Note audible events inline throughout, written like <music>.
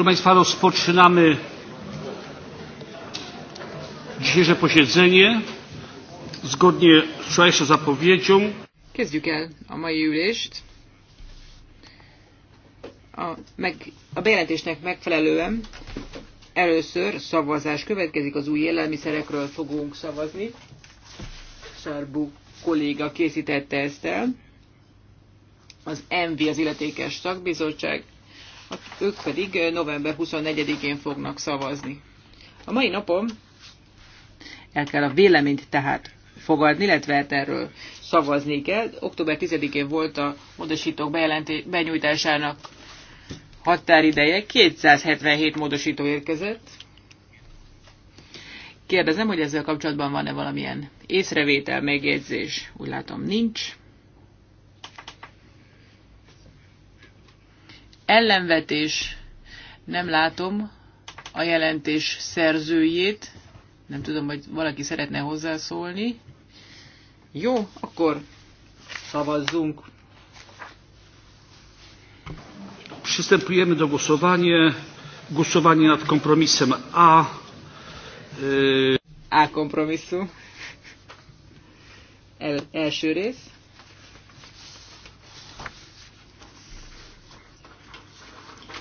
Proszę Państwa, rozpoczynamy dzisiejsze posiedzenie zgodnie z wczorajszą zapowiedzią. Kezdjük el a mai ülést. A, meg, a bejelentésnek megfelelően először szavazás következik, az új élelmiszerekről fogunk szavazni. Sarbu kolléga készítette ezt el. Az ENVI, az illetékes szakbizottság, Hát ők pedig november 24-én fognak szavazni. A mai napon el kell a véleményt tehát fogadni, illetve hát erről szavazni kell. Október 10-én volt a módosítók benyújtásának határideje, 277 módosító érkezett. Kérdezem, hogy ezzel kapcsolatban van-e valamilyen észrevétel, megjegyzés. Úgy látom, nincs. ellenvetés nem látom a jelentés szerzőjét. Nem tudom, hogy valaki szeretne hozzászólni. Jó, akkor szavazzunk. Przystępujemy do głosowania. Głosowanie nad kompromisem A. A kompromisu. El, első rész.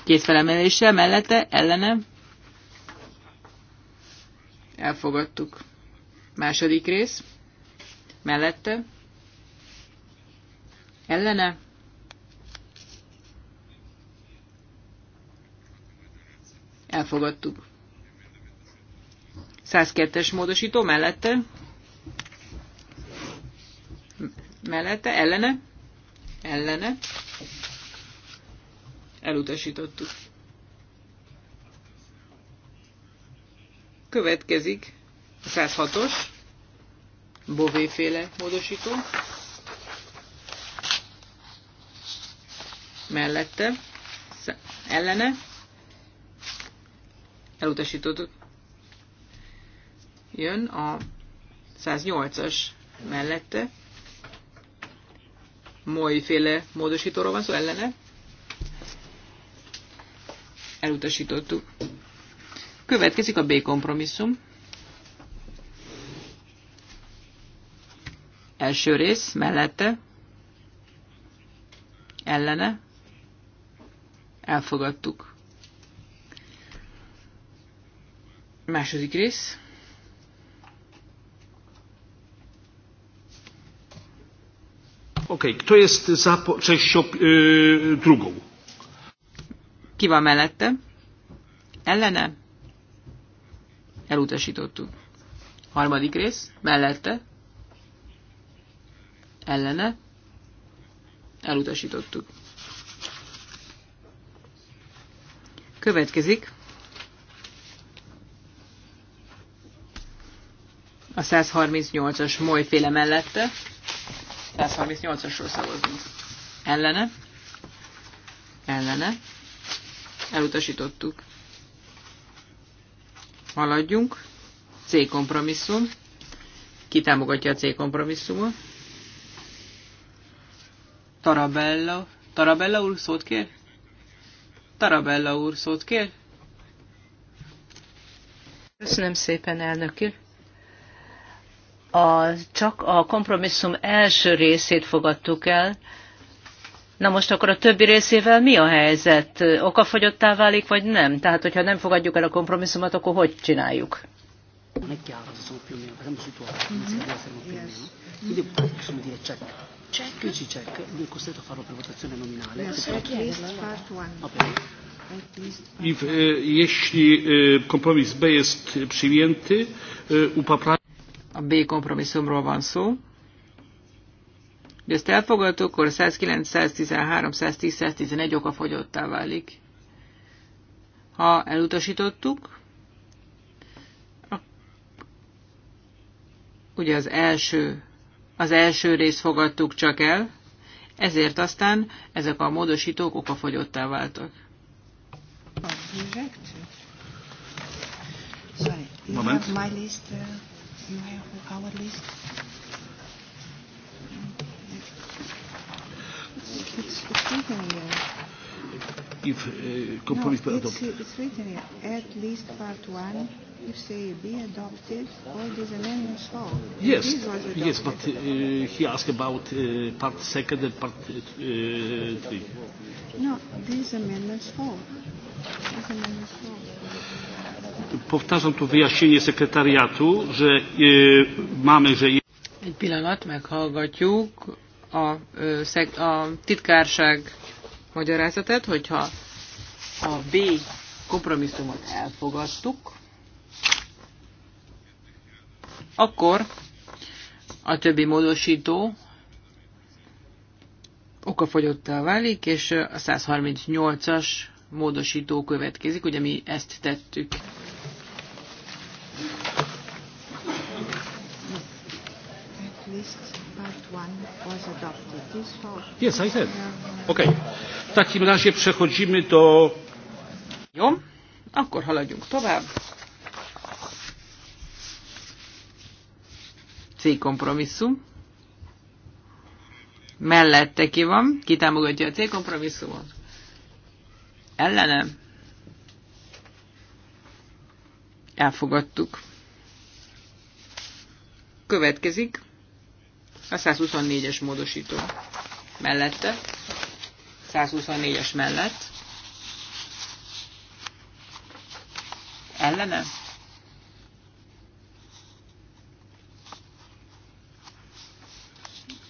két felemelése, mellette, ellene. Elfogadtuk. Második rész, mellette, ellene. Elfogadtuk. 102-es módosító mellette. Mellette, ellene. Ellene elutasítottuk. Következik a 106-os, bovéféle módosító. Mellette, ellene, elutasítottuk. Jön a 108-as mellette, molyféle módosítóról van szó, ellene, Elutasítottuk. Következik a B kompromisszum. Első rész, mellette, ellene, elfogadtuk. Második rész. Oké. okay. kto jest za częścią drugą? Ki van mellette? Ellene? Elutasítottuk. Harmadik rész? Mellette? Ellene? Elutasítottuk. Következik a 138-as molyféle mellette. 138-asról szavazunk. Ellene? Ellene? Elutasítottuk. Haladjunk. C kompromisszum. Ki támogatja a C kompromisszumot? Tarabella. Tarabella úr szót kér? Tarabella úr szót kér? Köszönöm szépen, elnök úr. A, csak a kompromisszum első részét fogadtuk el, Na most akkor a többi részével mi a helyzet? Okafogyottá válik, vagy nem? Tehát, hogyha nem fogadjuk el a kompromisszumot, akkor hogy csináljuk? E, e, e, a B kompromisszumról van szó hogy ezt elfogadtuk, akkor 109, 113, 110, 111 oka fogyottá válik. Ha elutasítottuk, ugye az első, az első részt fogadtuk csak el, ezért aztán ezek a módosítók okafogyottá váltak. Moment. Uh, It's, it's written here. If uh, compromise no, it's, it's written here. At least part one, if be adopted, all these amendments fall. Yes, yes, but uh, he asked about uh, part second and part uh, three. No, these amendments fall. These amendments fall. Powtarzam to wyjaśnienie sekretariatu, że y, mamy, że... Egy pillanat, meghallgatjuk a, a titkárság magyarázatát, hogyha a B kompromisszumot elfogadtuk, akkor a többi módosító okafogyottá válik, és a 138-as módosító következik, ugye mi ezt tettük. List. Yes, I said. Okay. W takim razie przechodzimy do... Jó, akkor haladjunk tovább. C kompromisszum. Mellette ki van, ki támogatja a C kompromisszumot? Ellenem. Elfogadtuk. Következik a 124-es módosító mellette, 124-es mellett, ellene,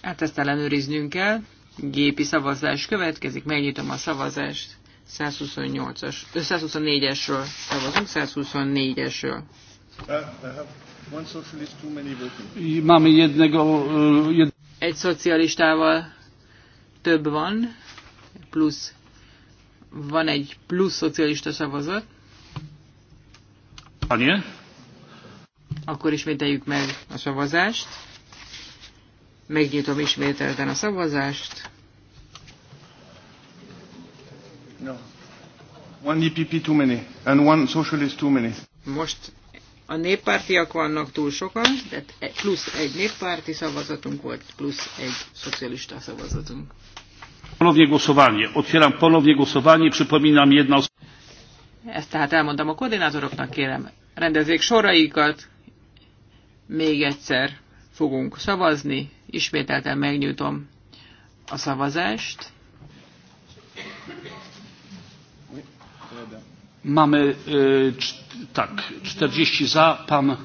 Hát ezt ellenőriznünk kell. Gépi szavazás következik, megnyitom a szavazást. 128-as, 124-esről szavazunk, 124-esről. Uh, Mamy jednego... Jed... Egy szocialistával több van, plusz van egy plusz szocialista szavazat. Panie? Akkor ismételjük meg a szavazást. Megnyitom ismételten a szavazást. No. One EPP too many, and one socialist too many. Most a néppártiak vannak túl sokan, tehát e- plusz egy néppárti szavazatunk volt, plusz egy szocialista szavazatunk. Ponownie głosowanie. Otwieram ponownie głosowanie. Przypominam jedna Ezt tehát elmondom a koordinátoroknak, kérem, rendezzék soraikat. Még egyszer fogunk szavazni. Ismételten megnyújtom a szavazást. Mamy tak, 40 za. Pan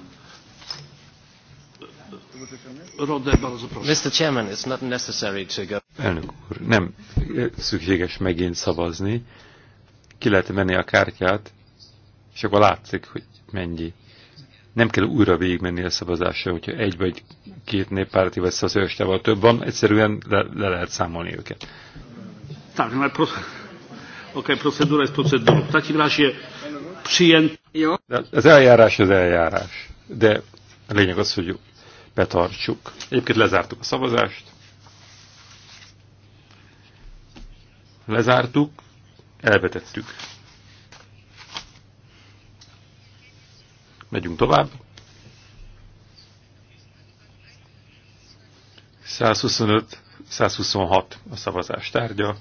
Rode, bardzo proszę. Mr. Chairman, it's not necessary to go. Elnök úr, nem szükséges megint szavazni. Ki lehet menni a kártyát, és akkor látszik, hogy mennyi. Nem kell újra végigmenni a szavazásra, hogyha egy vagy két néppárti vagy szocialistával több van, egyszerűen le, le lehet számolni őket. Tehát, mert Oké, procedura jest procedurą. W takim razie przyjęt... Jó. Ez eljárás az eljárás, de a lényeg az, hogy betartsuk. Egyébként lezártuk a szavazást. Lezártuk, elvetettük. Megyünk tovább. 125-126 a szavazás tárgya.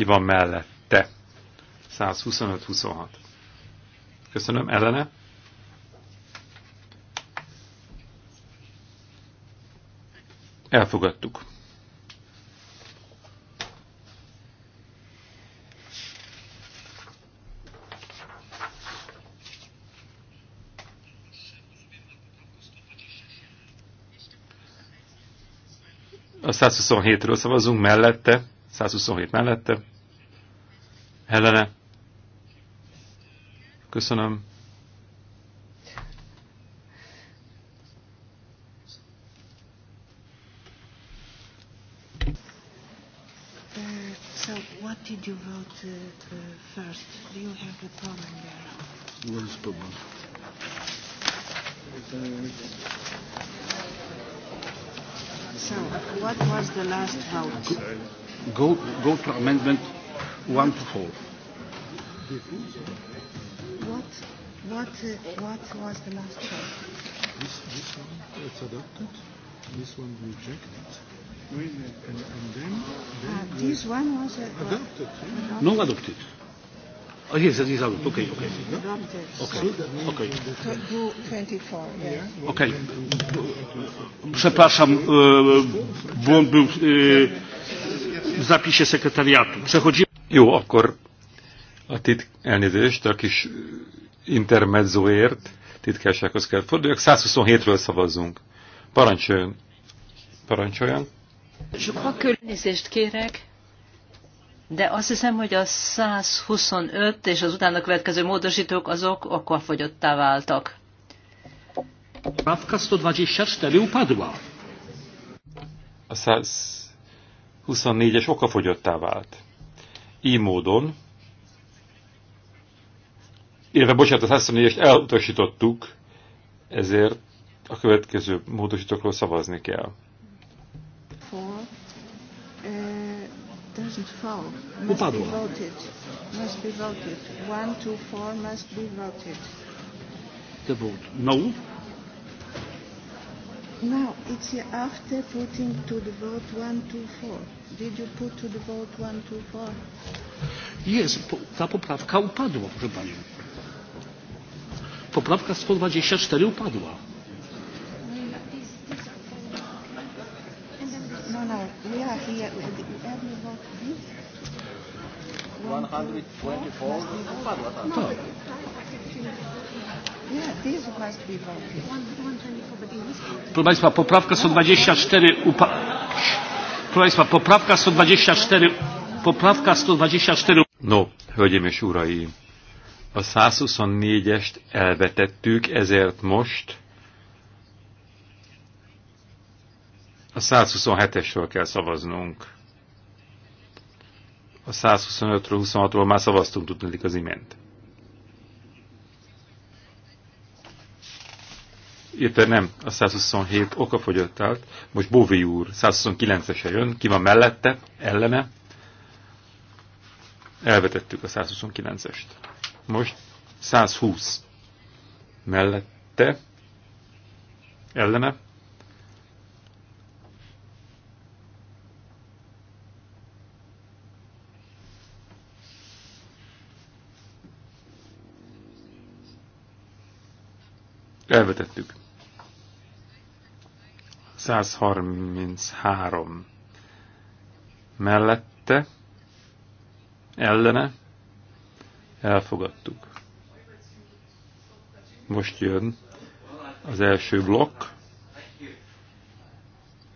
Ki van mellette? 125-26. Köszönöm. Ellene? Elfogadtuk. A 127-ről szavazunk mellette. 127 mellette. Ellene. Köszönöm. Uh, so, what did you vote uh, uh first? Do you have a problem there? Where's the problem? So, what was the last vote? go, go to amendment 1 to 4. What, what, uh, what was the last one? This, this one, it's adopted. This one rejected. And, and then, then uh, this one was uh, adopted. Yeah. No adopted. Oh, yes, that is out. Okay, okay. Okay, okay. okay. Uh, Przepraszam, e, błąd był e, w zapisie sekretariatu. Przechodzimy... Jó, akkor a tit elnézést a kis intermezzoért titkársághoz kell forduljak. 127-ről szavazzunk. Parancsoljon. Parancsoljon. Elnézést kérek, de azt hiszem, hogy a 125 és az utána következő módosítók azok akkor fogyottá váltak. 124 upadła. A 100... 24-es okafogyottá vált. Így módon, illetve bocsánat, a 124-est elutasítottuk, ezért a következő módosítókról szavazni kell. For, uh, Now it's after putting to the vote 124. Did you put to the vote 124? Jest, po, ta poprawka upadła, proszę Pani. Poprawka 124 upadła. No, no, we are here. Every vote 124 upadła, tak. tak. Proszę Państwa, poprawka 124 upa... Proszę Państwa, poprawka 124 poprawka 124 No, hölgyeim és uraim, a 124-est elvetettük, ezért most a 127-esről kell szavaznunk. A 125-ről, 26-ról már szavaztunk, tudnodik az imént. illetve nem, a 127 okafogyott állt, most Bóvi úr 129-ese jön, ki van mellette, ellene, elvetettük a 129-est. Most 120 mellette, ellene, elvetettük. 133 mellette, ellene, elfogadtuk. Most jön az első blokk,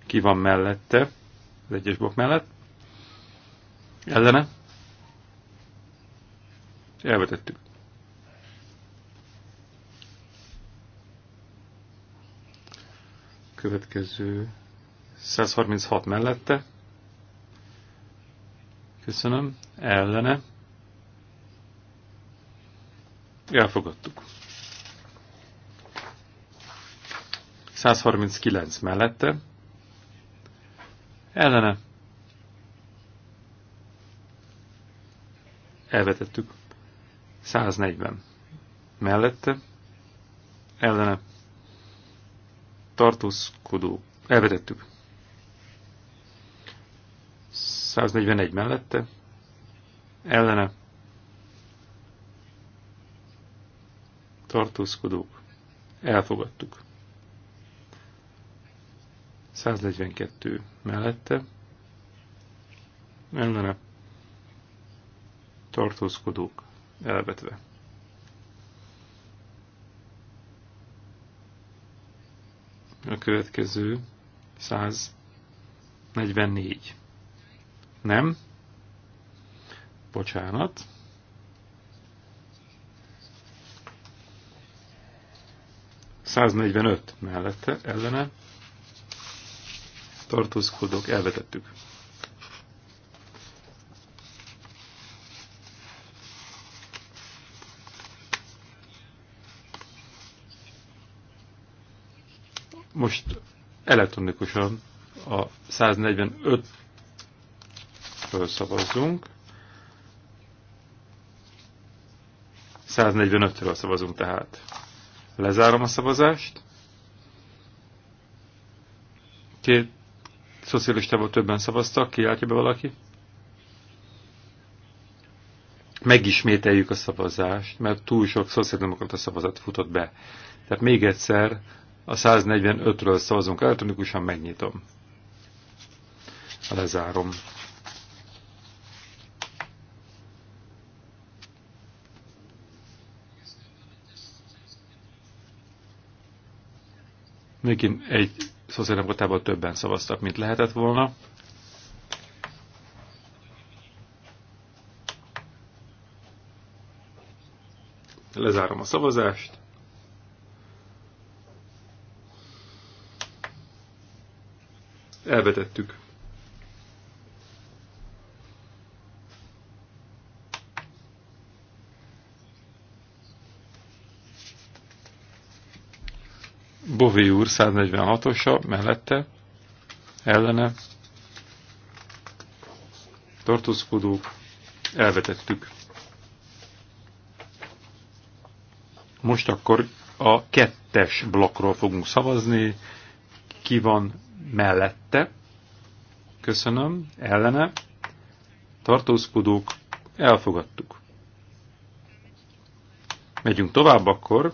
ki van mellette, az egyes blokk mellett, ellene, elvetettük. Következő 136 mellette. Köszönöm. Ellene. Elfogadtuk. 139 mellette. Ellene. Elvetettük. 140 mellette. Ellene tartózkodó, elvetettük. 141 mellette, ellene tartózkodók, elfogadtuk. 142 mellette, ellene tartózkodók, elvetve. A következő 144. Nem? Bocsánat. Száznegyvenöt mellette, ellene tartózkodók elvetettük. Most elektronikusan a 145-ről szavazzunk. 145-ről szavazunk tehát. Lezárom a szavazást. Két szocialistából többen szavaztak, kiáltja be valaki. Megismételjük a szavazást, mert túl sok szociáldemokrata szavazat futott be. Tehát még egyszer a 145-ről szavazunk elektronikusan, megnyitom. Lezárom. Mégint egy szociáldemokratában többen szavaztak, mint lehetett volna. Lezárom a szavazást. elvetettük. Bové úr 146-osa mellette, ellene, tartózkodók, elvetettük. Most akkor a kettes blokkról fogunk szavazni, ki van mellette, köszönöm, ellene, tartózkodók, elfogadtuk. Megyünk tovább akkor.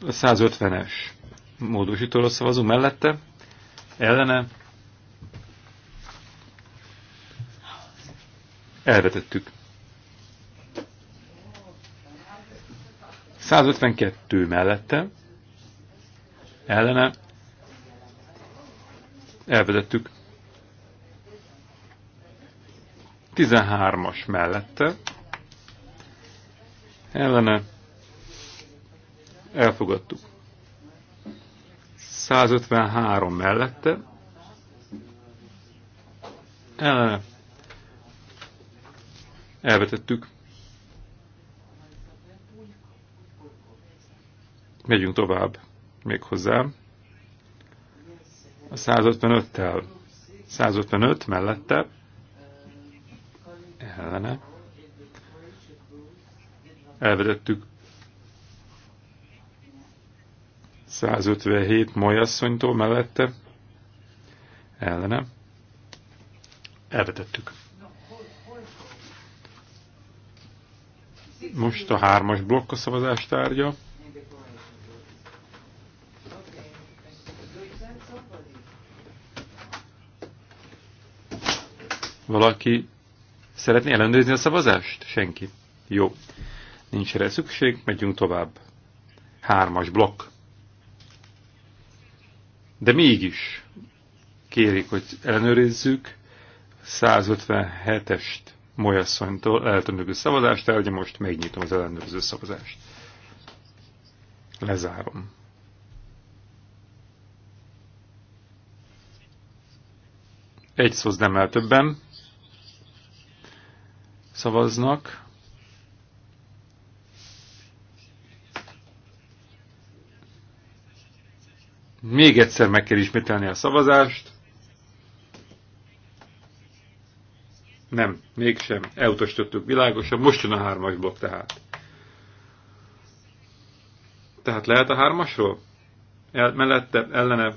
A 150-es módosítóra szavazunk mellette, ellene, elvetettük. 152 mellette ellene elvezettük. 13-as mellette ellene elfogadtuk. 153 mellette ellene elvetettük. Megyünk tovább még hozzá. A 155-tel. 155 mellette. Ellene. Elvedettük 157 molyasszonytól mellette. Ellene. Elvetettük. Most a hármas blokk a szavazás tárgya. Valaki szeretné ellenőrizni a szavazást? Senki. Jó. Nincs erre szükség, megyünk tovább. Hármas blokk. De mégis kérik, hogy ellenőrizzük 157-est Molyasszonytól eltönögő szavazást, de ugye most megnyitom az ellenőrző szavazást. Lezárom. Egy szóz nem el többen szavaznak. Még egyszer meg kell ismételni a szavazást. Nem, mégsem. Elutasítottuk világosan. Most jön a hármas blokk tehát. Tehát lehet a hármasról? El, mellette, ellene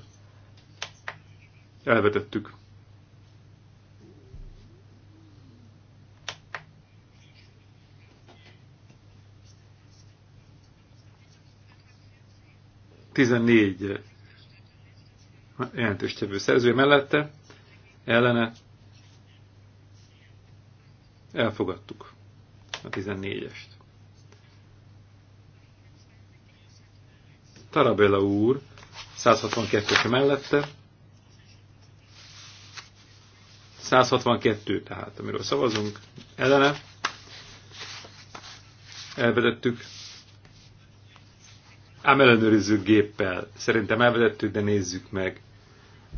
elvetettük. 14-re jelentős tevő szerző mellette, ellene elfogadtuk a 14-est. Tarabella úr 162 mellette, 162 tehát, amiről szavazunk, ellene elvedettük Ám ellenőrző géppel. Szerintem elvetettük, de nézzük meg.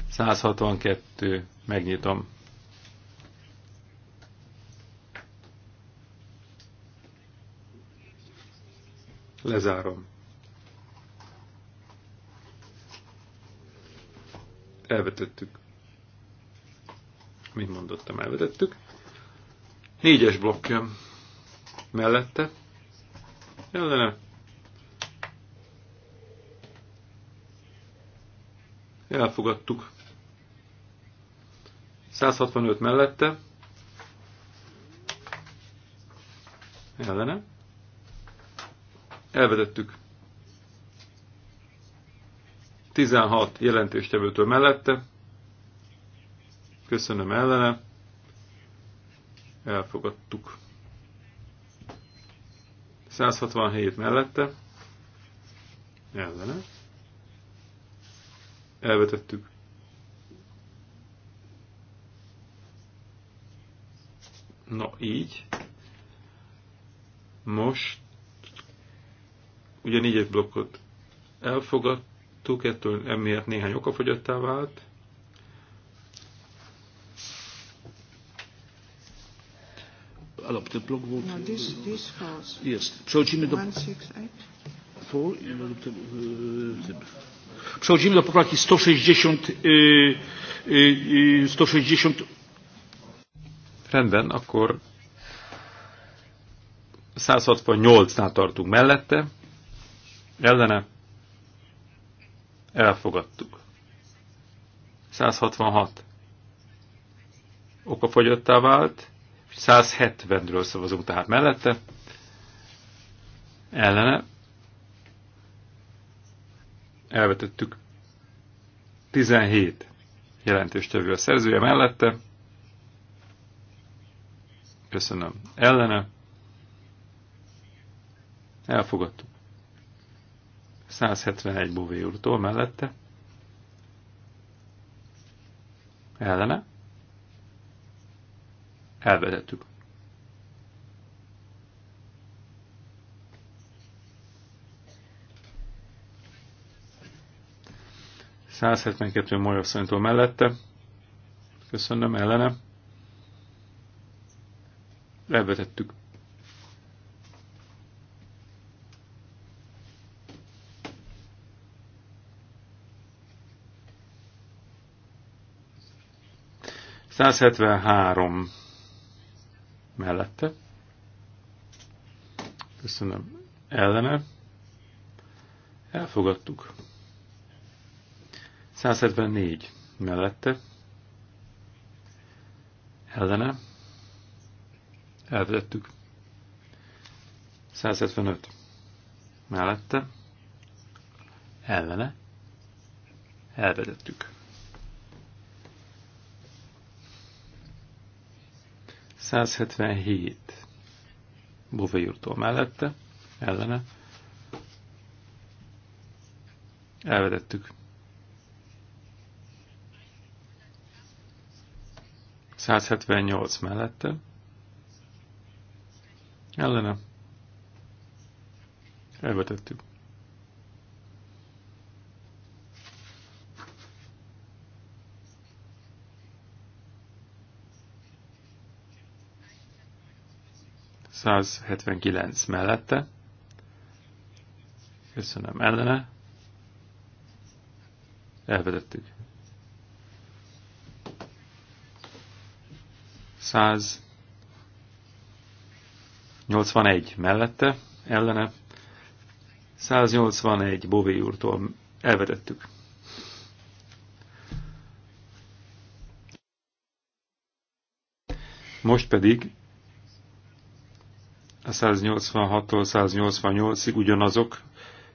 162. Megnyitom. Lezárom. Elvetettük. Mint mondottam, elvetettük. Négyes blokkja mellette. Ellene Elfogadtuk. 165 mellette. Ellene. Elvedettük. 16 jelentéstevőtől mellette. Köszönöm ellene. Elfogadtuk. 167 mellette. Ellene elvetettük. Na így. Most ugye négy blokkot elfogadtuk, ettől emiatt néhány okafogyottá vált. Adopted block vote. No, this, this falls. Yes. Przechodzimy do... 168. Four, Przechodzimy do poprawki 160, yy, yy, 160. Rendben, akkor 168-nál tartunk mellette, ellene elfogadtuk. 166 okafogyottá vált, 170-ről szavazunk tehát mellette, ellene elvetettük 17 jelentéstevő a szerzője mellette. Köszönöm. Ellene. Elfogadtuk. 171 Bové úrtól mellette. Ellene. Elvetettük. 172 Molyasszonytól mellette. Köszönöm, ellene. Elvetettük. Százhetvenhárom mellette. Köszönöm. Ellene. Elfogadtuk. 174 mellette, ellene, elvettük 175 mellette, ellene, elvedettük. 177 Bové mellette, ellene, elvedettük. 178 mellette. Ellene. Elvetettük. Százhetvenkilenc mellette. Köszönöm ellene. Elvetettük. 181 mellette, ellene. 181 Bové úrtól elvetettük. Most pedig a 186-tól 188-ig ugyanazok,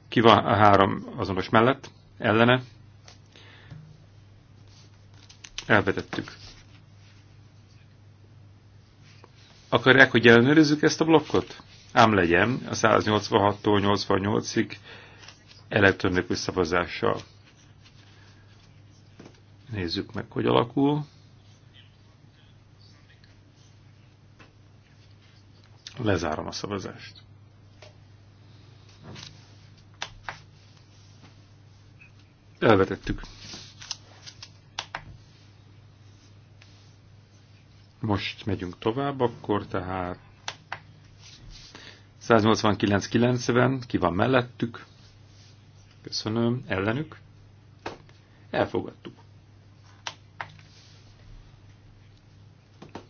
ki van a három azonos mellett, ellene, elvetettük. Akarják, hogy ellenőrizzük ezt a blokkot? Ám legyen a 186-tól 88-ig elektronikus szavazással. Nézzük meg, hogy alakul. Lezárom a szavazást. Elvetettük. Most megyünk tovább, akkor tehát 189-90, ki van mellettük? Köszönöm, ellenük. Elfogadtuk.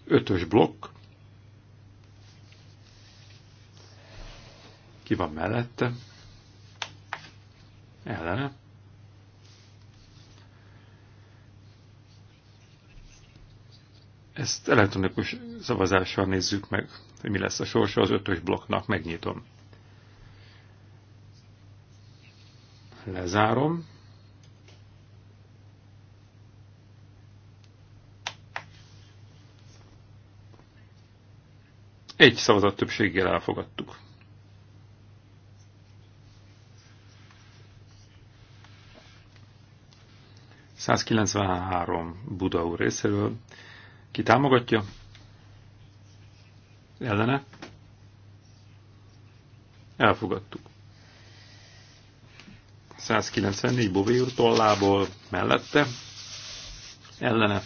Ötös blokk. Ki van mellette? Ellene. Ezt elektronikus szavazással nézzük meg, hogy mi lesz a sorsa az ötös blokknak. Megnyitom. Lezárom. Egy szavazat többséggel elfogadtuk. ...193 Budaú részéről ki támogatja? Ellene? Elfogadtuk. 194 Bové úr tollából mellette, ellene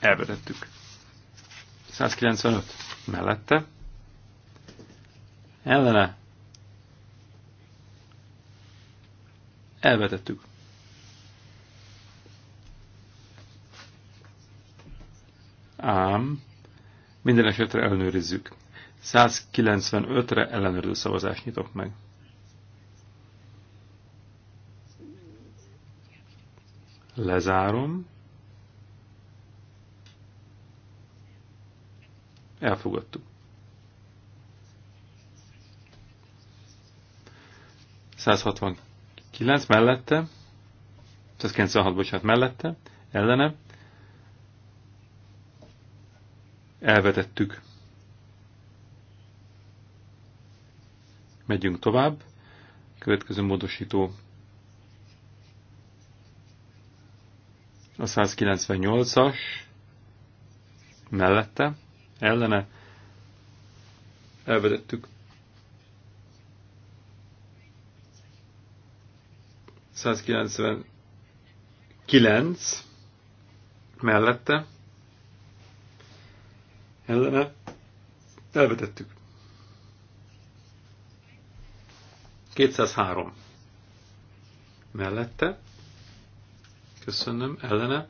elvetettük. 195 mellette, ellene elvetettük. ám minden esetre ellenőrizzük. 195-re ellenőrző szavazást nyitok meg. Lezárom. Elfogadtuk. 169 mellette, 196, bocsánat, mellette, ellene, elvetettük. Megyünk tovább. Következő módosító a 198-as mellette, ellene elvetettük. 199 mellette, ellene elvetettük. 203 mellette, köszönöm, ellene,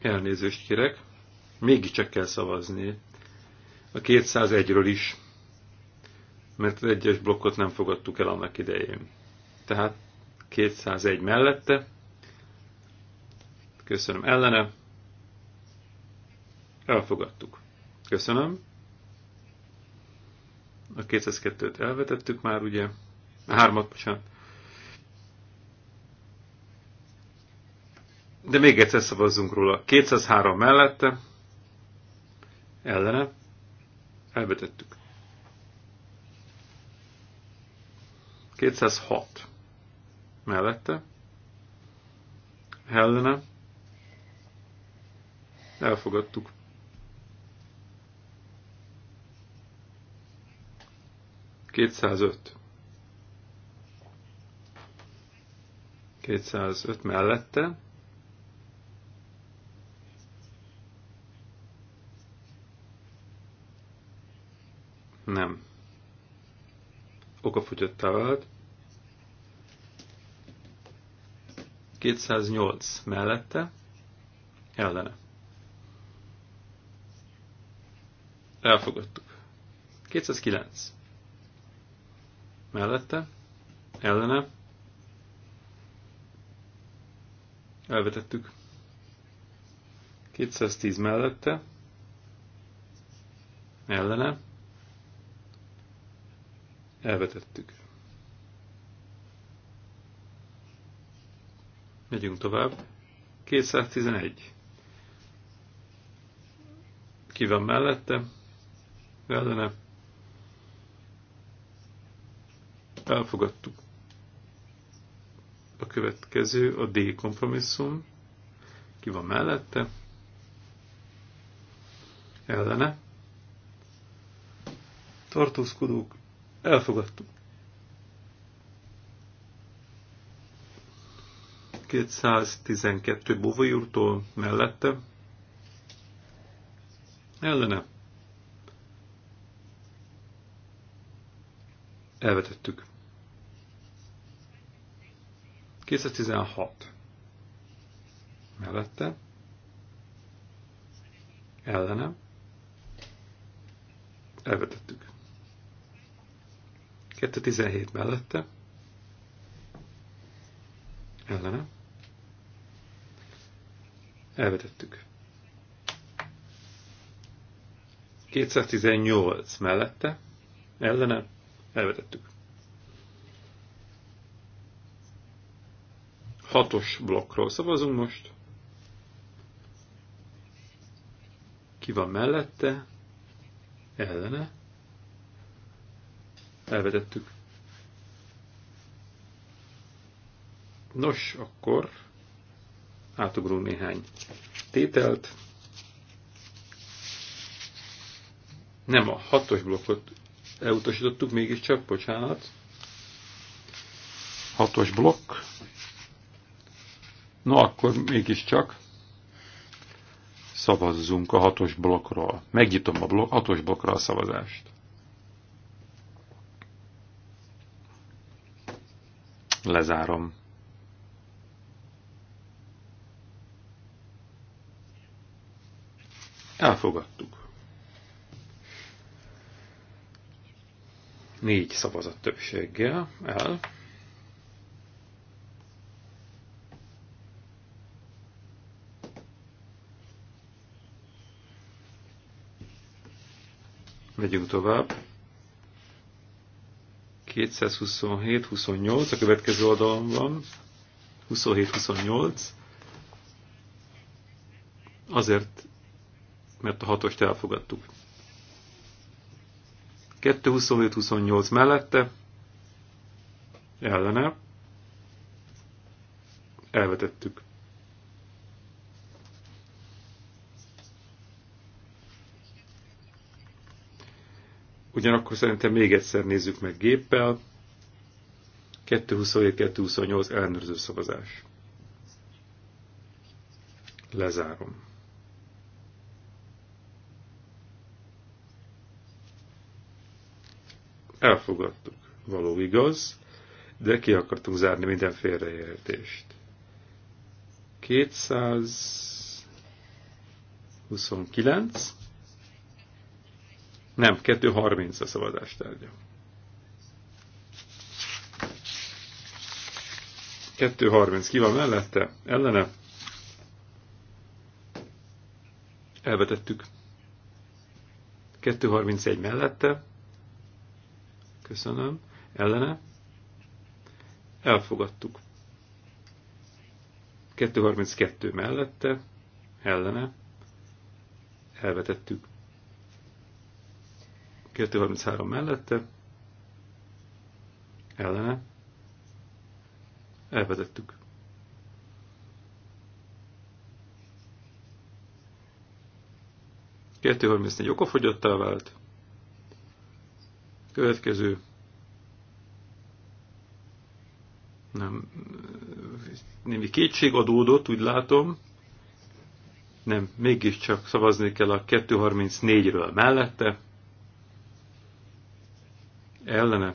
elnézést kérek, mégiscsak kell szavazni a 201-ről is mert az egyes blokkot nem fogadtuk el annak idején. Tehát 201 mellette, köszönöm ellene, elfogadtuk. Köszönöm. A 202-t elvetettük már, ugye? A hármat, bocsánat. De még egyszer szavazzunk róla. 203 mellette, ellene, elvetettük. 206 mellette, ellene, elfogadtuk. Kétszázöt. Kétszázöt mellette. Nem okafogyottá vált. 208 mellette, ellene. Elfogadtuk. 209 mellette, ellene. Elvetettük. 210 mellette, ellene Elvetettük. Megyünk tovább. 211. Ki van mellette? Ellene. Elfogadtuk. A következő a D kompromisszum. Ki van mellette? Ellene. Tartózkodók. Elfogadtuk. kétszáztizenkettő Bovolyúrtól mellette. Ellene. Elvetettük. 216 mellette. Ellene. Elvetettük. 217 mellette. Ellene. Elvetettük. 218 mellette. Ellene. Elvetettük. Hatos blokkról szavazunk most. Ki van mellette? Ellene Elvetettük. Nos, akkor átugrunk néhány tételt. Nem, a hatos blokkot elutasítottuk mégiscsak, bocsánat. Hatos blokk. Na akkor mégiscsak szavazzunk a hatos blokkról. Megnyitom a blok, hatos blokkra a szavazást. Lezárom. Elfogadtuk. Négy szavazat többséggel el. Megyünk tovább. 227-28 a következő oldalon van. 27-28. Azért, mert a hatost elfogadtuk. 227-28 mellette, ellene, elvetettük. Ugyanakkor szerintem még egyszer nézzük meg géppel. 227-228 ellenőrző szavazás. Lezárom. Elfogadtuk. Való igaz, de ki akartunk zárni minden félreértést. 229 nem, 2.30 a szavazás tárgya. 2.30 ki van mellette? Ellene? Elvetettük. 2.31 mellette? Köszönöm. Ellene? Elfogadtuk. 2.32 mellette? Ellene? Elvetettük. 233 mellette, ellene, elvezettük. Kettő 34 okafogyottá vált. Következő. Nem, némi kétség adódott, úgy látom. Nem, mégiscsak szavazni kell a 234-ről mellette ellene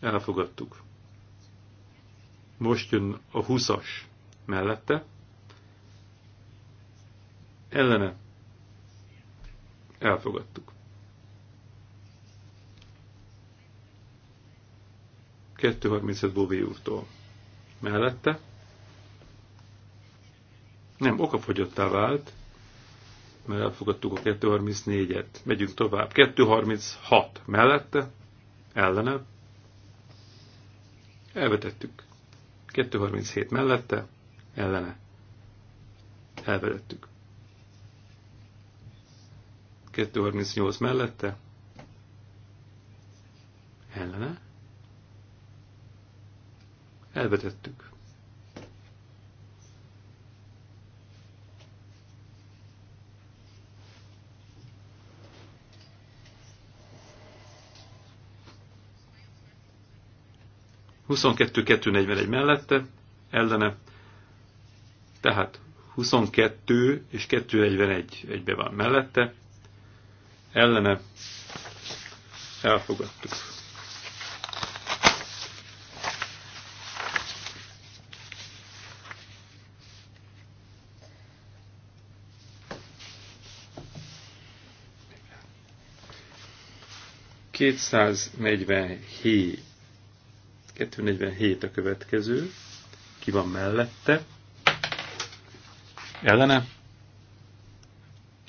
elfogadtuk. Most jön a huszas mellette, ellene elfogadtuk. Kettő harmincet Bóvé úrtól mellette, nem, okafogyottá vált, mert elfogadtuk a 234-et. Megyünk tovább. 236 mellette, ellene. Elvetettük. 237 mellette, ellene. Elvetettük. 238 mellette, ellene. Elvetettük. 22-241 mellette, ellene, tehát 22 és 241 egybe van mellette, ellene elfogadtuk. Kétszáznegyvenhét 247 a következő. Ki van mellette? Ellene?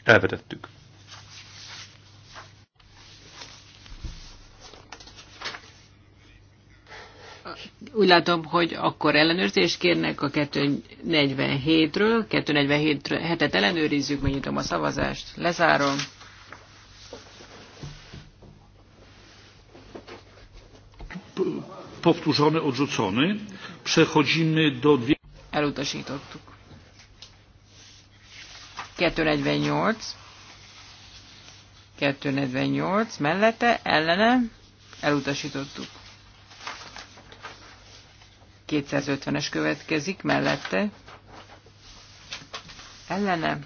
Elvetettük. Úgy látom, hogy akkor ellenőrzést kérnek a 247-ről. 247-et ellenőrizzük, megnyitom a szavazást, lezárom. powtórzony odrzucony. Przechodzimy do... Dwie... Elutasítottuk. 248. 248 mellette, ellene, elutasítottuk. 250-es következik, mellette, ellene,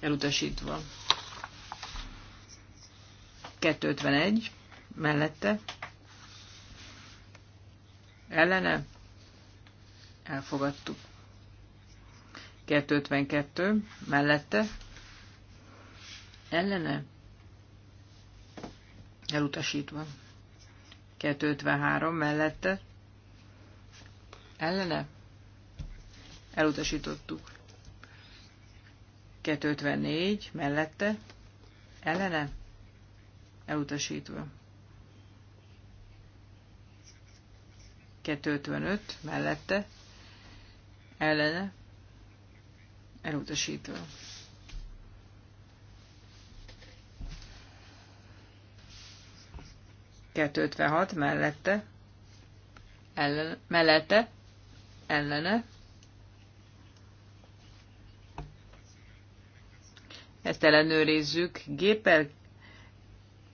elutasítva. 251 mellette, ellene elfogadtuk. 252 mellette ellene elutasítva. 253 mellette ellene elutasítottuk. 254 mellette ellene elutasítva. 255 mellette ellene elutasítva. hat mellette ellen, mellette ellene Ezt ellenőrizzük géppel.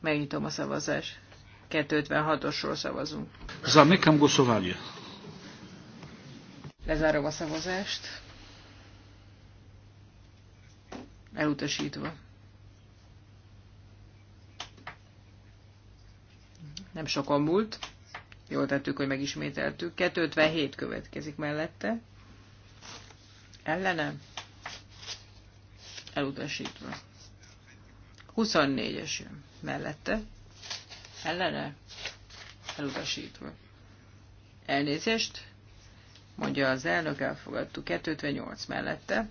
Megnyitom a szavazást. 256-osról szavazunk. Zamykam głosowanie. Lezárom a szavazást. Elutasítva. Nem sokan múlt. Jól tettük, hogy megismételtük. 257 következik mellette. Ellenem? Elutasítva. 24-es jön mellette ellene elutasítva. Elnézést, mondja az elnök, elfogadtuk 258 mellette,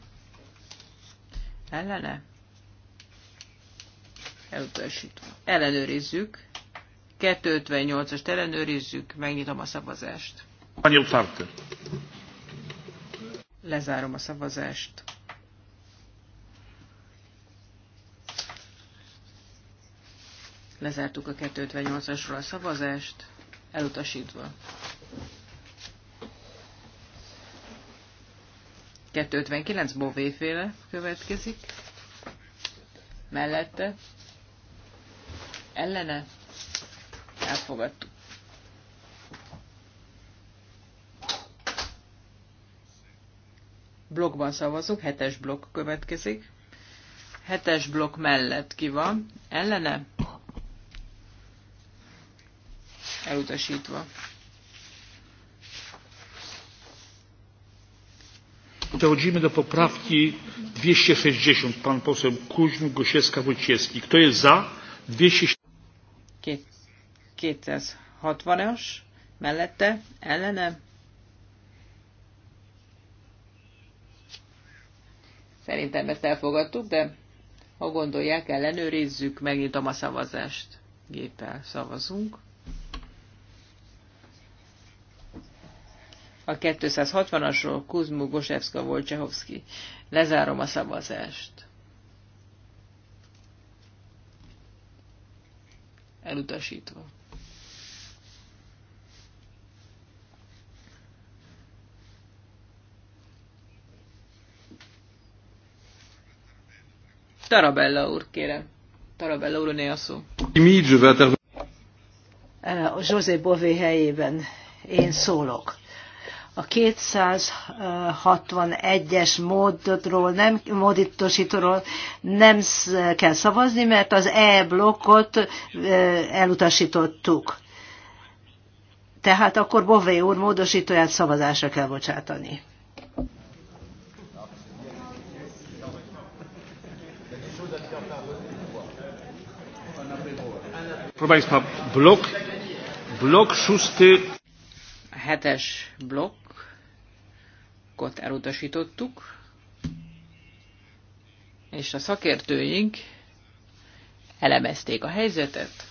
ellene elutasítva. Ellenőrizzük, 258-ast ellenőrizzük, megnyitom a szavazást. Lezárom a szavazást. Lezártuk a 258-asról a szavazást, elutasítva. 259 bovéféle következik. Mellette. Ellene. Elfogadtuk. Blokkban szavazunk, hetes blokk következik. Hetes blokk mellett ki van. Ellene. elutasítva. Przechodzimy do poprawki 260. Pan poseł Kuźm, Gosiewska, Wojciechski. Kto jest za? 260-as mellette, ellene. Szerintem ezt elfogadtuk, de ha gondolják, ellenőrizzük, megnyitom a szavazást. Géppel szavazunk. A 260-asról Kuzmu Gosevska volt Csehovszki. Lezárom a szavazást. Elutasítva. Tarabella úr, kérem. Tarabella úr, öné a szó. Eh, José Bové helyében én szólok a 261-es módotról, nem, módítósítóról nem kell szavazni, mert az E blokkot elutasítottuk. Tehát akkor Bové úr módosítóját szavazásra kell bocsátani. Proszę Państwa, blok, blok szósty hetes blokkot elutasítottuk, és a szakértőink elemezték a helyzetet,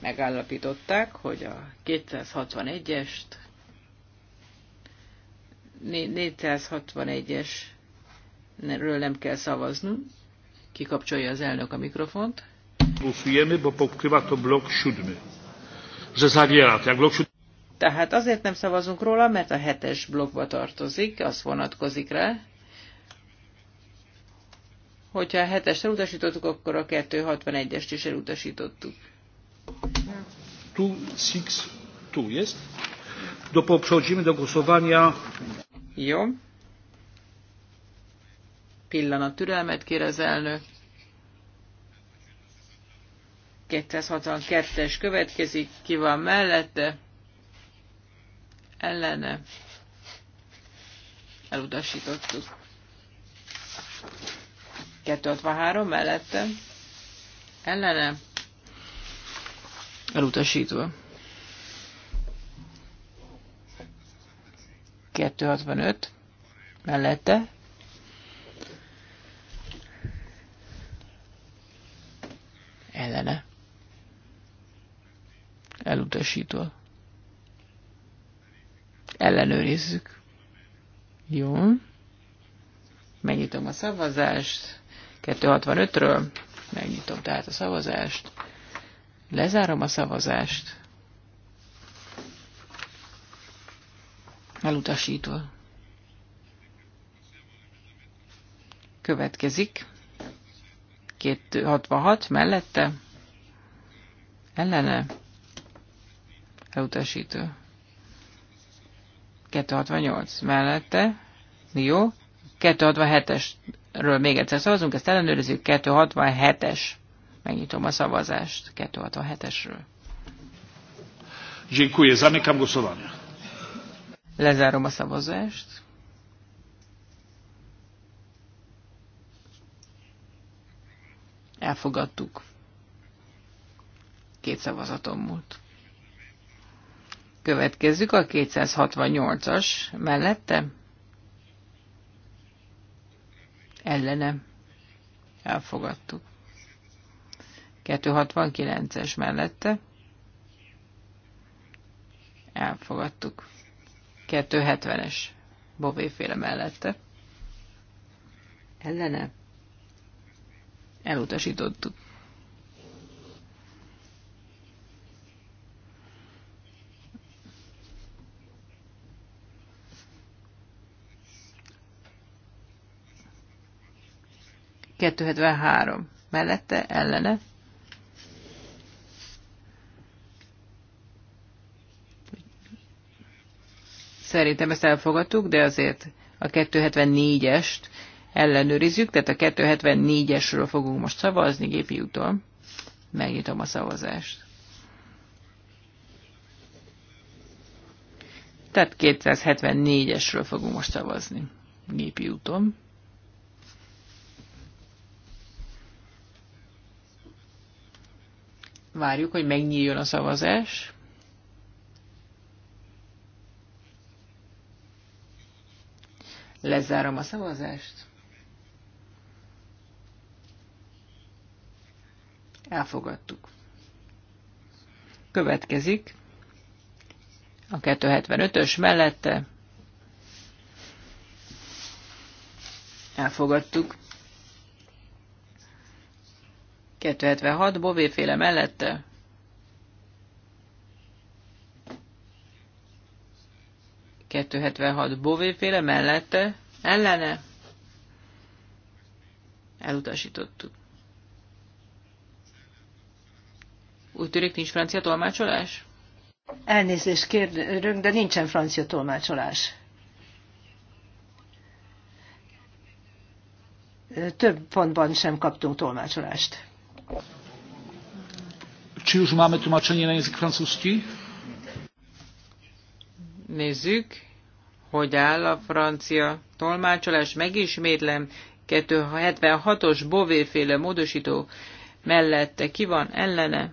megállapították, hogy a 261-est, 461 esről nem kell szavaznunk, kikapcsolja az elnök a mikrofont. Głosujemy, bo pokrywa to blok siódmy. Tehát azért nem szavazunk róla, mert a hetes blokkba tartozik, az vonatkozik rá. Hogyha a hetest elutasítottuk, akkor a 261-est is elutasítottuk. Tu, six, two, jest. Dopo przechodzimy do głosowania. Jó. Pillanat türelmet kér az elnök. 262-es következik, ki van mellette, ellene, elutasítottuk. 263 mellette, ellene, elutasítva. 265 mellette, ellene elutasítva. Ellenőrizzük. Jó. Megnyitom a szavazást. 265-ről. Megnyitom tehát a szavazást. Lezárom a szavazást. Elutasítva. Következik. 266 mellette. Ellene elutasító. 268 mellette, jó, 267-esről még egyszer szavazunk, ezt ellenőrizzük, 267-es. Megnyitom a szavazást 267-esről. Dziękuję, zamykam głosowanie. Lezárom a szavazást. Elfogadtuk. Két szavazatom múlt. Következzük a 268-as mellette. Ellene. Elfogadtuk. 269-es mellette. Elfogadtuk. 270-es bovéféle mellette. Ellene. Elutasítottuk. 273 mellette ellene. Szerintem ezt elfogadtuk, de azért a 274-est ellenőrizzük, tehát a 274-esről fogunk most szavazni gépi úton. Megnyitom a szavazást. Tehát 274-esről fogunk most szavazni gépi úton. várjuk, hogy megnyíljon a szavazás. Lezárom a szavazást. Elfogadtuk. Következik a 275-ös mellette. Elfogadtuk. 276 bovéféle mellette. ...276 bovéféle mellette, ellene, elutasítottuk. Úgy tűnik, nincs francia tolmácsolás? Elnézést kérünk, de nincsen francia tolmácsolás. Több pontban sem kaptunk tolmácsolást. Czy już mamy tłumaczenie na język francuski? Nézzük, hogy áll a francia tolmácsolás. Megismétlem, 276-os bovéféle módosító mellette ki van ellene?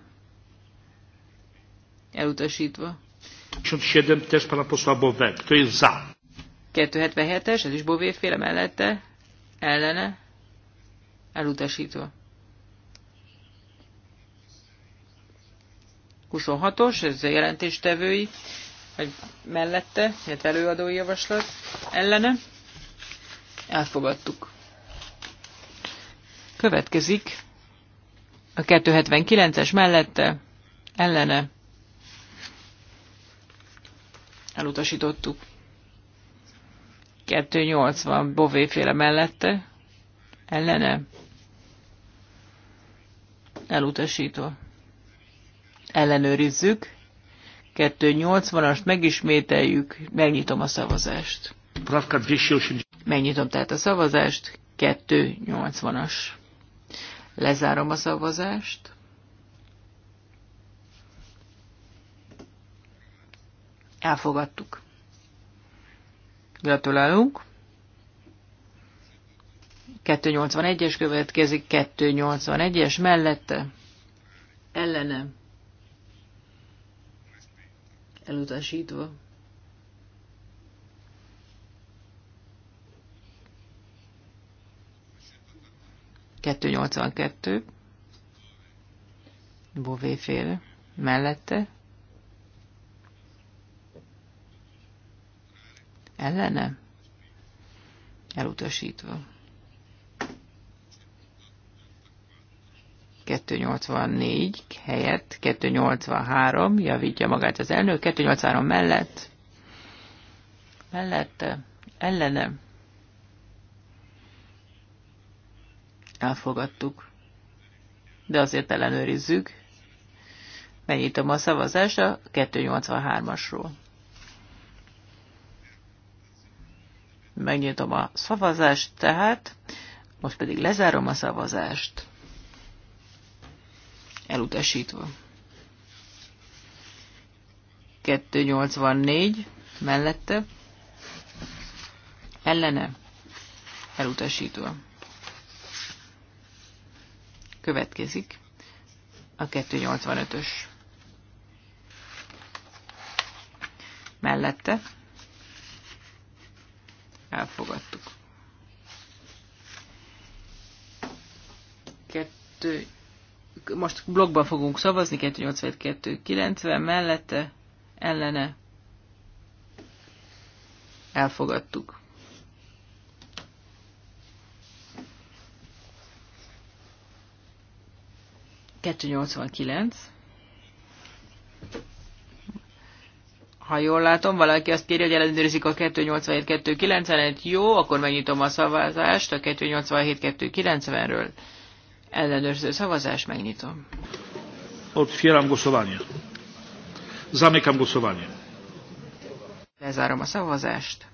Elutasítva. 57 też pana posła Bové. Kto jest za? 277-es, ez is bovéféle mellette, ellene, elutasítva. 26-os, ez a jelentéstevői, vagy mellette, illetve előadói javaslat ellene. Elfogadtuk. Következik a 279-es mellette, ellene. Elutasítottuk. 280 bovéféle mellette, ellene. Elutasító ellenőrizzük. 280 as megismételjük, megnyitom a szavazást. Megnyitom tehát a szavazást, 280-as. Lezárom a szavazást. Elfogadtuk. Gratulálunk. 281-es következik, 281-es mellette. Ellenem elutasítva. Kettő Bové fél mellette, ellene, elutasítva. 284 helyett 283, javítja magát az elnök, 283 mellett, mellette, ellene. Elfogadtuk. De azért ellenőrizzük. Megnyitom a szavazást a 283-asról. Megnyitom a szavazást, tehát most pedig lezárom a szavazást elutasítva. 284 mellette ellene elutasítva. Következik a 285-ös. Mellette elfogadtuk. 2 most blogban fogunk szavazni, 282-90 mellette, ellene elfogadtuk. Ha jól látom, valaki azt kérje, hogy ellenőrizik a 287 et Jó, akkor megnyitom a szavazást a 287 ről ellenőrző szavazás, megnyitom. Otwieram głosowanie. Zamykam głosowanie. Lezárom a szavazást.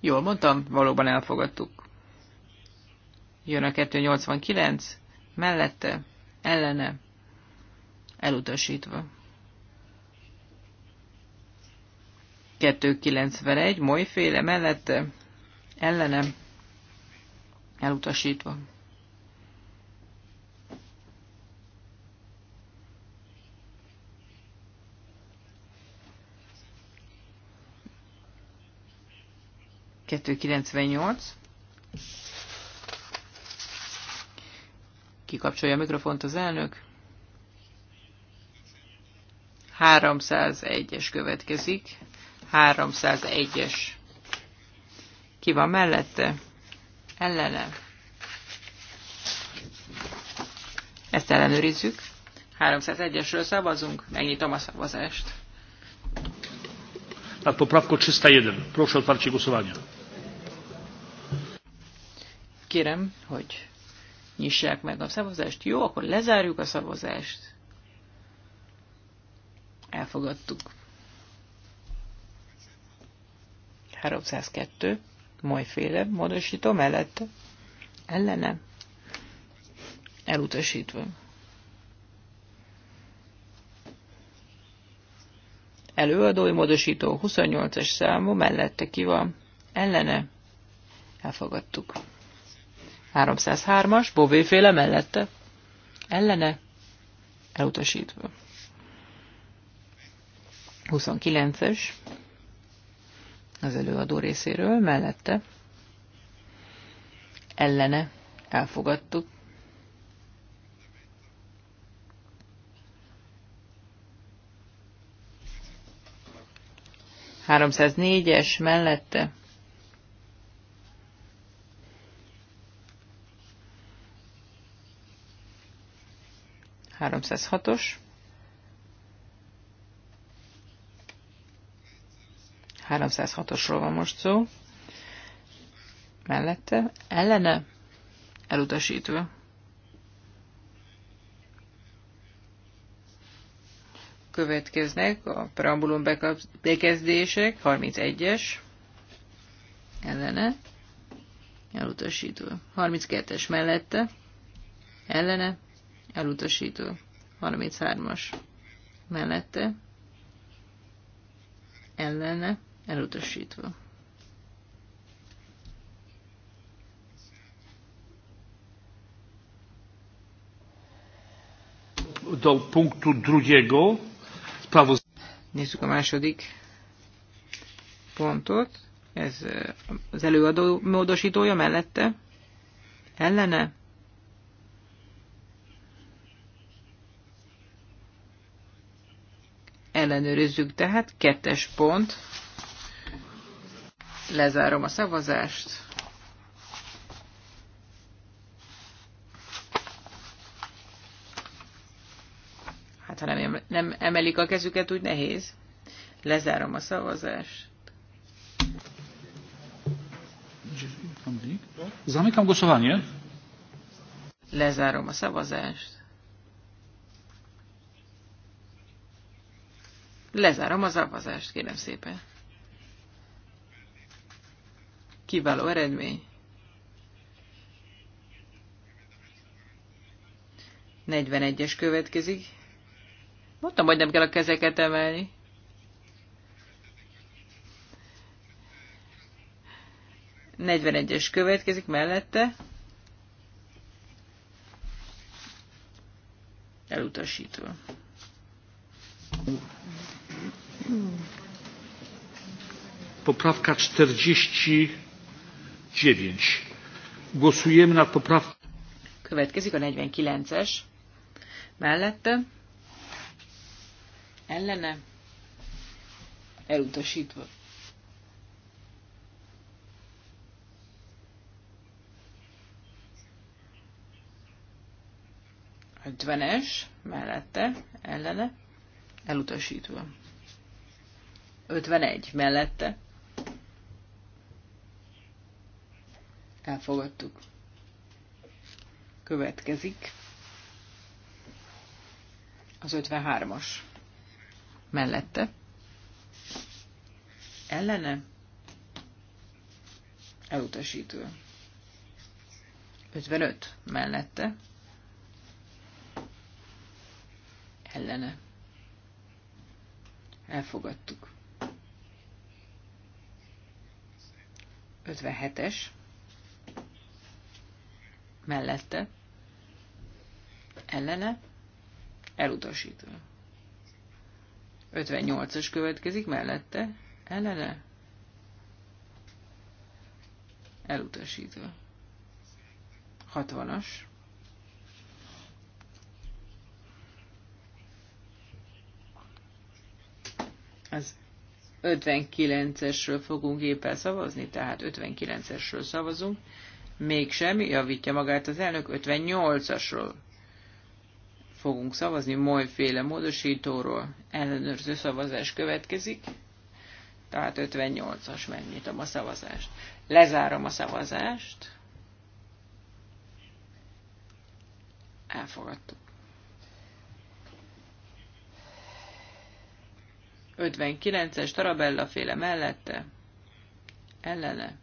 Jól mondtam, valóban elfogadtuk. Jön a 289, mellette, ellene, elutasítva. 291 molyféle mellette ellenem elutasítva. Kettő kilencvennyolc. Kikapcsolja a mikrofont az elnök. 301-es következik. 301-es. Ki van mellette? Ellene. Ezt ellenőrizzük. 301-esről szavazunk. Megnyitom a szavazást. Hát a poprawką 301. Proszę o otwarcie głosowania. Kérem, hogy nyissák meg a szavazást. Jó, akkor lezárjuk a szavazást. Elfogadtuk. 302, majféle, módosító mellette, ellene, elutasítva. Előadói módosító 28-as számú mellette ki van, ellene, elfogadtuk. 303-as, bovéféle mellette, ellene, elutasítva. 29-es, az előadó részéről, mellette ellene elfogadtuk. négyes mellette hatos. 306-osról van most szó. Mellette, ellene, elutasítva. Következnek a preambulum bekezdések, 31-es, ellene, elutasítva. 32-es mellette, ellene, elutasítva. 33-as mellette, ellene, Elutasítva. Do punktu drugiego. Sprawoz... Nézzük a második pontot. Ez e, az előadó módosítója mellette. Ellene. ellenőrizzük, tehát kettes pont, Lezárom a szavazást. Hát ha nem, nem emelik a kezüket, úgy nehéz. Lezárom a szavazást. Zamykam głosowanie. Lezárom a szavazást. Lezárom a szavazást, kérem szépen kiváló eredmény. 41-es következik. Mondtam, hogy nem kell a kezeket emelni. Negyvenegyes következik mellette. Elutasítva. Poprawka 40. 9. Głosujemy nad poprawką. Következik a 49-es. Mellette. Ellene. Elutasítva. Ötvenes, mellette, ellene, elutasítva. 51 mellette, Elfogadtuk. Következik az 53-as. Mellette. Ellene. Elutasítő. 55. Mellette. Ellene. Elfogadtuk. 57-es mellette, ellene, elutasítva. 58-as következik mellette, ellene, elutasítva. 60-as. Az 59-esről fogunk éppen szavazni, tehát 59-esről szavazunk. Mégsem, javítja magát az elnök, 58-asról fogunk szavazni, molyféle módosítóról ellenőrző szavazás következik. Tehát 58-as, megnyitom a szavazást. Lezárom a szavazást. Elfogadtuk. 59-es Tarabella féle mellette, ellene,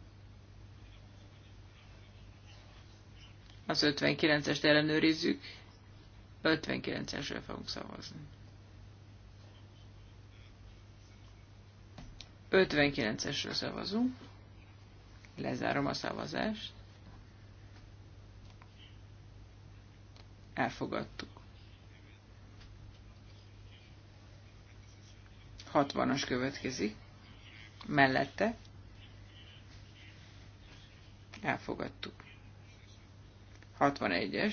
Az 59-est ellenőrizzük. 59-esről fogunk szavazni. 59-esről szavazunk. Lezárom a szavazást. Elfogadtuk. 60-as következik. Mellette. Elfogadtuk. 61-es.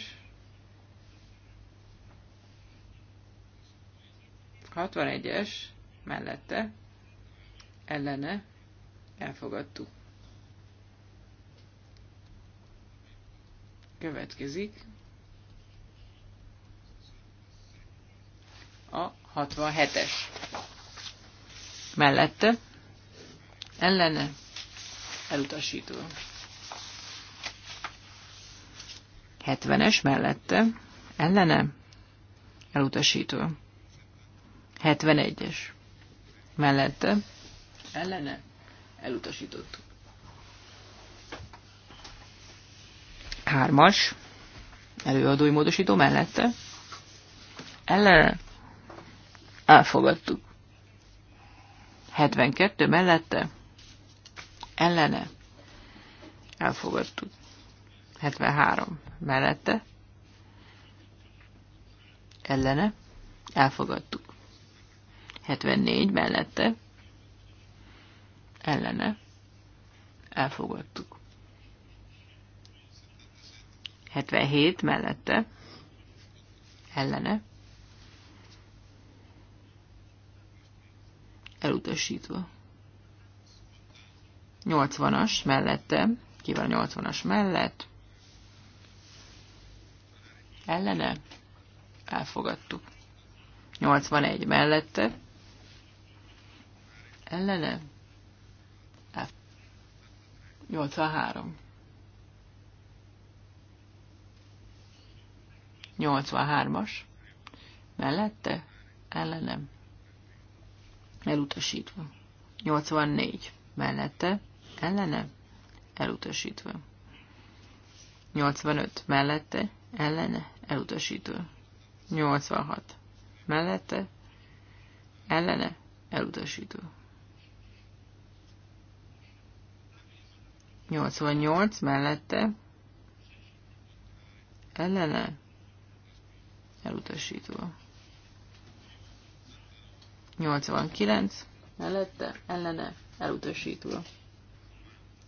61-es mellette ellene elfogadtuk. Következik a 67-es. Mellette ellene elutasító. 70-es mellette, ellene, elutasító. 71-es mellette, ellene, elutasított. Hármas, előadói módosító mellette, ellene, elfogadtuk. 72 mellette, ellene, elfogadtuk. 73 mellette, ellene, elfogadtuk. 74 mellette, ellene, elfogadtuk. 77 mellette, ellene, elutasítva. 80-as mellette, ki van 80-as mellett, ellene elfogadtuk. 81 mellette ellene El... 83. 83-as. Mellette? Ellenem. Elutasítva. 84. Mellette? Ellenem. Elutasítva. 85. Mellette? Ellene? elutasító. 86. Mellette, ellene, elutasító. 88 mellette, ellene, elutasító. 89 mellette, ellene, elutasító.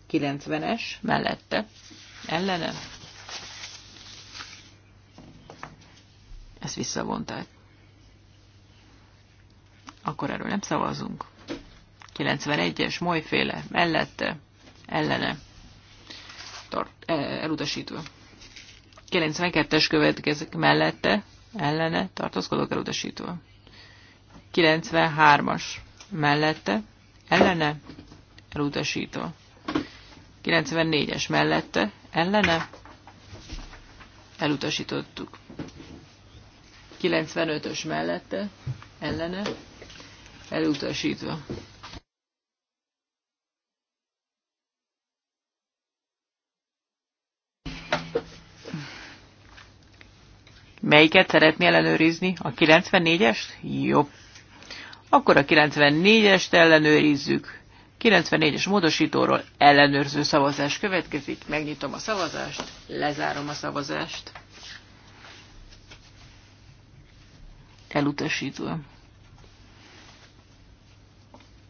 90-es mellette, ellene, ezt visszavonták. Akkor erről nem szavazunk. 91-es, molyféle, mellette, ellene, tart, e, elutasítva. 92-es következik mellette, ellene, tartózkodok elutasítva. 93-as mellette, ellene, elutasítva. 94-es mellette, ellene, elutasítottuk. 95-ös mellette, ellene, elutasítva. Melyiket szeretné ellenőrizni? A 94-est? Jó. Akkor a 94-est ellenőrizzük. 94-es módosítóról ellenőrző szavazás következik. Megnyitom a szavazást, lezárom a szavazást. elutasítva.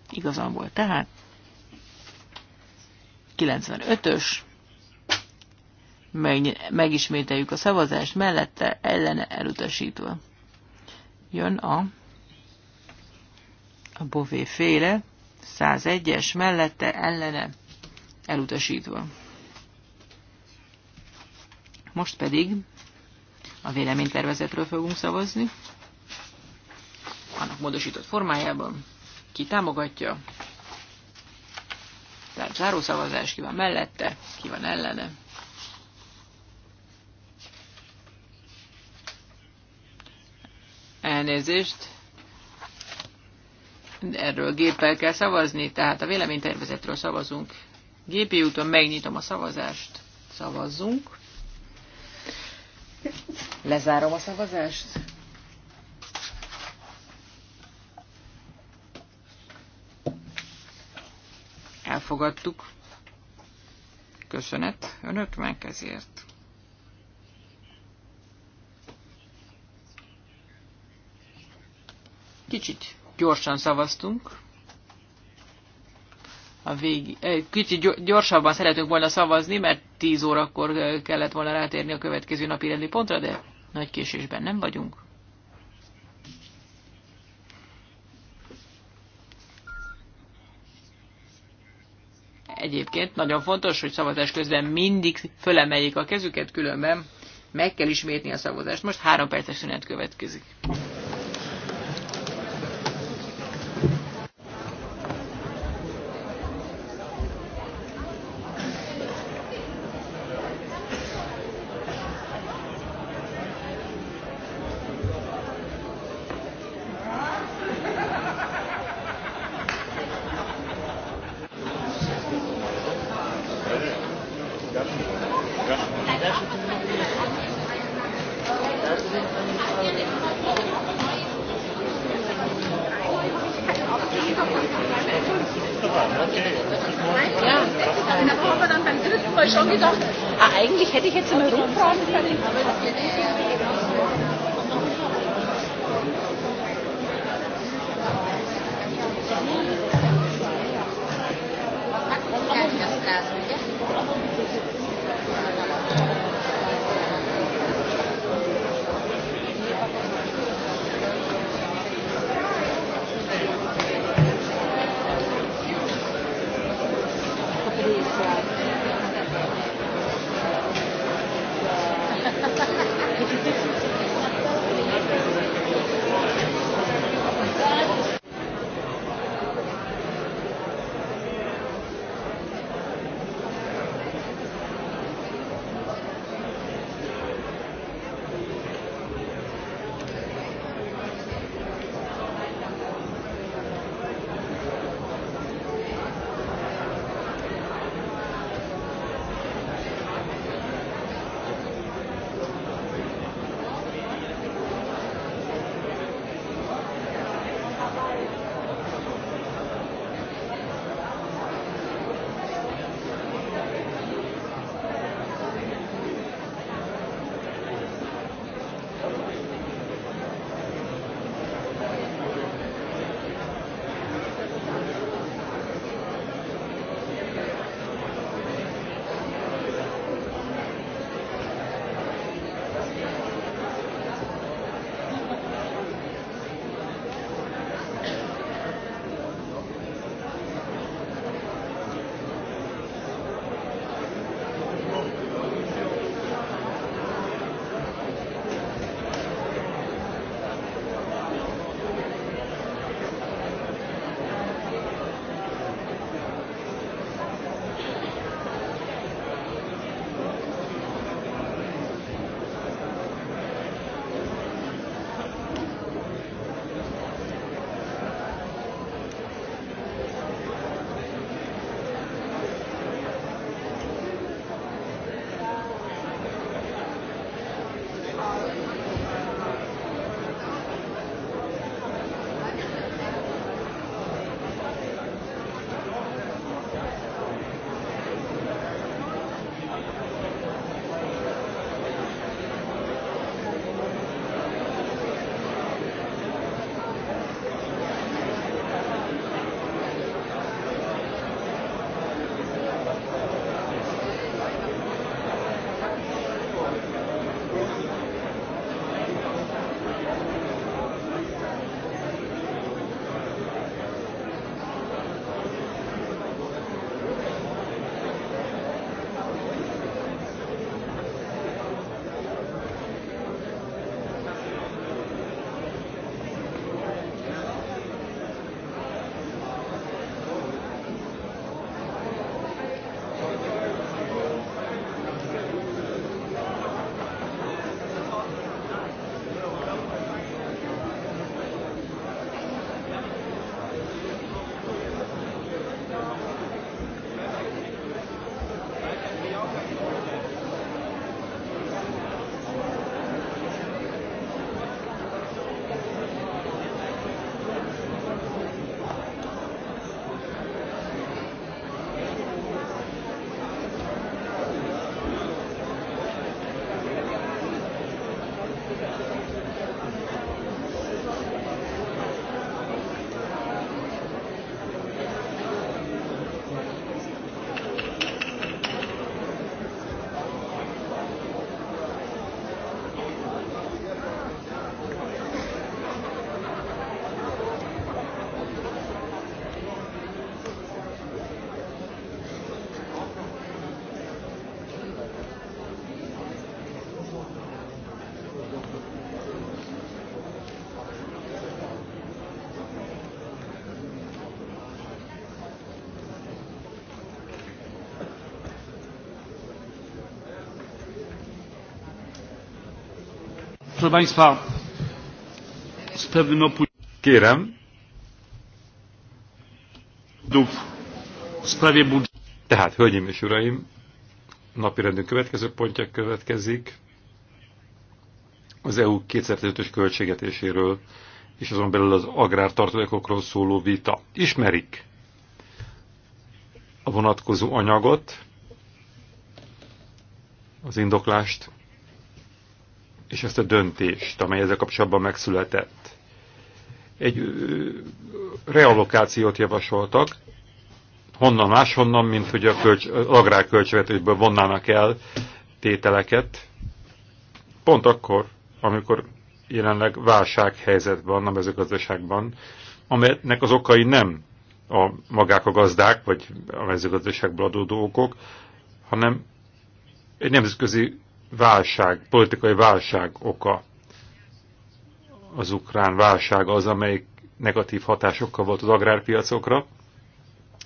Igazam volt tehát. 95-ös. Meg, megismételjük a szavazást mellette, ellene elutasítva. Jön a a bové féle, 101-es mellette, ellene elutasítva. Most pedig a véleménytervezetről fogunk szavazni módosított formájában. Ki támogatja? Tehát zárószavazás, ki van mellette, ki van ellene. Elnézést. Erről géppel kell szavazni, tehát a véleménytervezetről szavazunk. Gépi úton megnyitom a szavazást. Szavazzunk. Lezárom a szavazást. elfogadtuk. Köszönet önöknek ezért. Kicsit gyorsan szavaztunk. A végi, eh, Kicsit gyorsabban szeretünk volna szavazni, mert 10 órakor eh, kellett volna rátérni a következő napi rendi pontra, de nagy késésben nem vagyunk. Egyébként nagyon fontos, hogy szavazás közben mindig fölemeljék a kezüket, különben meg kell ismétni a szavazást. Most három perces szünet következik. Proszę Państwa, z pewnym opóźnieniem w sprawie budżetu. Tehát, hölgyeim és uraim, napirendünk következő pontja következik az EU 2015-ös költségetéséről és azon belül az agrártartalékokról szóló vita. Ismerik a vonatkozó anyagot, az indoklást, és ezt a döntést, amely ezzel kapcsolatban megszületett. Egy realokációt javasoltak, honnan máshonnan, mint hogy a kölcs, agrárköltségvetésből vonnának el tételeket, pont akkor, amikor jelenleg válsághelyzet van a mezőgazdaságban, amelynek az okai nem a magák a gazdák, vagy a mezőgazdaságból adódó okok, hanem egy nemzetközi válság, politikai válság oka. Az ukrán válság az, amelyik negatív hatásokkal volt az agrárpiacokra.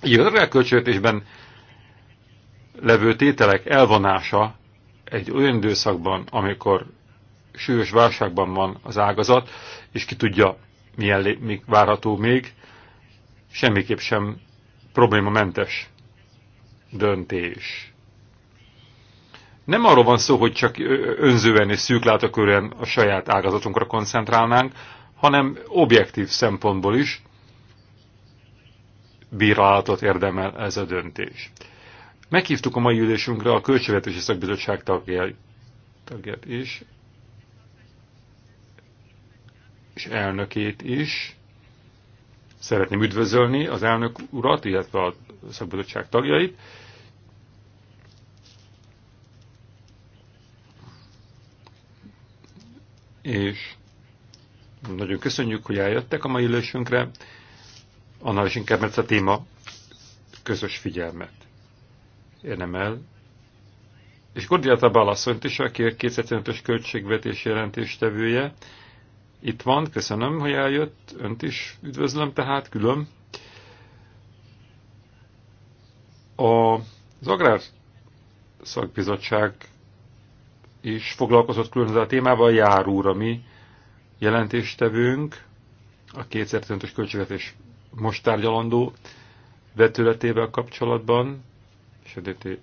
Így az agrárköltségvetésben levő tételek elvonása egy olyan időszakban, amikor súlyos válságban van az ágazat, és ki tudja, milyen még várható még, semmiképp sem problémamentes döntés nem arról van szó, hogy csak önzően és szűklátakörűen a saját ágazatunkra koncentrálnánk, hanem objektív szempontból is bírálatot érdemel ez a döntés. Meghívtuk a mai ülésünkre a Költségvetési Szakbizottság tagját is, és elnökét is. Szeretném üdvözölni az elnök urat, illetve a szakbizottság tagjait. és nagyon köszönjük, hogy eljöttek a mai ülésünkre, annál is inkább, mert ez a téma közös figyelmet érdemel. És Gordiata Balasszonyt is, aki a 275-ös költségvetés jelentéstevője, itt van, köszönöm, hogy eljött, önt is üdvözlöm tehát, külön. A, az Agrár Szakbizottság is foglalkozott külön a témával, Jár úr, a mi jelentéstevőnk, a 2015-ös költségvetés most tárgyalandó vetületével kapcsolatban, és a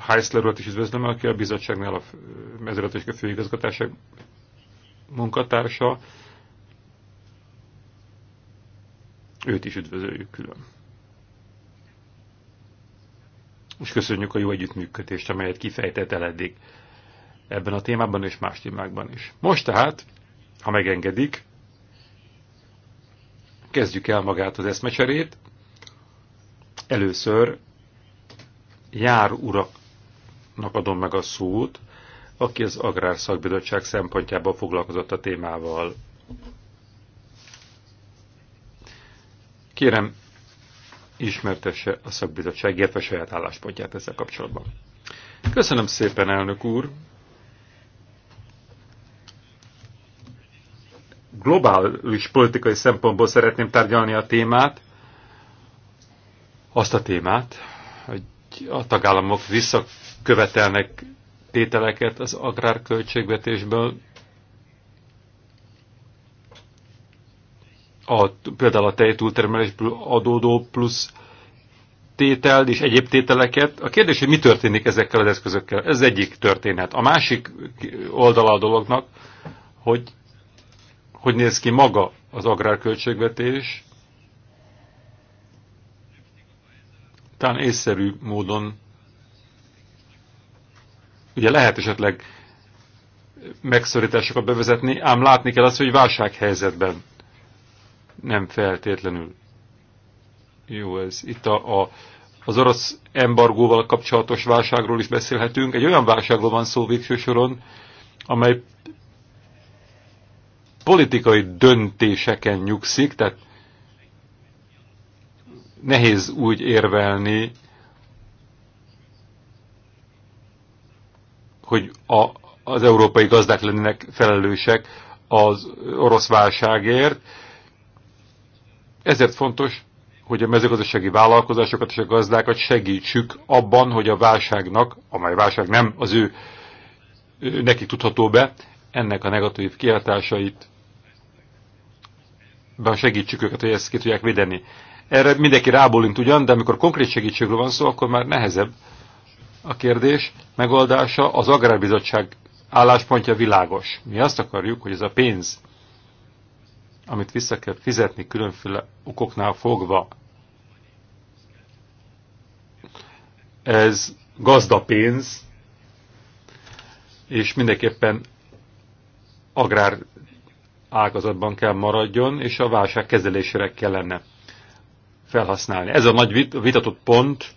Heisler is üdvözlöm, aki a bizottságnál a mezőletőske főigazgatása munkatársa. Őt is üdvözöljük külön és köszönjük a jó együttműködést, amelyet kifejtett el eddig ebben a témában és más témákban is. Most tehát, ha megengedik, kezdjük el magát az eszmecserét. Először jár uraknak adom meg a szót, aki az Agrár Szakbizottság szempontjából foglalkozott a témával. Kérem, ismertesse a szakbizottság, illetve saját álláspontját ezzel kapcsolatban. Köszönöm szépen, elnök úr! Globális politikai szempontból szeretném tárgyalni a témát, azt a témát, hogy a tagállamok visszakövetelnek tételeket az agrárköltségvetésből, a, például a tejtúltermelésből adódó plusz tételt és egyéb tételeket. A kérdés, hogy mi történik ezekkel az eszközökkel. Ez egyik történet. A másik oldala a dolognak, hogy hogy néz ki maga az agrárköltségvetés. Talán észszerű módon ugye lehet esetleg megszorításokat bevezetni, ám látni kell azt, hogy válsághelyzetben nem feltétlenül jó ez. Itt a, a, az orosz embargóval kapcsolatos válságról is beszélhetünk. Egy olyan válságról van szó végső soron, amely politikai döntéseken nyugszik, tehát nehéz úgy érvelni, hogy a, az európai gazdák lennének felelősek az orosz válságért, ezért fontos, hogy a mezőgazdasági vállalkozásokat és a gazdákat segítsük abban, hogy a válságnak, amely válság nem az ő, ő nekik tudható be, ennek a negatív kihatásait ben segítsük őket, hogy ezt ki tudják védeni. Erre mindenki rábólint ugyan, de amikor konkrét segítségről van szó, akkor már nehezebb a kérdés megoldása. Az Agrárbizottság álláspontja világos. Mi azt akarjuk, hogy ez a pénz, amit vissza kell fizetni különféle okoknál fogva, ez gazda pénz, és mindenképpen agrár ágazatban kell maradjon, és a válság kezelésére kellene felhasználni. Ez a nagy vitatott pont,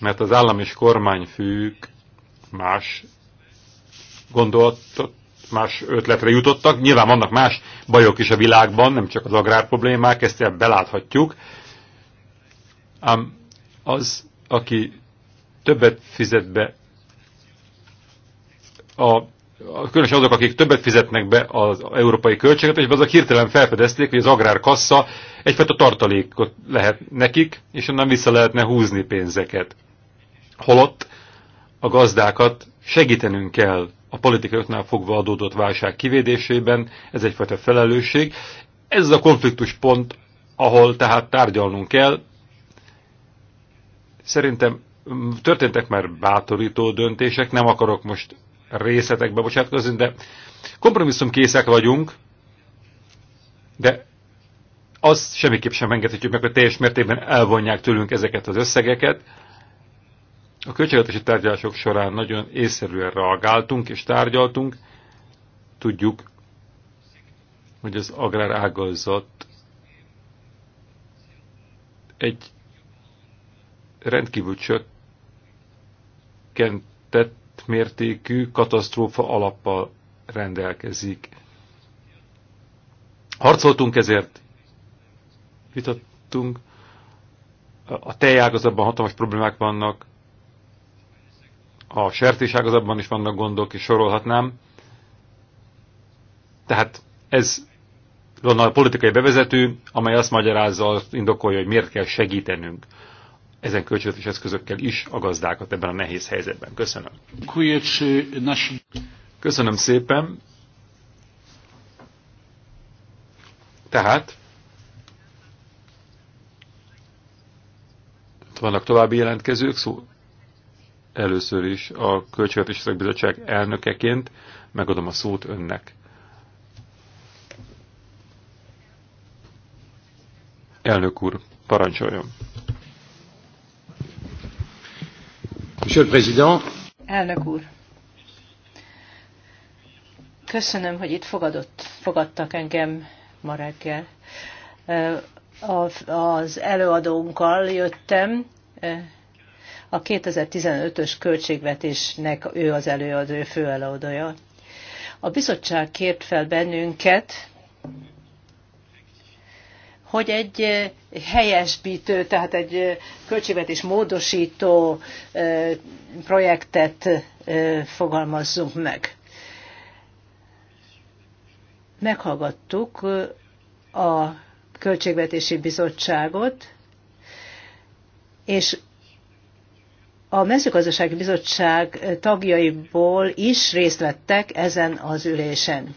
mert az állam és kormányfők más gondolatot más ötletre jutottak. Nyilván vannak más bajok is a világban, nem csak az agrár problémák, ezt beláthatjuk. Ám az, aki többet fizet be a különösen azok, akik többet fizetnek be az európai költséget, és azok hirtelen felfedezték, hogy az agrárkassa egyfajta tartalékot lehet nekik, és onnan vissza lehetne húzni pénzeket. Holott a gazdákat segítenünk kell a politikaioknál fogva adódott válság kivédésében, ez egyfajta felelősség. Ez a konfliktus pont, ahol tehát tárgyalnunk kell. Szerintem történtek már bátorító döntések, nem akarok most részletekbe bocsátkozni, de készek vagyunk, de az semmiképp sem engedhetjük meg, hogy teljes mértékben elvonják tőlünk ezeket az összegeket, a költségvetési tárgyalások során nagyon észszerűen reagáltunk és tárgyaltunk. Tudjuk, hogy az agrár ágazat egy rendkívül csökkentett mértékű katasztrófa alappal rendelkezik. Harcoltunk ezért, vitattunk, a tejágazatban hatalmas problémák vannak, a sertéságazatban is vannak gondok, és sorolhatnám. Tehát ez van a politikai bevezető, amely azt magyarázza, azt indokolja, hogy miért kell segítenünk ezen költségvetés eszközökkel is a gazdákat ebben a nehéz helyzetben. Köszönöm. Köszönöm szépen. Tehát vannak további jelentkezők, szó, Először is a Költségvetési Szakbizottság elnökeként megadom a szót önnek. Elnök úr, parancsoljon! Monsieur le Président! Elnök úr! Köszönöm, hogy itt fogadott, fogadtak engem ma reggel. Az előadónkkal jöttem, a 2015-ös költségvetésnek ő az előadó, ő főelőadója. A bizottság kért fel bennünket, hogy egy eh, helyesbítő, tehát egy eh, költségvetés módosító eh, projektet fogalmazzunk meg. Meghallgattuk a Költségvetési Bizottságot, és a mezőgazdasági bizottság tagjaiból is részt vettek ezen az ülésen.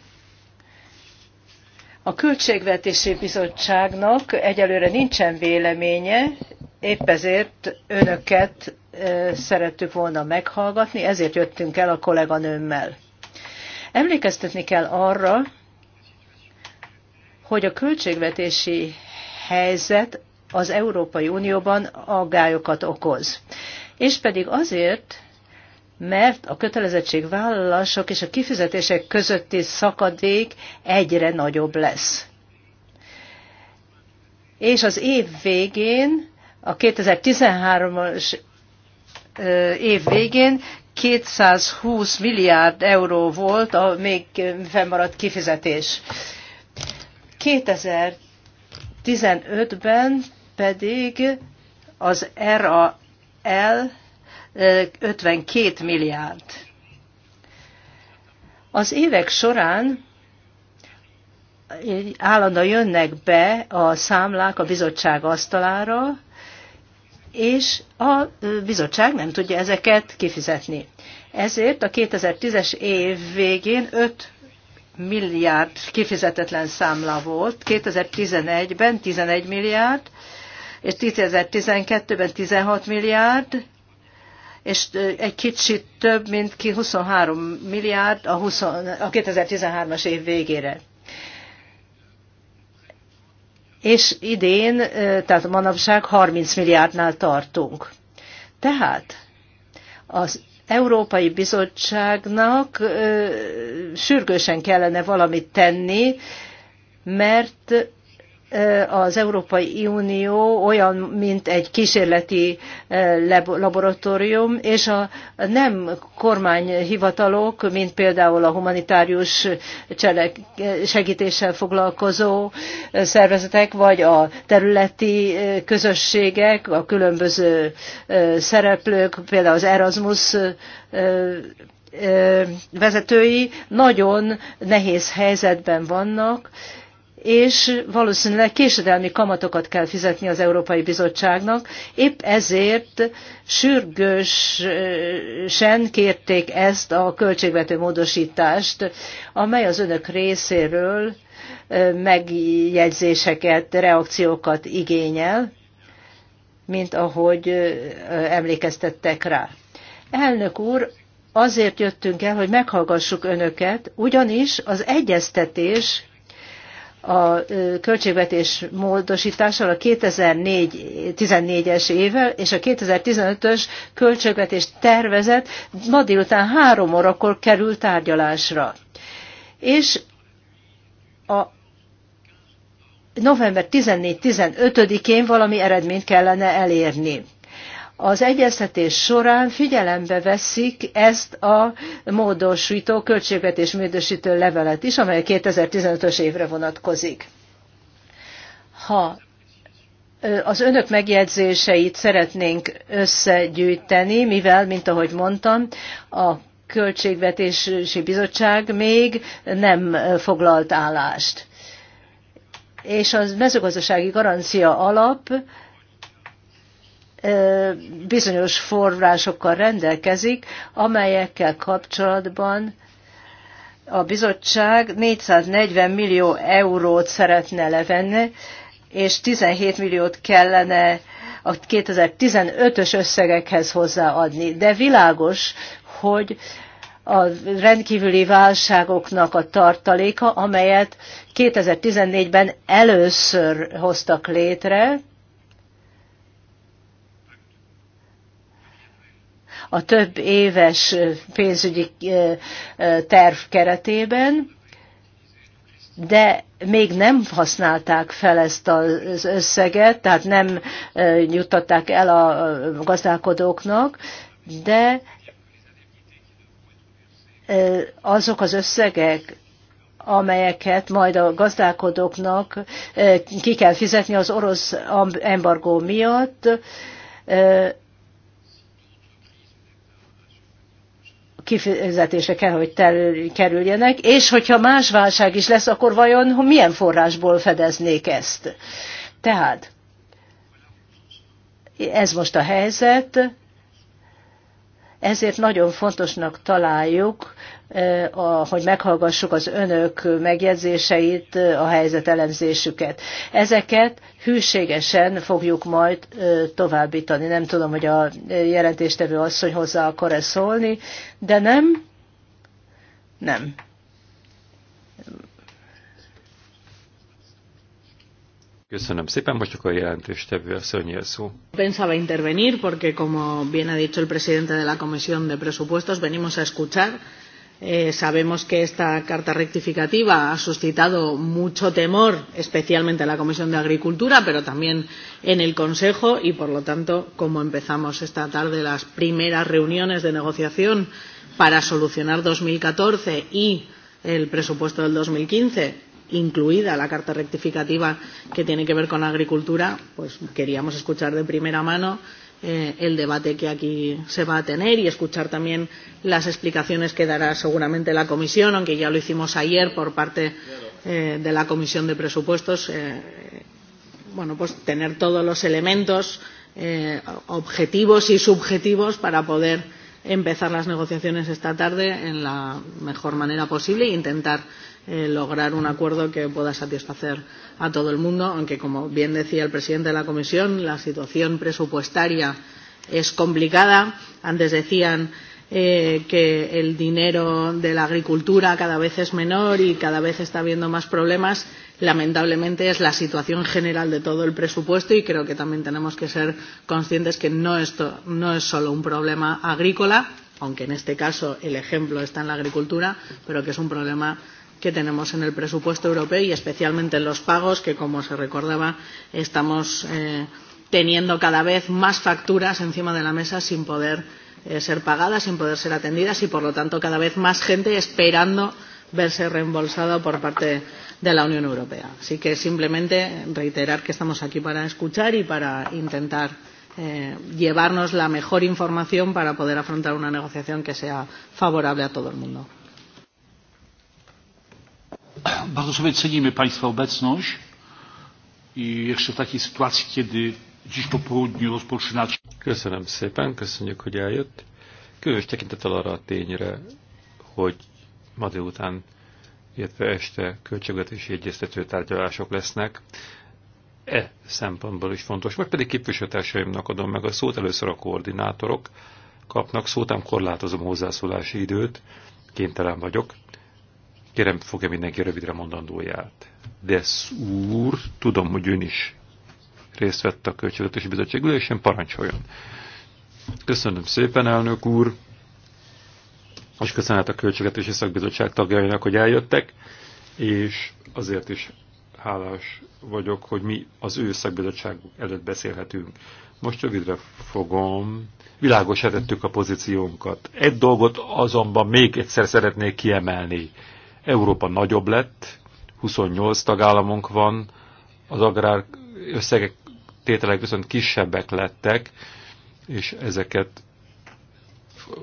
A Költségvetési Bizottságnak egyelőre nincsen véleménye, épp ezért önöket szerettük volna meghallgatni, ezért jöttünk el a kolléganőmmel. Emlékeztetni kell arra, hogy a költségvetési helyzet az Európai Unióban aggályokat okoz és pedig azért, mert a kötelezettségvállalások és a kifizetések közötti szakadék egyre nagyobb lesz. És az év végén, a 2013-as év végén 220 milliárd euró volt a még fennmaradt kifizetés. 2015-ben pedig az RA el 52 milliárd. Az évek során állandóan jönnek be a számlák a bizottság asztalára, és a bizottság nem tudja ezeket kifizetni. Ezért a 2010-es év végén 5 milliárd kifizetetlen számla volt, 2011-ben 11 milliárd, és 2012-ben 16 milliárd, és egy kicsit több, mint ki 23 milliárd a, 20, a 2013-as év végére. És idén, tehát manapság 30 milliárdnál tartunk. Tehát az Európai Bizottságnak sürgősen kellene valamit tenni, mert az Európai Unió olyan, mint egy kísérleti laboratórium, és a nem kormányhivatalok, mint például a humanitárius cselek, segítéssel foglalkozó szervezetek, vagy a területi közösségek, a különböző szereplők, például az Erasmus vezetői nagyon nehéz helyzetben vannak, és valószínűleg késedelmi kamatokat kell fizetni az Európai Bizottságnak. Épp ezért sürgősen kérték ezt a költségvető módosítást, amely az önök részéről megjegyzéseket, reakciókat igényel, mint ahogy emlékeztettek rá. Elnök úr, azért jöttünk el, hogy meghallgassuk önöket, ugyanis az egyeztetés a költségvetés módosítással a 2014-es évvel és a 2015-ös költségvetés tervezet ma délután három órakor kerül tárgyalásra. És a november 14-15-én valami eredményt kellene elérni az egyeztetés során figyelembe veszik ezt a módosító, költségvetés módosító levelet is, amely 2015-ös évre vonatkozik. Ha az önök megjegyzéseit szeretnénk összegyűjteni, mivel, mint ahogy mondtam, a Költségvetési Bizottság még nem foglalt állást. És a mezőgazdasági garancia alap bizonyos forrásokkal rendelkezik, amelyekkel kapcsolatban a bizottság 440 millió eurót szeretne levenni, és 17 milliót kellene a 2015-ös összegekhez hozzáadni. De világos, hogy a rendkívüli válságoknak a tartaléka, amelyet 2014-ben először hoztak létre, a több éves pénzügyi terv keretében, de még nem használták fel ezt az összeget, tehát nem nyújtották el a gazdálkodóknak, de azok az összegek, amelyeket majd a gazdálkodóknak ki kell fizetni az orosz embargó miatt, kifizetése kell, hogy kerüljenek, és hogyha más válság is lesz, akkor vajon milyen forrásból fedeznék ezt? Tehát ez most a helyzet, ezért nagyon fontosnak találjuk, e, hogy meghallgassuk az önök megjegyzéseit, e, a helyzet elemzésüket. Ezeket hűségesen fogjuk majd e, továbbítani. Nem tudom, hogy a jelentéstevő asszony hozzá akar-e szólni, de nem. Nem. Köszönöm szépen, most akkor a jelentéstevő a szörnyel szó. Pensaba intervenir, porque como bien ha dicho el presidente de la Comisión de Presupuestos, venimos a escuchar. Eh, sabemos que esta carta rectificativa ha suscitado mucho temor, especialmente en la Comisión de Agricultura, pero también en el Consejo y, por lo tanto, como empezamos esta tarde las primeras reuniones de negociación para solucionar 2014 y el presupuesto del 2015, incluida la carta rectificativa que tiene que ver con la agricultura, pues queríamos escuchar de primera mano eh, el debate que aquí se va a tener y escuchar también las explicaciones que dará seguramente la Comisión, aunque ya lo hicimos ayer por parte eh, de la Comisión de Presupuestos. Eh, bueno, pues tener todos los elementos eh, objetivos y subjetivos para poder empezar las negociaciones esta tarde en la mejor manera posible e intentar eh, lograr un acuerdo que pueda satisfacer a todo el mundo, aunque, como bien decía el presidente de la Comisión, la situación presupuestaria es complicada. Antes decían eh, que el dinero de la agricultura cada vez es menor y cada vez está habiendo más problemas. Lamentablemente es la situación general de todo el presupuesto y creo que también tenemos que ser conscientes que no, esto, no es solo un problema agrícola, aunque en este caso el ejemplo está en la agricultura, pero que es un problema que tenemos en el presupuesto europeo y especialmente en los pagos, que como se recordaba estamos eh, teniendo cada vez más facturas encima de la mesa sin poder eh, ser pagadas, sin poder ser atendidas y por lo tanto cada vez más gente esperando verse reembolsado por parte de la Unión Europea. Así que simplemente reiterar que estamos aquí para escuchar y para intentar eh, llevarnos la mejor información para poder afrontar una negociación que sea favorable a todo el mundo. <clears throat> Bardzo sobie cenimy Państwa obecność i jeszcze w takiej sytuacji, kiedy dziś po południu rozpoczynacie. Köszönöm szépen, köszönjük, hogy eljött. Különös tekintetel arra a tényre, hogy ma délután, illetve este költségvetési egyeztető tárgyalások lesznek. E szempontból is fontos. Most pedig képviselőtársaimnak adom meg a szót, először a koordinátorok kapnak szót, ám korlátozom hozzászólási időt, kénytelen vagyok Kérem, fogja mindenki rövidre mondandóját. De úr, tudom, hogy ön is részt vett a Költségvetési Bizottság ülésén, parancsoljon. Köszönöm szépen, elnök úr, és köszönhet a Költségvetési Szakbizottság tagjainak, hogy eljöttek, és azért is hálás vagyok, hogy mi az ő szakbizottság előtt beszélhetünk. Most rövidre fogom. Világos a pozíciónkat. Egy dolgot azonban még egyszer szeretnék kiemelni. Európa nagyobb lett, 28 tagállamunk van, az agrár összegek, tételek viszont kisebbek lettek, és ezeket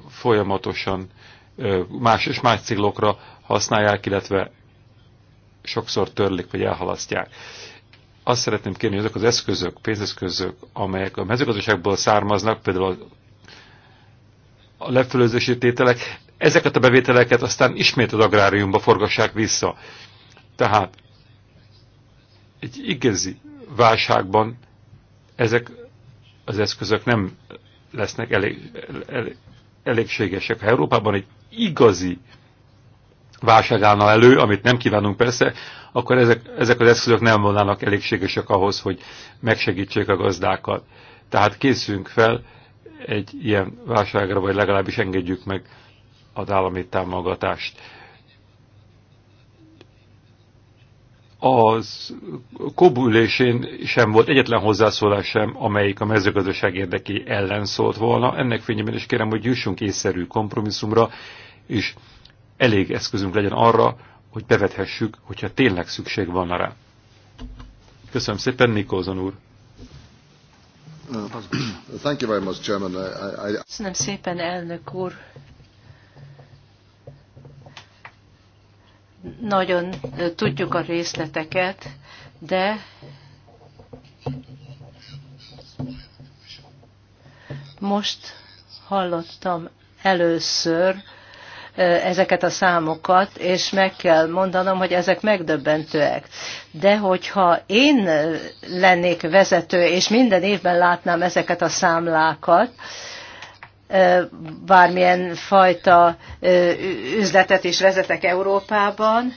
folyamatosan más és más célokra használják, illetve sokszor törlik vagy elhalasztják. Azt szeretném kérni, hogy azok az eszközök, pénzeszközök, amelyek a mezőgazdaságból származnak, például a lefölözési tételek, ezeket a bevételeket aztán ismét az agráriumba forgassák vissza. Tehát egy igazi válságban ezek az eszközök nem lesznek elég, elég, elégségesek. Ha Európában egy igazi válság állna elő, amit nem kívánunk persze, akkor ezek, ezek az eszközök nem volnának elégségesek ahhoz, hogy megsegítsék a gazdákat. Tehát készüljünk fel egy ilyen válságra, vagy legalábbis engedjük meg az állami támogatást. Az kobülésén sem volt egyetlen hozzászólás sem, amelyik a mezőgazdaság érdeké ellen szólt volna. Ennek fényében is kérem, hogy jussunk észszerű kompromisszumra, és elég eszközünk legyen arra, hogy bevethessük, hogyha tényleg szükség van rá. Köszönöm szépen, Nikózon úr! Köszönöm szépen, elnök úr. nagyon tudjuk a részleteket, de most hallottam először ezeket a számokat, és meg kell mondanom, hogy ezek megdöbbentőek. De hogyha én lennék vezető, és minden évben látnám ezeket a számlákat, bármilyen fajta üzletet is vezetek Európában,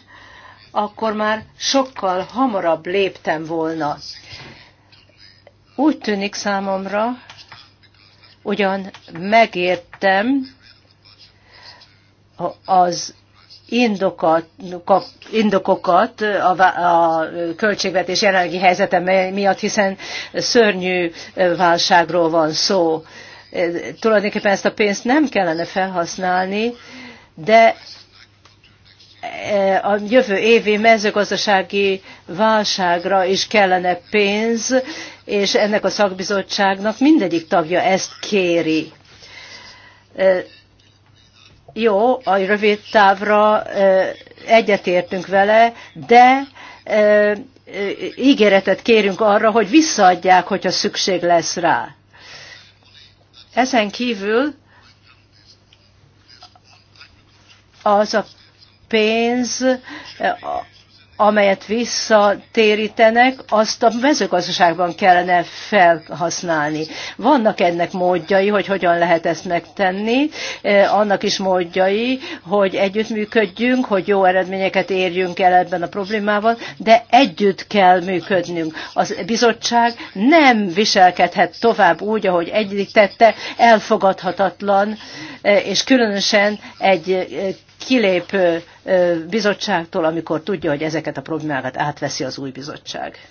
akkor már sokkal hamarabb léptem volna. Úgy tűnik számomra, ugyan megértem az indokat, indokokat a, a költségvetés jelenlegi helyzete miatt, hiszen szörnyű válságról van szó Eh, tulajdonképpen ezt a pénzt nem kellene felhasználni, de eh, a jövő évi mezőgazdasági válságra is kellene pénz, és ennek a szakbizottságnak mindegyik tagja ezt kéri. Eh, jó, a rövid távra egyetértünk vele, de ígéretet kérünk arra, hogy visszaadják, hogyha szükség lesz rá. Ezen kívül az a pénz amelyet visszatérítenek, azt a mezőgazdaságban kellene felhasználni. Vannak ennek módjai, hogy hogyan lehet ezt megtenni, e, annak is módjai, hogy együttműködjünk, hogy jó eredményeket érjünk el ebben a problémában, de együtt kell működnünk. A bizottság nem viselkedhet tovább úgy, ahogy egyik tette, elfogadhatatlan, e, és különösen egy e, kilép bizottságtól, amikor tudja, hogy ezeket a problémákat átveszi az új bizottság.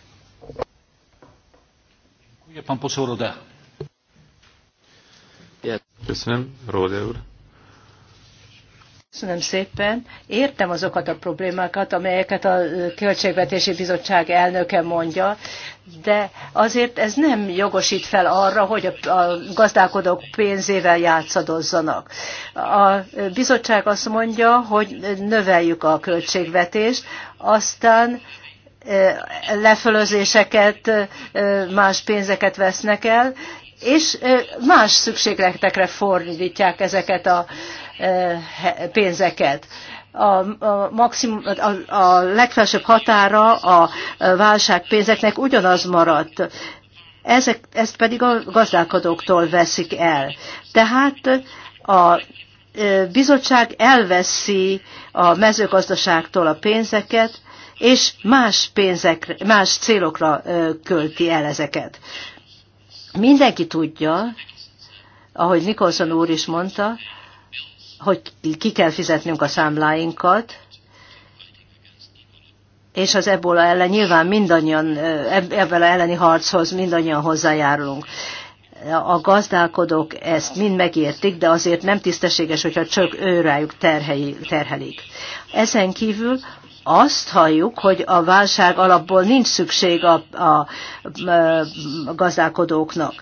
Köszönöm, Róde úr. Köszönöm szépen. Értem azokat a problémákat, amelyeket a Költségvetési Bizottság elnöke mondja, de azért ez nem jogosít fel arra, hogy a gazdálkodók pénzével játszadozzanak. A bizottság azt mondja, hogy növeljük a költségvetést, aztán lefölözéseket, más pénzeket vesznek el, és más szükségletekre fordítják ezeket a E, pénzeket a, a, maximum, a, a legfelsőbb határa a válságpénzeknek ugyanaz maradt. Ezek, ezt pedig a gazdálkodóktól veszik el. Tehát a e, bizottság elveszi a mezőgazdaságtól a pénzeket, és más, pénzekre, más célokra e, költi el ezeket. Mindenki tudja, ahogy Nikolson úr is mondta, hogy ki kell fizetnünk a számláinkat, és az ebola ellen nyilván mindannyian, ebből elleni harchoz mindannyian hozzájárulunk. A gazdálkodók ezt mind megértik, de azért nem tisztességes, hogyha csak rájuk terhelik. Ezen kívül azt halljuk, hogy a válság alapból nincs szükség a, a, a gazdálkodóknak.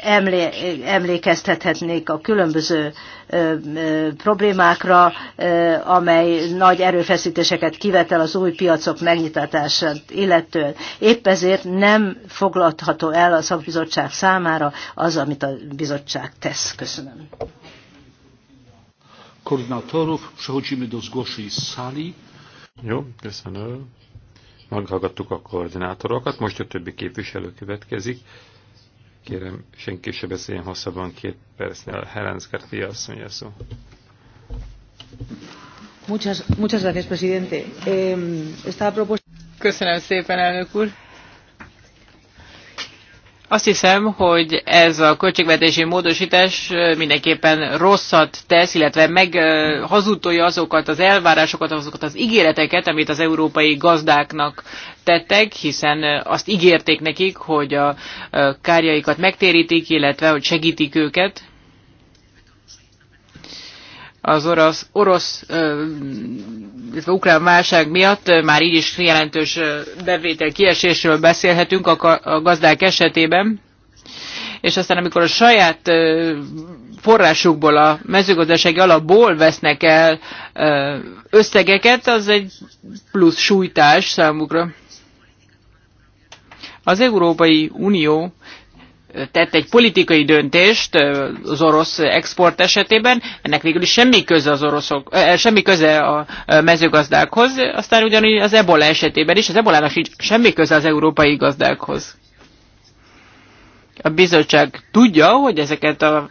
Emlé, emlékeztethetnék a különböző ö, ö, problémákra, ö, amely nagy erőfeszítéseket kivetel az új piacok megnyitását illetően. Épp ezért nem foglalható el a szakbizottság számára az, amit a bizottság tesz. Köszönöm. Koordinátorok, przechodzimy do zgłoszeń z sali. Jó, köszönöm. Meghallgattuk a koordinátorokat, most a többi képviselő következik. Kérem, senki se beszéljen hosszabban két percnél. Helen Scarpia azt mondja szó. Muchas, muchas gracias, presidente. Eh, esta Köszönöm szépen, elnök úr. Azt hiszem, hogy ez a költségvetési módosítás mindenképpen rosszat tesz, illetve meghazudtolja azokat az elvárásokat, azokat az ígéreteket, amit az európai gazdáknak tettek, hiszen azt ígérték nekik, hogy a kárjaikat megtérítik, illetve hogy segítik őket az orosz, orosz illetve ukrán válság miatt már így is jelentős bevétel kiesésről beszélhetünk a gazdák esetében, és aztán amikor a saját forrásukból, a mezőgazdasági alapból vesznek el összegeket, az egy plusz sújtás számukra. Az Európai Unió tett egy politikai döntést az orosz export esetében, ennek végül is semmi köze az oroszok, semmi köze a mezőgazdákhoz, aztán ugyanúgy az ebola esetében is, az ebolának sincs semmi köze az európai gazdákhoz. A bizottság tudja, hogy ezeket, a,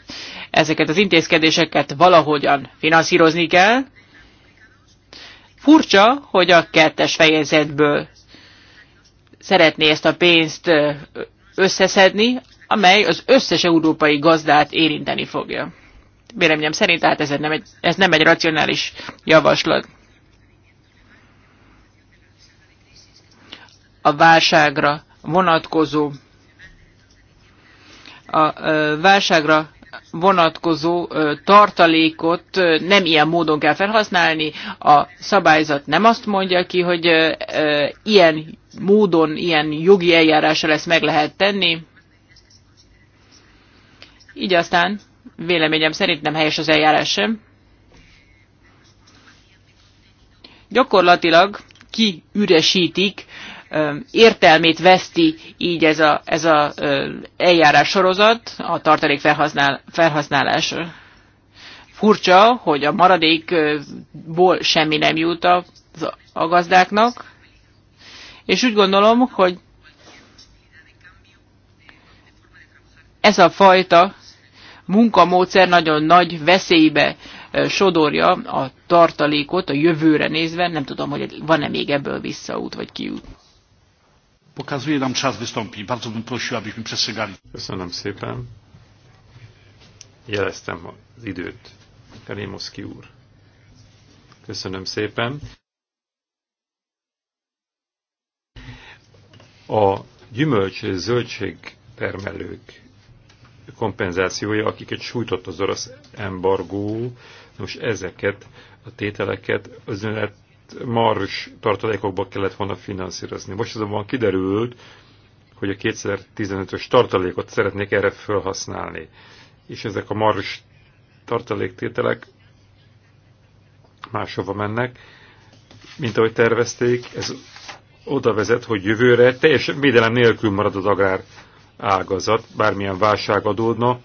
ezeket az intézkedéseket valahogyan finanszírozni kell. Furcsa, hogy a kettes fejezetből szeretné ezt a pénzt összeszedni, amely az összes európai gazdát érinteni fogja. Véleményem szerint tehát ez nem egy, ez nem egy racionális javaslat. A válságra vonatkozó a válságra vonatkozó tartalékot nem ilyen módon kell felhasználni. A szabályzat nem azt mondja ki, hogy ilyen módon, ilyen jogi eljárásra lesz meg lehet tenni. Így aztán véleményem szerint nem helyes az eljárás sem. Gyakorlatilag kiüresítik, értelmét veszti így ez az ez a eljárás sorozat, a tartalék felhasznál, felhasználás. Furcsa, hogy a maradékból semmi nem jut a, a gazdáknak, és úgy gondolom, hogy ez a fajta munkamódszer nagyon nagy veszélybe sodorja a tartalékot a jövőre nézve. Nem tudom, hogy van-e még ebből visszaút vagy kiút. Pokazuje nam czas wystąpień. Bardzo bym prosił, abyśmy przestrzegali. Köszönöm szépen. Jeleztem az időt. Karémoszki úr. Köszönöm szépen. A gyümölcs és zöldség termelők kompenzációja, akiket sújtott az orosz embargó. most ezeket a tételeket az ünnep mars tartalékokba kellett volna finanszírozni. Most azonban kiderült, hogy a 2015-ös tartalékot szeretnék erre felhasználni. És ezek a mars tartaléktételek máshova mennek, mint ahogy tervezték. Ez oda vezet, hogy jövőre teljesen védelem nélkül marad az agrár ágazat, bármilyen válság adódna,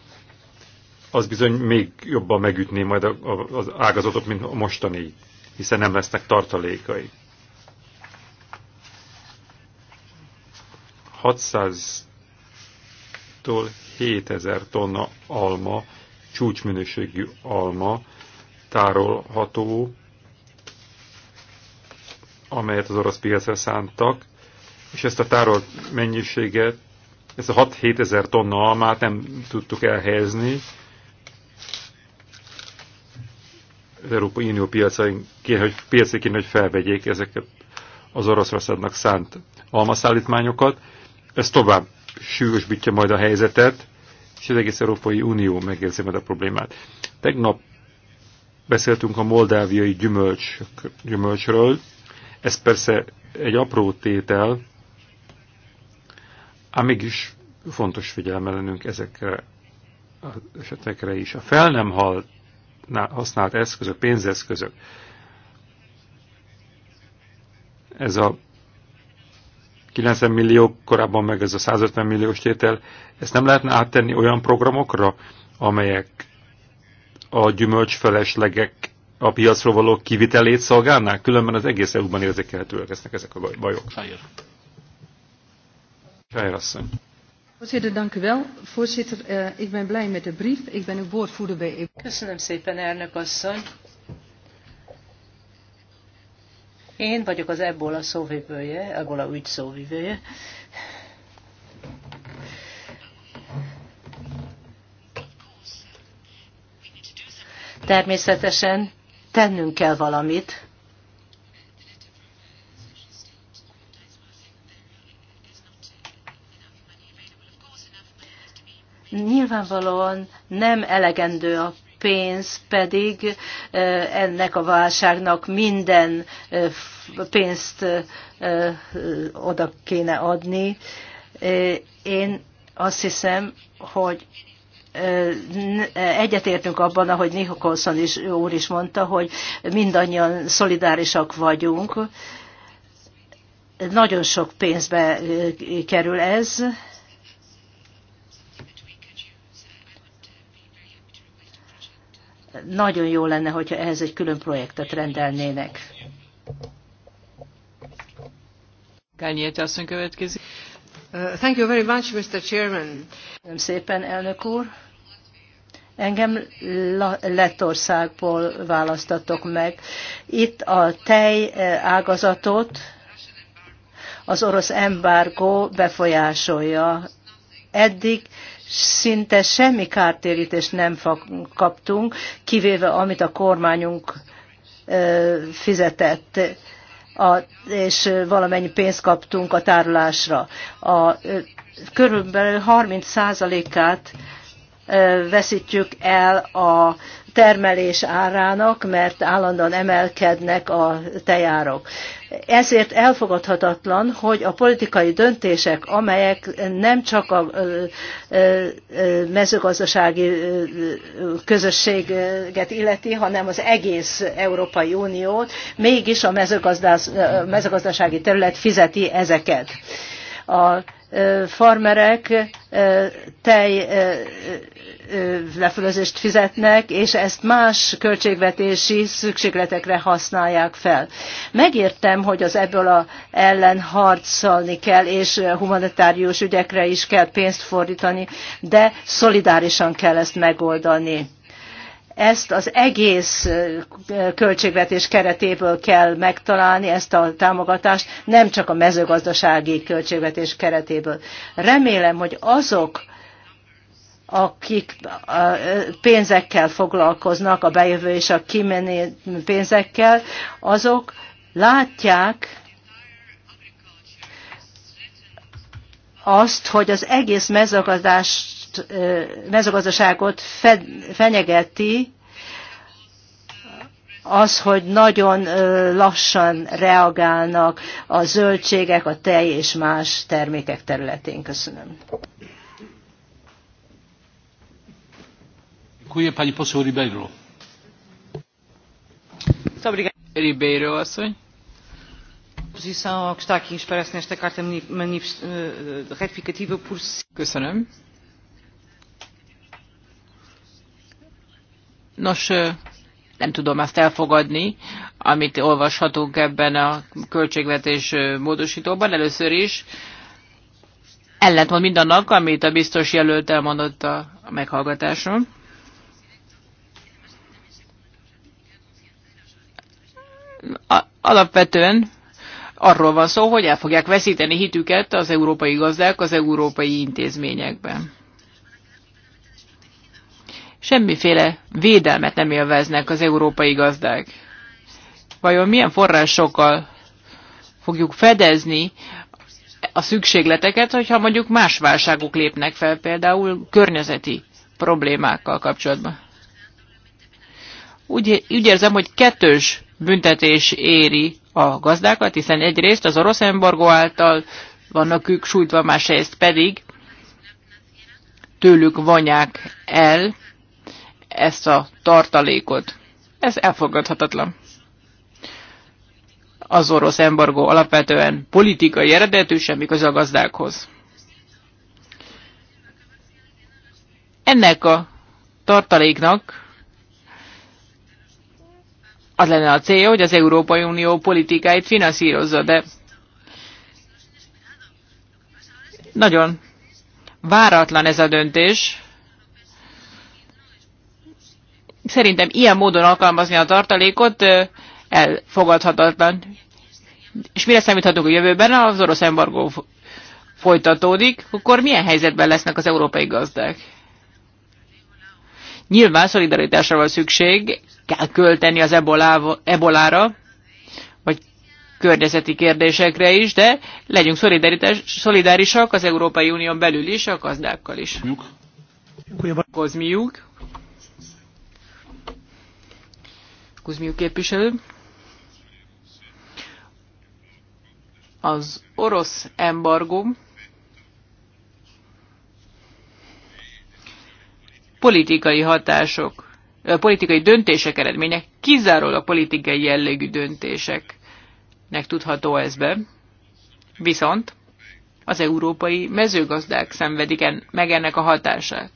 az bizony még jobban megütné majd az ágazatot, mint a mostani, hiszen nem lesznek tartalékai. 600-tól 7000 tonna alma, csúcsminőségű alma tárolható, amelyet az orosz piacra szántak, és ezt a tárolt mennyiséget ezt a 6-7 ezer tonna almát nem tudtuk elhelyezni. Az Európai Unió piacain kéne, hogy, piacai kéne, hogy felvegyék ezeket az Oroszországnak szánt almaszállítmányokat. Ez tovább sűrűsbítja majd a helyzetet, és az egész Európai Unió megérzi majd a problémát. Tegnap beszéltünk a moldáviai gyümölcs, gyümölcsről. Ez persze egy apró tétel, Ám mégis fontos figyelemmel lennünk ezekre az esetekre is. A fel nem halt, használt eszközök, pénzeszközök, ez a 90 millió, korábban meg ez a 150 milliós tétel, ezt nem lehetne áttenni olyan programokra, amelyek a gyümölcsfeleslegek a piacról való kivitelét szolgálnák? Különben az egész EU-ban érzékelhetőek lesznek ezek a bajok. Sajért. Kájer Voorzitter, dank u wel. Voorzitter, eh, ik ben blij met de brief. Ik ben uw woordvoerder bij EU. Köszönöm szépen, elnök asszony. Én vagyok az ebola szóvivője, ebola ügy szóvivője. Természetesen tennünk kell valamit, Nyilvánvalóan nem elegendő a pénz pedig ennek a válságnak minden pénzt oda kéne adni. Én azt hiszem, hogy egyetértünk abban, ahogy Nikolson is, úr is mondta, hogy mindannyian szolidárisak vagyunk. Nagyon sok pénzbe kerül ez, nagyon jó lenne, hogyha ehhez egy külön projektet rendelnének. Kányéte asszony következik. Uh, thank you very much, Mr. Chairman. Köszönöm szépen, elnök úr. Engem Lettországból választatok meg. Itt a tej eh, ágazatot az orosz embargó befolyásolja. Eddig szinte semmi kártérítést nem kaptunk, kivéve amit a kormányunk fizetett, a, és valamennyi pénzt kaptunk a tárolásra. A, körülbelül 30 át veszítjük el a termelés árának, mert állandóan emelkednek a tejárok. Ezért elfogadhatatlan, hogy a politikai döntések, amelyek nem csak a mezőgazdasági közösséget illeti, hanem az egész Európai Uniót, mégis a mezőgazdasági terület fizeti ezeket. A farmerek tej lefölözést fizetnek, és ezt más költségvetési szükségletekre használják fel. Megértem, hogy az ebből a ellen harcolni kell, és humanitárius ügyekre is kell pénzt fordítani, de szolidárisan kell ezt megoldani ezt az egész költségvetés keretéből kell megtalálni, ezt a támogatást, nem csak a mezőgazdasági költségvetés keretéből. Remélem, hogy azok, akik pénzekkel foglalkoznak, a bejövő és a kimenő pénzekkel, azok látják azt, hogy az egész mezőgazdaságot fenyegeti az, hogy nagyon lassan reagálnak a zöldségek, a tej és más termékek területén. Köszönöm. Dziękuję. Pani poseł Ribeiro. Ribeiro asszony. Köszönöm. Nos, eh, nem tudom ezt elfogadni, amit olvashatunk ebben a költségvetés eh, módosítóban. Először is ellentmond mindannak, amit a biztos jelölt elmondott a meghallgatáson. alapvetően arról van szó, hogy el fogják veszíteni hitüket az európai gazdák az európai intézményekben. Semmiféle védelmet nem élveznek az európai gazdák. Vajon milyen forrásokkal fogjuk fedezni a szükségleteket, hogyha mondjuk más válságok lépnek fel, például környezeti problémákkal kapcsolatban? Úgy, úgy érzem, hogy kettős büntetés éri a gazdákat, hiszen egyrészt az orosz embargo által vannak ők sújtva, másrészt pedig tőlük vonják el ezt a tartalékot. Ez elfogadhatatlan. Az orosz embargó alapvetően politikai eredetű, semmi köze a gazdákhoz. Ennek a tartaléknak az lenne a célja, hogy az Európai Unió politikáit finanszírozza, de nagyon váratlan ez a döntés. Szerintem ilyen módon alkalmazni a tartalékot elfogadhatatlan. És mire számíthatunk a jövőben? Az orosz embargó folytatódik, akkor milyen helyzetben lesznek az európai gazdák? Nyilván szolidaritásra van szükség, kell költeni az ebolára, vagy környezeti kérdésekre is, de legyünk szolidárisak az Európai Unión belül is, a gazdákkal is. Kozmiuk. Kozmiuk képviselő. Az orosz embargó politikai hatások politikai döntések eredménye kizárólag politikai jellegű döntéseknek tudható ez be. Viszont az európai mezőgazdák szenvedik en, meg ennek a hatását.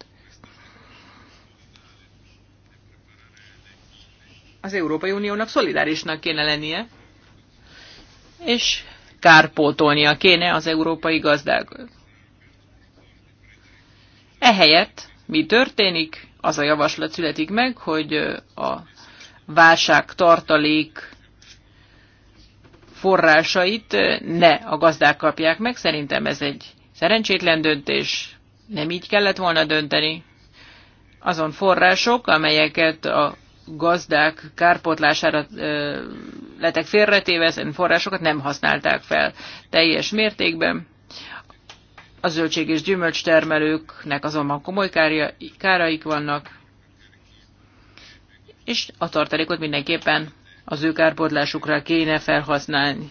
Az Európai Uniónak szolidárisnak kéne lennie, és kárpótolnia kéne az európai gazdákat. Ehelyett mi történik? az a javaslat születik meg, hogy a válság tartalék forrásait ne a gazdák kapják meg. Szerintem ez egy szerencsétlen döntés, nem így kellett volna dönteni. Azon források, amelyeket a gazdák kárpótlására letek félretéve, ezen forrásokat nem használták fel teljes mértékben. A zöldség és gyümölcs termelőknek azonban komoly káraik vannak, és a tartalékot mindenképpen az ő kárpótlásukra kéne felhasználni.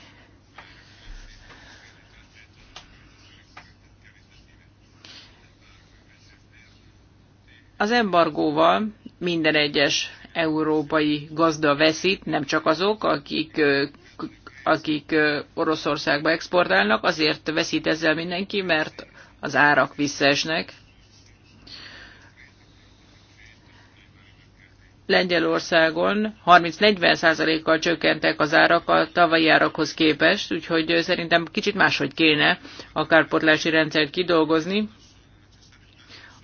Az embargóval minden egyes európai gazda veszít, nem csak azok, akik akik Oroszországba exportálnak, azért veszít ezzel mindenki, mert az árak visszaesnek. Lengyelországon 30-40%-kal csökkentek az árak a tavalyi árakhoz képest, úgyhogy szerintem kicsit máshogy kéne a kárpotlási rendszert kidolgozni.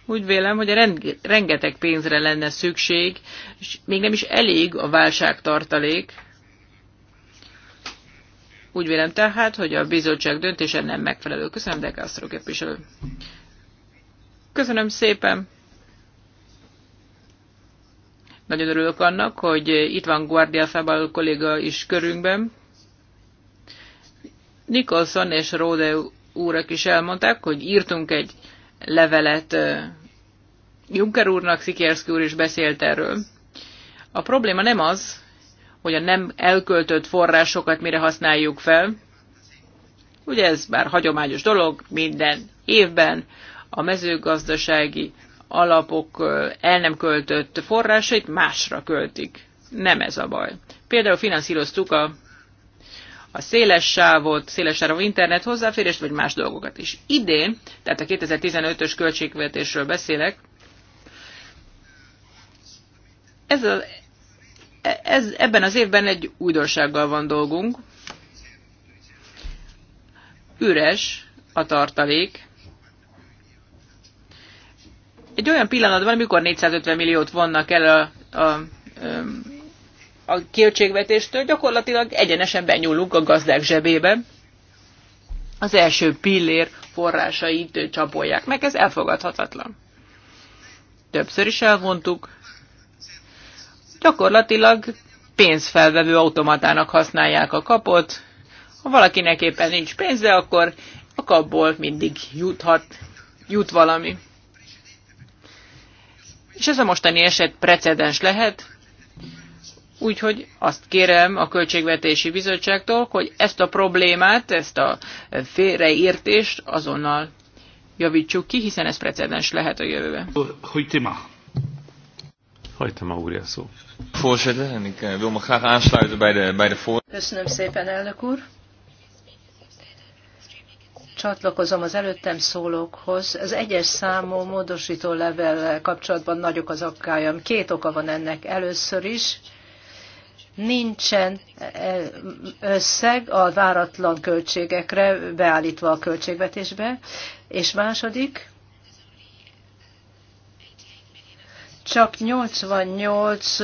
Úgy vélem, hogy rengeteg pénzre lenne szükség, és még nem is elég a válságtartalék, úgy vélem tehát, hogy a bizottság döntése nem megfelelő. Köszönöm, de Castro képviselő. Köszönöm szépen. Nagyon örülök annak, hogy itt van Guardia Fabal kolléga is körünkben. Nicholson és Rode úrak is elmondták, hogy írtunk egy levelet Juncker úrnak, Szikerszki úr is beszélt erről. A probléma nem az, hogy a nem elköltött forrásokat mire használjuk fel. Ugye ez már hagyományos dolog, minden évben a mezőgazdasági alapok el nem költött forrásait másra költik. Nem ez a baj. Például finanszíroztuk a, a széles sávot, széles sávú internet hozzáférést, vagy más dolgokat is. Idén, tehát a 2015-ös költségvetésről beszélek, ez a, ez, ebben az évben egy újdonsággal van dolgunk. Üres a tartalék. Egy olyan pillanatban, amikor 450 milliót vonnak el a, a, a költségvetéstől, gyakorlatilag egyenesen benyúlunk a gazdák zsebébe. Az első pillér forrásait csapolják meg, ez elfogadhatatlan. Többször is elvontuk, gyakorlatilag pénzfelvevő automatának használják a kapot. Ha valakinek éppen nincs pénze, akkor a kapból mindig juthat, jut valami. És ez a mostani eset precedens lehet, úgyhogy azt kérem a Költségvetési Bizottságtól, hogy ezt a problémát, ezt a félreértést azonnal javítsuk ki, hiszen ez precedens lehet a jövőben. Hogy témá? Hajtama úr a szó. Voorzitter, en ik eh, wil me graag aansluiten bij de, bij de voor... Köszönöm szépen, elnök úr. Csatlakozom az előttem szólókhoz. Az egyes számú módosító level kapcsolatban nagyok az aggályom. Két oka van ennek. Először is nincsen eh, összeg a váratlan költségekre beállítva a költségvetésbe, és második, Csak 88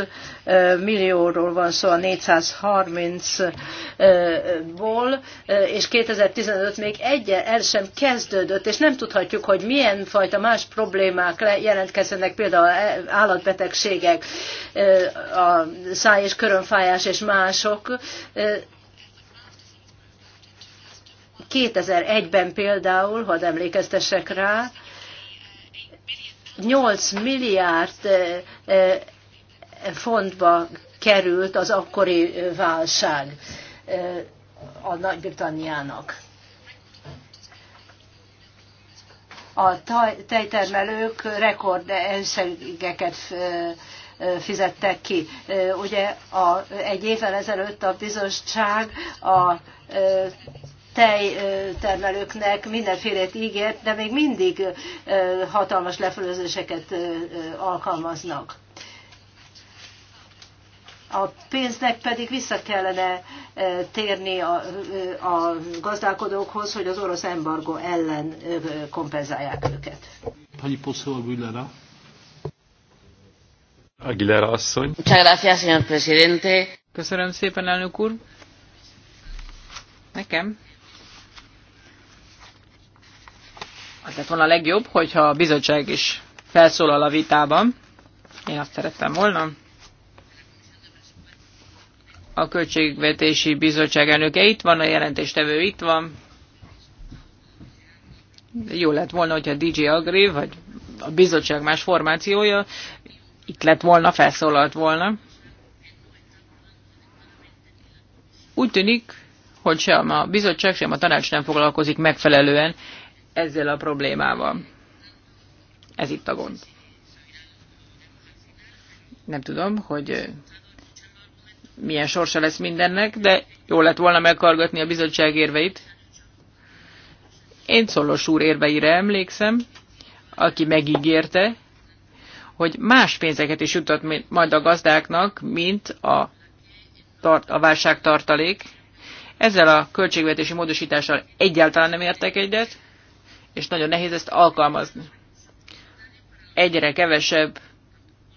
millióról van szó a 430-ból, és 2015 még egy el sem kezdődött, és nem tudhatjuk, hogy milyen fajta más problémák jelentkeznek, például e- állatbetegségek, a száj és körönfájás és mások. 2001-ben például, ha emlékeztessek rá, 8 milliárd eh, eh, fontba került az akkori eh, válság a Nagy-Britanniának. A tejtermelők rekord összegeket fizettek ki. Ugye a, egy évvel ezelőtt a bizottság a tejtermelőknek mindenfélét ígért, de még mindig hatalmas lefölözéseket alkalmaznak. A pénznek pedig vissza kellene térni a, a gazdálkodókhoz, hogy az orosz embargo ellen kompenzálják őket. Pani poseł Aguilera. Aguilera asszony. Köszönöm szépen, elnök úr. Nekem az lett volna a legjobb, hogyha a bizottság is felszólal a vitában. Én azt szerettem volna. A Költségvetési Bizottság elnöke itt van, a jelentéstevő itt van. Jó lett volna, hogyha DJ Agri, vagy a bizottság más formációja itt lett volna, felszólalt volna. Úgy tűnik, hogy sem a bizottság, sem a tanács nem foglalkozik megfelelően ezzel a problémával. Ez itt a gond. Nem tudom, hogy milyen sorsa lesz mindennek, de jó lett volna meghallgatni a bizottság érveit. Én Szolos úr érveire emlékszem, aki megígérte, hogy más pénzeket is jutott majd a gazdáknak, mint a, tart, a válságtartalék. Ezzel a költségvetési módosítással egyáltalán nem értek egyet és nagyon nehéz ezt alkalmazni. Egyre kevesebb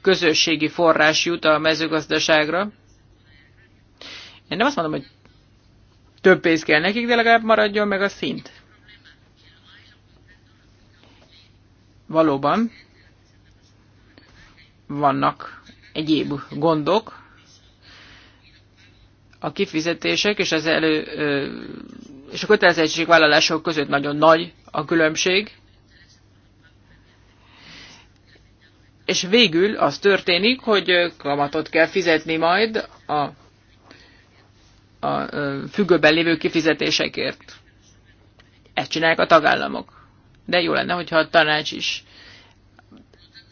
közösségi forrás jut a mezőgazdaságra. Én nem azt mondom, hogy több pénz kell nekik, de legalább maradjon meg a szint. Valóban vannak egyéb gondok. A kifizetések és az elő és a kötelezettségvállalások között nagyon nagy a különbség. És végül az történik, hogy kamatot kell fizetni majd a, a függőben lévő kifizetésekért. Ezt csinálják a tagállamok. De jó lenne, hogyha a tanács is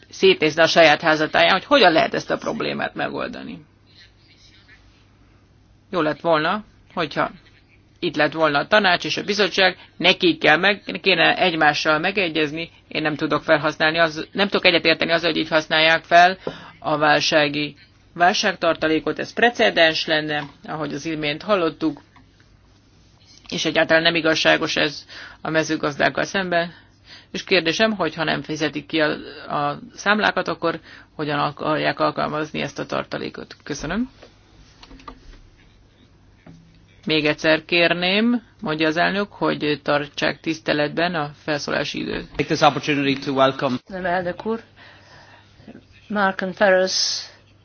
szétnézne a saját házatáján, hogy hogyan lehet ezt a problémát megoldani. Jó lett volna, hogyha itt lett volna a tanács és a bizottság, nekik kell meg, kéne egymással megegyezni, én nem tudok felhasználni, az, nem tudok egyetérteni az, hogy így használják fel a válsági válságtartalékot, ez precedens lenne, ahogy az imént hallottuk, és egyáltalán nem igazságos ez a mezőgazdákkal szemben. És kérdésem, hogy ha nem fizetik ki a, a számlákat, akkor hogyan akarják alkalmazni ezt a tartalékot? Köszönöm. Még egyszer kérném, mondja az elnök, hogy tartsák tiszteletben a felszólási időt. Take this opportunity to welcome. Nem, elnök úr. and Ferris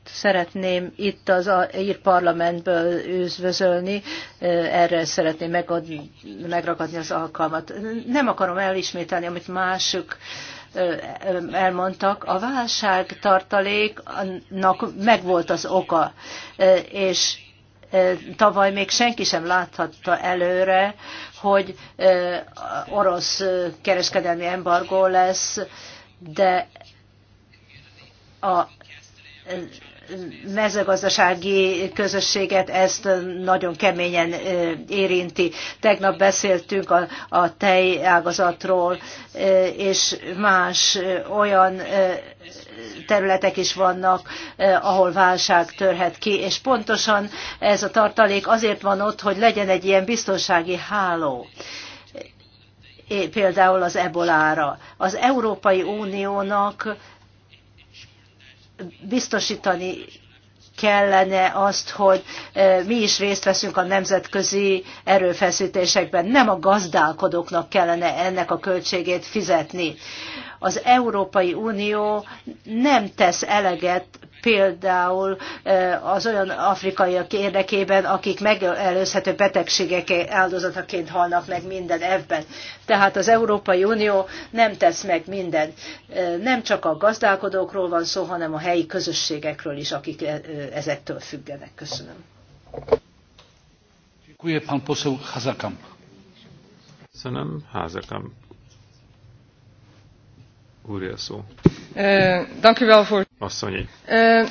szeretném itt az ír parlamentből üdvözölni, erre szeretném megadni, megragadni az alkalmat. Nem akarom elismételni, amit mások elmondtak. A válság tartaléknak megvolt az oka, és Tavaly még senki sem láthatta előre, hogy orosz kereskedelmi embargó lesz, de a mezőgazdasági közösséget ezt nagyon keményen érinti. Tegnap beszéltünk a, a tejágazatról és más olyan területek is vannak, eh, ahol válság törhet ki, és pontosan ez a tartalék azért van ott, hogy legyen egy ilyen biztonsági háló például az ebolára. Az Európai Uniónak biztosítani kellene azt, hogy e, mi is részt veszünk a nemzetközi erőfeszítésekben. Nem a gazdálkodóknak kellene ennek a költségét fizetni. Az Európai Unió nem tesz eleget például eh, az olyan afrikaiak érdekében, akik megelőzhető betegségek áldozataként halnak meg minden évben. Tehát az Európai Unió nem tesz meg mindent. Eh, nem csak a gazdálkodókról van szó, hanem a helyi közösségekről is, akik eh, ezektől függenek. Köszönöm. Köszönöm, Házakam. Úr szó. Eh, dank u wel voor... Asszonyi. Eh,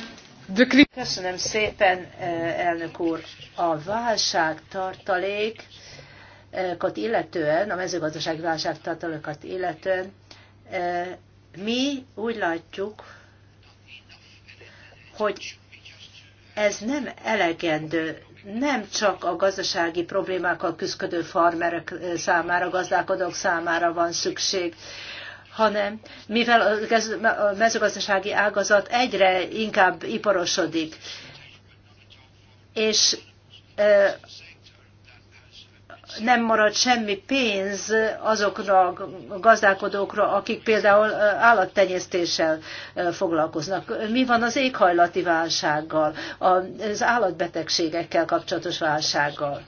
Köszönöm szépen, eh, elnök úr. A válság tartalékot illetően, a mezőgazdasági válság tartalékot illetően, mi úgy látjuk, hogy ez nem elegendő, nem csak a gazdasági problémákkal küzdködő farmerek számára, gazdálkodók számára van szükség, hanem mivel a mezőgazdasági ágazat egyre inkább iparosodik, és nem marad semmi pénz azokra a gazdálkodókra, akik például állattenyésztéssel foglalkoznak. Mi van az éghajlati válsággal, az állatbetegségekkel kapcsolatos válsággal?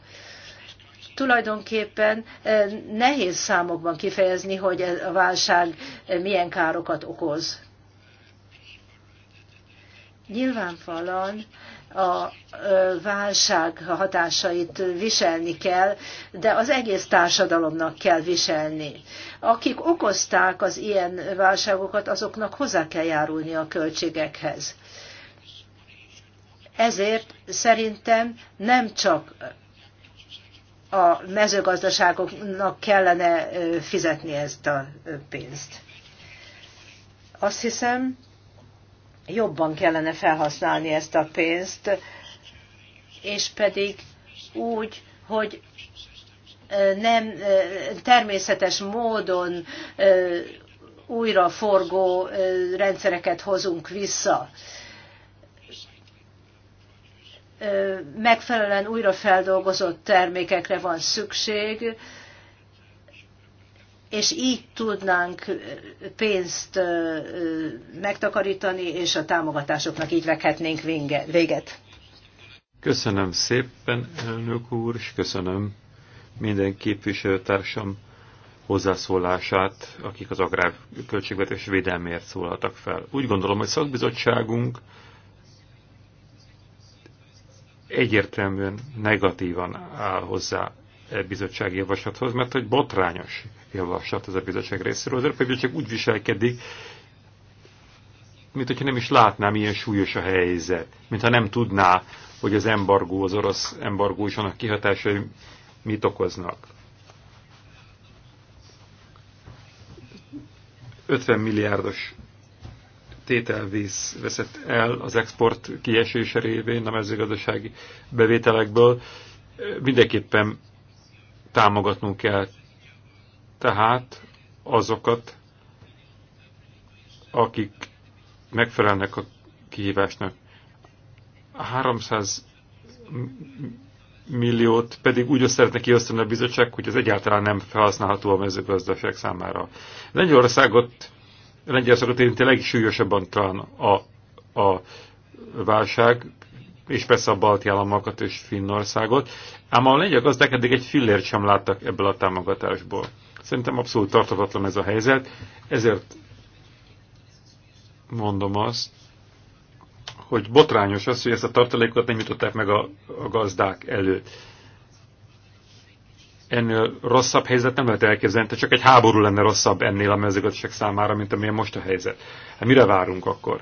Tulajdonképpen eh, nehéz számokban kifejezni, hogy a válság eh, milyen károkat okoz. Nyilvánvalóan a eh, válság hatásait viselni kell, de az egész társadalomnak kell viselni. Akik okozták az ilyen válságokat, azoknak hozzá kell járulni a költségekhez. Ezért szerintem nem csak a mezőgazdaságoknak kellene fizetni ezt a pénzt. Azt hiszem, jobban kellene felhasználni ezt a pénzt, és pedig úgy, hogy nem természetes módon újra forgó rendszereket hozunk vissza megfelelően újrafeldolgozott termékekre van szükség, és így tudnánk pénzt megtakarítani, és a támogatásoknak így vekhetnénk véget. Köszönöm szépen, elnök úr, és köszönöm minden képviselőtársam hozzászólását, akik az agrárköltségvetés védelmért szólaltak fel. Úgy gondolom, hogy szakbizottságunk egyértelműen negatívan áll hozzá e bizottsági javaslathoz, mert hogy botrányos javaslat ez a bizottság részéről. Az Európai Bizottság úgy viselkedik, mint hogyha nem is látná, milyen súlyos a helyzet, mintha nem tudná, hogy az embargó, az orosz embargó és annak kihatásai mit okoznak. 50 milliárdos tételvíz veszett el az export kiesése révén a mezőgazdasági bevételekből, mindenképpen támogatnunk kell tehát azokat, akik megfelelnek a kihívásnak. 300 milliót pedig úgy szeretne kiosztani a bizottság, hogy ez egyáltalán nem felhasználható a mezőgazdaság számára. Lengyelországot Lengyelországot érinti legsúlyosabban talán a, a válság, és persze a balti államokat és Finnországot, ám a lengyel gazdák eddig egy fillért sem láttak ebből a támogatásból. Szerintem abszolút tartatatlan ez a helyzet, ezért mondom azt, hogy botrányos az, hogy ezt a tartalékot nem jutották meg a, a gazdák előtt ennél rosszabb helyzet nem lehet elképzelni, csak egy háború lenne rosszabb ennél a mezőgazdaság számára, mint amilyen most a helyzet. Hát mire várunk akkor?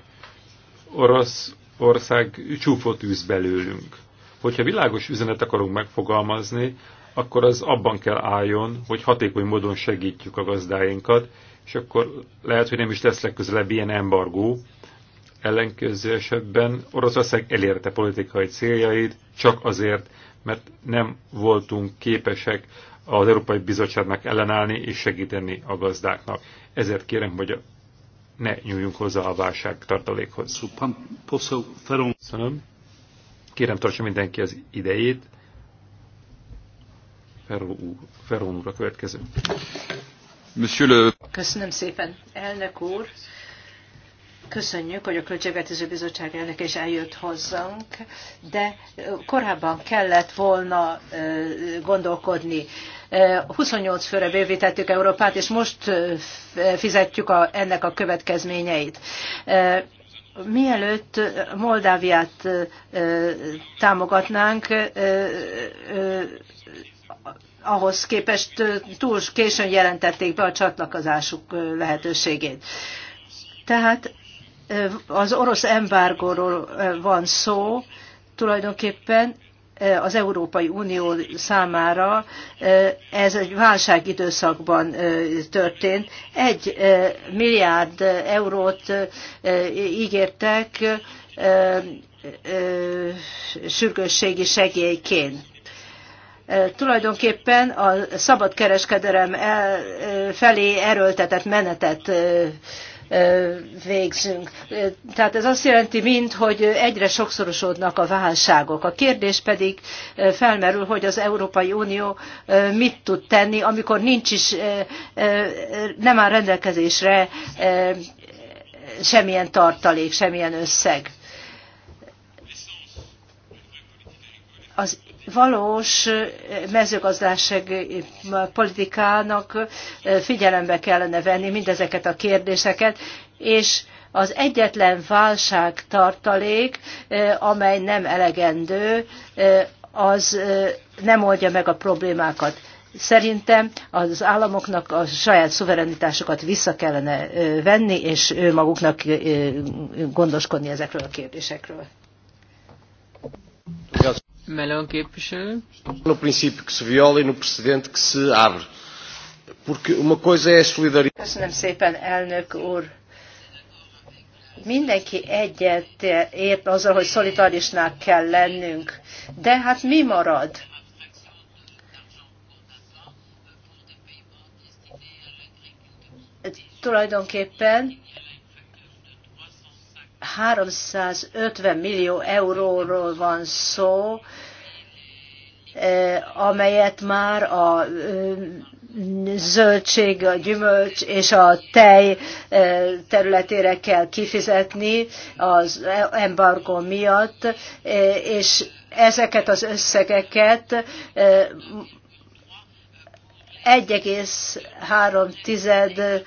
Ország csúfot űz belőlünk. Hogyha világos üzenet akarunk megfogalmazni, akkor az abban kell álljon, hogy hatékony módon segítjük a gazdáinkat, és akkor lehet, hogy nem is lesz legközelebb ilyen embargó. Ellenkező esetben Oroszország elérte politikai céljait, csak azért, mert nem voltunk képesek az Európai Bizottságnak ellenállni és segíteni a gazdáknak. Ezért kérem, hogy ne nyúljunk hozzá a válság tartalékhoz. Köszönöm. Kérem, tartsa mindenki az idejét. Ferón úr a következő. Köszönöm szépen, elnök úr köszönjük, hogy a Költségvetőző Bizottság elnök is eljött hozzánk, de korábban kellett volna gondolkodni. 28 főre bővítettük Európát, és most fizetjük a, ennek a következményeit. Mielőtt Moldáviát támogatnánk, ahhoz képest túl későn jelentették be a csatlakozásuk lehetőségét. Tehát az orosz embargóról van szó, tulajdonképpen az Európai Unió számára ez egy válságidőszakban történt. Egy milliárd eurót ígértek sürgősségi segélyként tulajdonképpen a szabadkereskedelem felé erőltetett menetet végzünk. Tehát ez azt jelenti mind, hogy egyre sokszorosodnak a válságok. A kérdés pedig felmerül, hogy az Európai Unió mit tud tenni, amikor nincs is, nem áll rendelkezésre semmilyen tartalék, semmilyen összeg. Az valós mezőgazdaság politikának figyelembe kellene venni mindezeket a kérdéseket, és az egyetlen válság tartalék, amely nem elegendő, az nem oldja meg a problémákat. Szerintem az államoknak a saját szuverenitásokat vissza kellene venni, és ő maguknak gondoskodni ezekről a kérdésekről. Melon képviselő. No princípio que se viola e no precedente que se abre. Porque uma coisa é a solidariedade. Köszönöm szépen, elnök úr. Mindenki egyet ért azzal, hogy szolidarisnak kell lennünk. De hát mi marad? Tulajdonképpen 350 millió euróról van szó, eh, amelyet már a eh, zöldség, a gyümölcs és a tej eh, területére kell kifizetni az embargó miatt, és ezeket az összegeket 1,3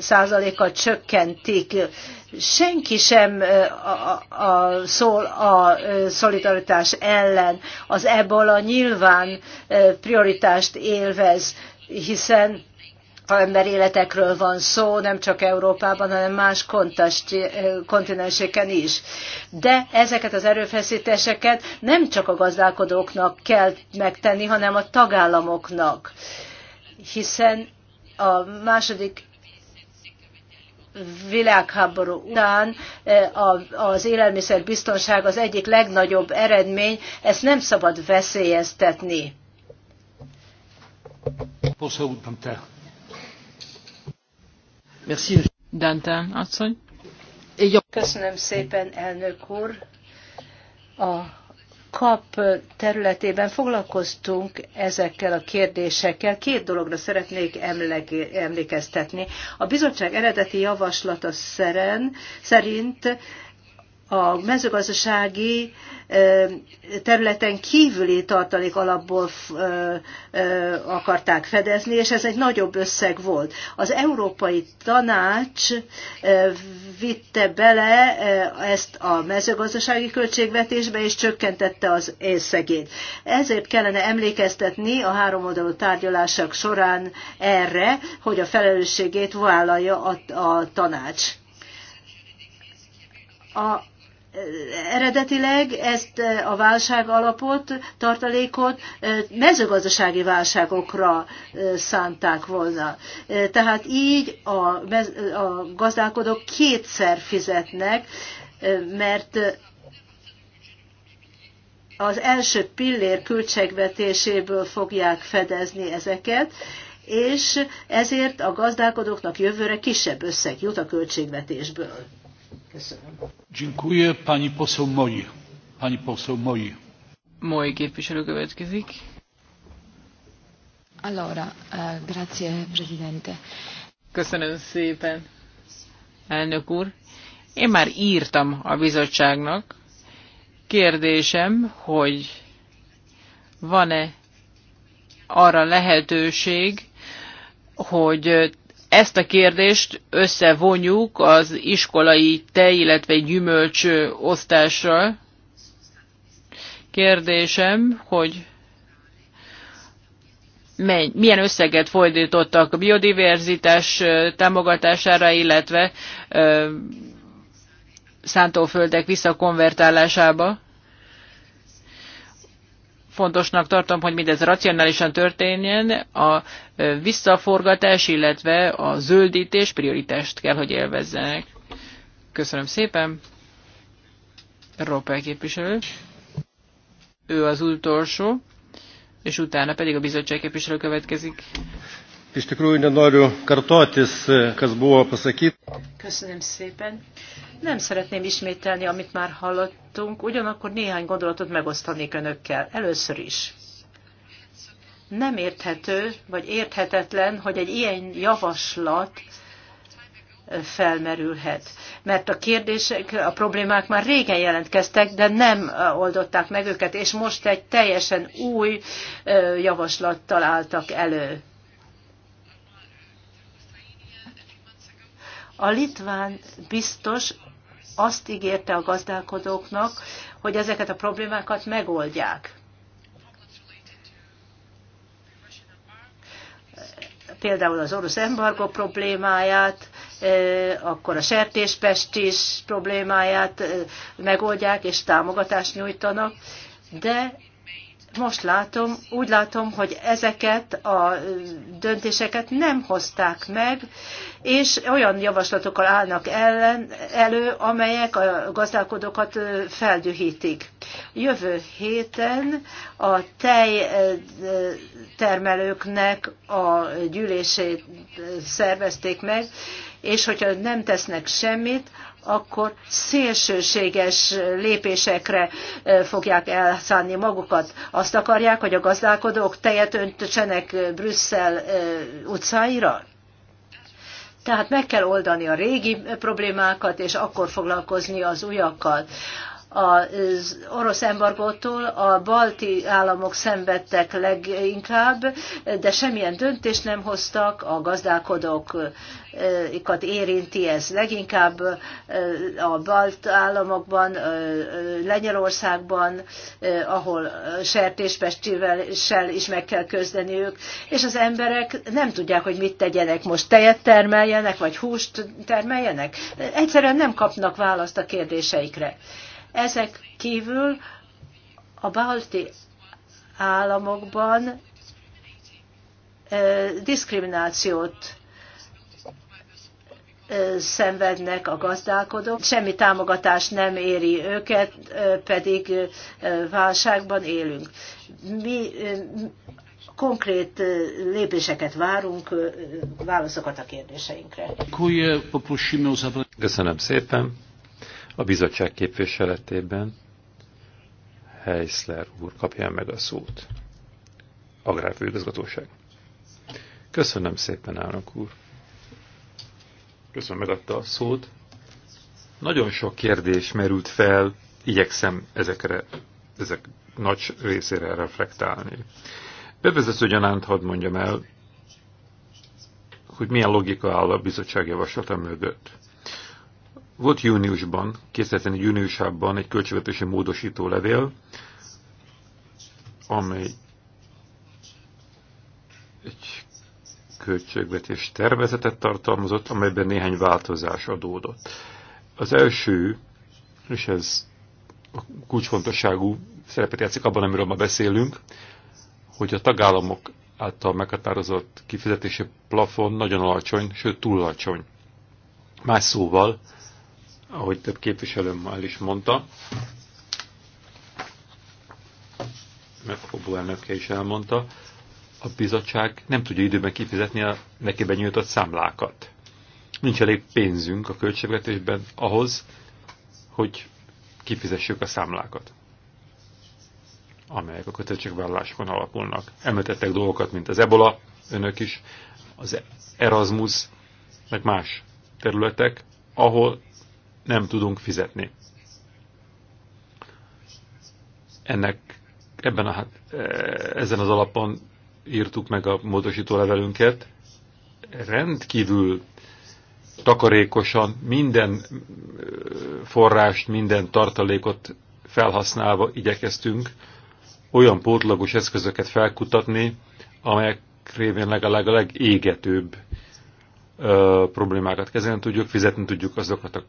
százalékkal csökkentik. Senki sem a, a, szól a szolidaritás ellen. Az ebola nyilván prioritást élvez, hiszen ha életekről van szó, nem csak Európában, hanem más kontinenseken is. De ezeket az erőfeszítéseket nem csak a gazdálkodóknak kell megtenni, hanem a tagállamoknak. Hiszen a második világháború után e, az élelmiszerbiztonság az egyik legnagyobb eredmény, ezt nem szabad veszélyeztetni. Köszönöm szépen, elnök úr. A kap területében foglalkoztunk ezekkel a kérdésekkel. Két dologra szeretnék emlékeztetni. A bizottság eredeti javaslata szeren, szerint a mezőgazdasági területen kívüli tartalék alapból akarták fedezni, és ez egy nagyobb összeg volt. Az Európai Tanács vitte bele ezt a mezőgazdasági költségvetésbe, és csökkentette az összegét. Ezért kellene emlékeztetni a három oldalú tárgyalások során erre, hogy a felelősségét vállalja a, a tanács. A, eredetileg ezt a válság alapot, tartalékot mezőgazdasági válságokra szánták volna. Tehát így a, a gazdálkodók kétszer fizetnek, mert az első pillér költségvetéséből fogják fedezni ezeket, és ezért a gazdálkodóknak jövőre kisebb összeg jut a költségvetésből. Köszönöm. Pani poseł Moi. Pani Moi. Moi képviselő következik. Allora, uh, grazie, Presidente. Köszönöm szépen, elnök úr. Én már írtam a bizottságnak. Kérdésem, hogy van-e arra lehetőség, hogy ezt a kérdést összevonjuk az iskolai te, illetve gyümölcs osztással. Kérdésem, hogy milyen összeget fordítottak a biodiverzitás támogatására, illetve szántóföldek visszakonvertálásába fontosnak tartom, hogy mindez racionálisan történjen, a visszaforgatás, illetve a zöldítés prioritást kell, hogy élvezzenek. Köszönöm szépen. Ropel képviselő. Ő az utolsó, és utána pedig a bizottság képviselő következik. Iš tikrųjų nenoriu kartotis, e, kas buvo pasakyta. Köszönöm szépen. Nem szeretném ismételni, amit már hallottunk, ugyanakkor néhány gondolatot megosztanék önökkel. Először is. Nem érthető, vagy érthetetlen, hogy egy ilyen javaslat e, felmerülhet. Mert a kérdések, a problémák már régen jelentkeztek, de nem e, oldották meg őket, és most egy teljesen új javaslattal álltak elő A litván biztos azt ígérte a gazdálkodóknak, hogy ezeket a problémákat megoldják. Például az orosz embargo problémáját, akkor a sertéspestis problémáját megoldják és támogatást nyújtanak, de most látom, úgy látom, hogy ezeket a döntéseket nem hozták meg, és olyan javaslatokkal állnak ellen, elő, amelyek a gazdálkodókat feldühítik. Jövő héten a tejtermelőknek a gyűlését szervezték meg, és hogyha nem tesznek semmit, akkor szélsőséges lépésekre fogják elszánni magukat. Azt akarják, hogy a gazdálkodók tejet öntsenek Brüsszel utcáira? Tehát meg kell oldani a régi problémákat, és akkor foglalkozni az újakkal az orosz embargótól a balti államok szenvedtek leginkább, de semmilyen döntést nem hoztak, a gazdálkodókat érinti ez leginkább a balt államokban, Lengyelországban, ahol sertéspestivel is meg kell közdeniük, és az emberek nem tudják, hogy mit tegyenek, most tejet termeljenek, vagy húst termeljenek, egyszerűen nem kapnak választ a kérdéseikre. Ezek kívül a balti államokban diszkriminációt szenvednek a gazdálkodók, semmi támogatás nem éri őket, pedig válságban élünk. Mi konkrét lépéseket várunk, válaszokat a kérdéseinkre. Köszönöm szépen a bizottság képviseletében. Heisler úr kapja meg a szót. Agrárfőigazgatóság. Köszönöm szépen, állnak úr. Köszönöm, megadta a szót. Nagyon sok kérdés merült fel, igyekszem ezekre, ezek nagy részére reflektálni. Bevezető gyanánt hadd mondjam el, hogy milyen logika áll a bizottság javaslata mögött. Volt júniusban, 2011 júniusában egy költségvetési módosító levél, amely egy költségvetés tervezetet tartalmazott, amelyben néhány változás adódott. Az első, és ez a kulcsfontosságú szerepet játszik abban, amiről ma beszélünk, hogy a tagállamok által meghatározott kifizetési plafon nagyon alacsony, sőt túl alacsony. Más szóval ahogy több képviselőm már is mondta, megfogó elnöke is elmondta, a bizottság nem tudja időben kifizetni a neki benyújtott számlákat. Nincs elég pénzünk a költségvetésben ahhoz, hogy kifizessük a számlákat, amelyek a kötöttségvállaláskon alapulnak. Említettek dolgokat, mint az ebola, önök is, az Erasmus, meg más területek, ahol nem tudunk fizetni. Ennek ebben a, hát, e, ezen az alapon írtuk meg a módosító levelünket. Rendkívül takarékosan minden e, forrást, minden tartalékot felhasználva igyekeztünk olyan pótlagos eszközöket felkutatni, amelyek révén legalább a legégetőbb ö, e, problémákat kezelni tudjuk, fizetni tudjuk azokat a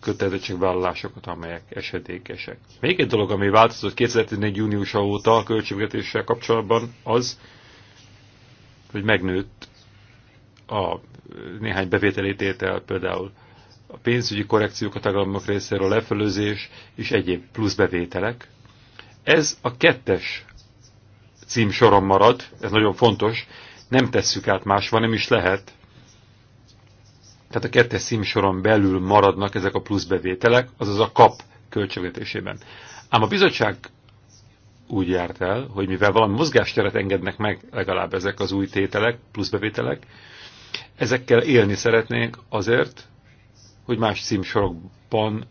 kötelezettségvállalásokat, amelyek esedékesek. Még egy dolog, ami változott 2014. júniusa óta a költségvetéssel kapcsolatban, az, hogy megnőtt a néhány bevételététel, például a pénzügyi korrekciók a tagállamok részéről, lefölözés és egyéb plusz bevételek. Ez a kettes soron marad, ez nagyon fontos, nem tesszük át van, nem is lehet, tehát a kettes soron belül maradnak ezek a pluszbevételek, azaz a kap költségvetésében. Ám a bizottság úgy járt el, hogy mivel valami mozgásteret engednek meg legalább ezek az új tételek, pluszbevételek, ezekkel élni szeretnénk azért, hogy más címsorokban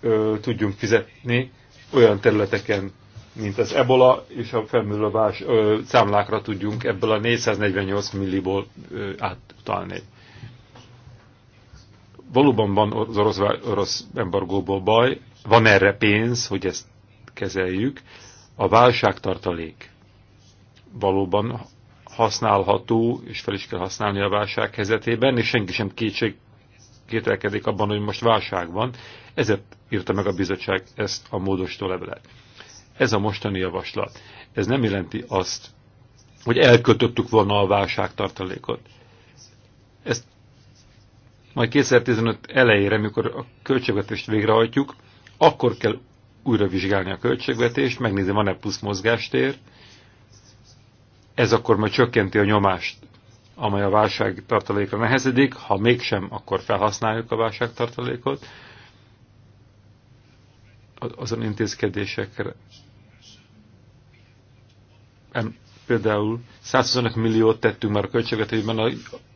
ö, tudjunk fizetni olyan területeken, mint az ebola és a felmerülő számlákra tudjunk ebből a 448 milliból ö, átutalni. Valóban van az orosz, orosz embargóból baj, van erre pénz, hogy ezt kezeljük. A válságtartalék valóban használható, és fel is kell használni a válság kezetében, és senki sem kétség kételkedik abban, hogy most válság van. Ezért írta meg a bizottság ezt a módosító levelet. Ez a mostani javaslat. Ez nem jelenti azt, hogy elkötöttük volna a válságtartalékot. Ezt majd 2015 elejére, amikor a költségvetést végrehajtjuk, akkor kell újra vizsgálni a költségvetést, megnézni, van-e plusz mozgástér. Ez akkor majd csökkenti a nyomást, amely a válságtartalékra nehezedik. Ha mégsem, akkor felhasználjuk a válságtartalékot azon intézkedésekre, például 125 milliót tettünk már a költségvetésben a,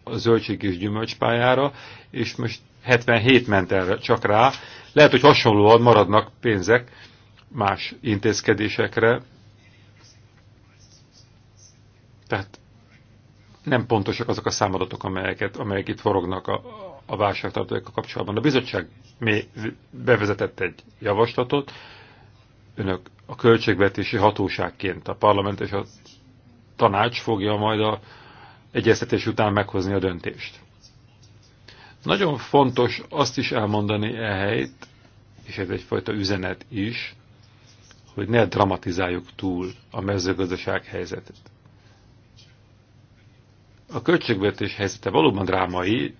a zöldség és gyümölcspályára, és most 77 ment erre csak rá. Lehet, hogy hasonlóan maradnak pénzek más intézkedésekre. Tehát nem pontosak azok a számadatok, amelyeket, amelyek itt forognak a, a válságtartóikkal kapcsolatban. A bizottság bevezetett egy javaslatot, önök a költségvetési hatóságként a parlament és a tanács fogja majd a egyeztetés után meghozni a döntést. Nagyon fontos azt is elmondani ehelyt, és ez egyfajta üzenet is, hogy ne dramatizáljuk túl a mezőgazdaság helyzetet. A költségvetés helyzete valóban drámai,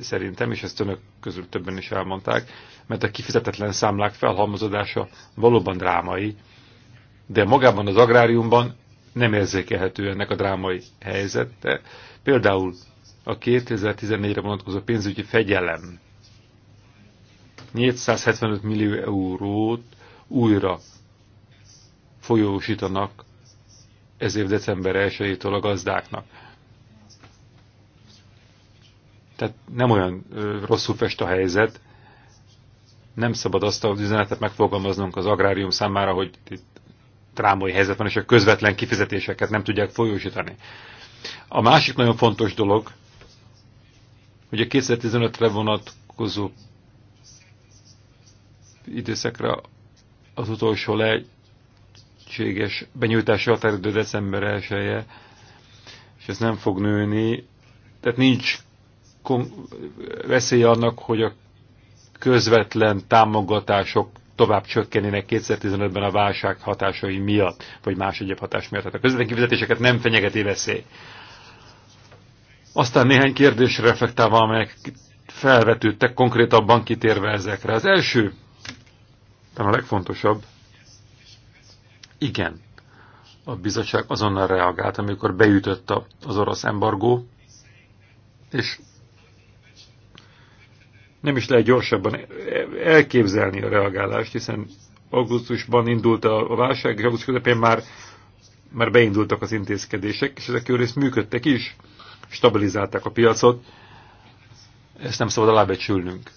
szerintem, és ezt önök közül többen is elmondták, mert a kifizetetlen számlák felhalmozódása valóban drámai, de magában az agráriumban nem érzékelhető ennek a drámai helyzete. Például a 2014-re vonatkozó pénzügyi fegyelem 475 millió eurót újra folyósítanak ez év december 1-től a gazdáknak tehát nem olyan rosszul fest a helyzet, nem szabad azt az üzenetet megfogalmaznunk az agrárium számára, hogy itt drámai helyzet van, és a közvetlen kifizetéseket nem tudják folyósítani. A másik nagyon fontos dolog, hogy a 2015-re vonatkozó időszakra az utolsó lehetséges benyújtási határidő december 1 -e, és ez nem fog nőni, tehát nincs veszélye annak, hogy a közvetlen támogatások tovább csökkenének 2015-ben a válság hatásai miatt, vagy más egyéb hatás miatt. Tehát a közvetlen kifizetéseket nem fenyegeti veszély. Aztán néhány kérdésre reflektálva, amelyek felvetődtek, konkrétabban kitérve ezekre. Az első, talán a legfontosabb, igen, a bizottság azonnal reagált, amikor beütött az orosz embargó, és nem is lehet gyorsabban elképzelni a reagálást, hiszen augusztusban indult a válság, és augusztus közepén már, már beindultak az intézkedések, és ezek jó működtek is, stabilizálták a piacot. Ezt nem szabad alábecsülnünk.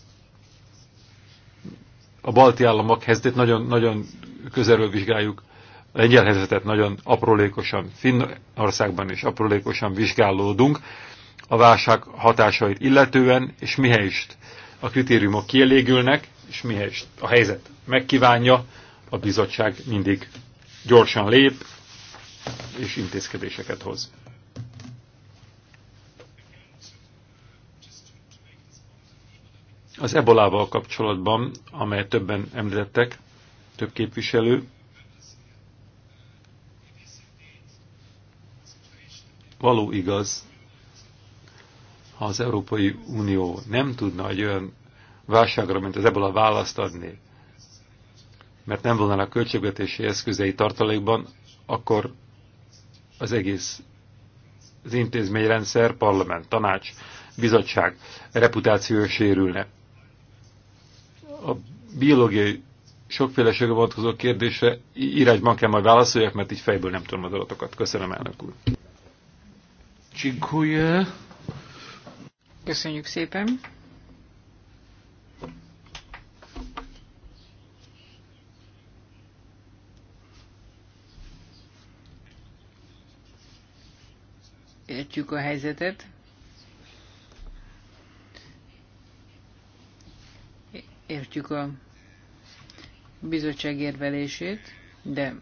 A balti államok helyzetét nagyon, nagyon közelről vizsgáljuk, a lengyel helyzetet nagyon aprólékosan, Finnországban is aprólékosan vizsgálódunk, a válság hatásait illetően, és is a kritériumok kielégülnek, és mihez a helyzet megkívánja, a bizottság mindig gyorsan lép, és intézkedéseket hoz. Az ebolával kapcsolatban, amely többen említettek, több képviselő, való igaz, ha az Európai Unió nem tudna egy olyan válságra, mint az ebből a választ adni, mert nem a költségvetési eszközei tartalékban, akkor az egész az intézményrendszer, parlament, tanács, bizottság reputációja sérülne. A biológiai sokféleségre vonatkozó kérdése, írásban kell majd válaszoljak, mert így fejből nem tudom az adatokat. Köszönöm, elnök úr. Dziękuję. Köszönjük szépen. Értjük a helyzetet. Értjük a bizottság érvelését, de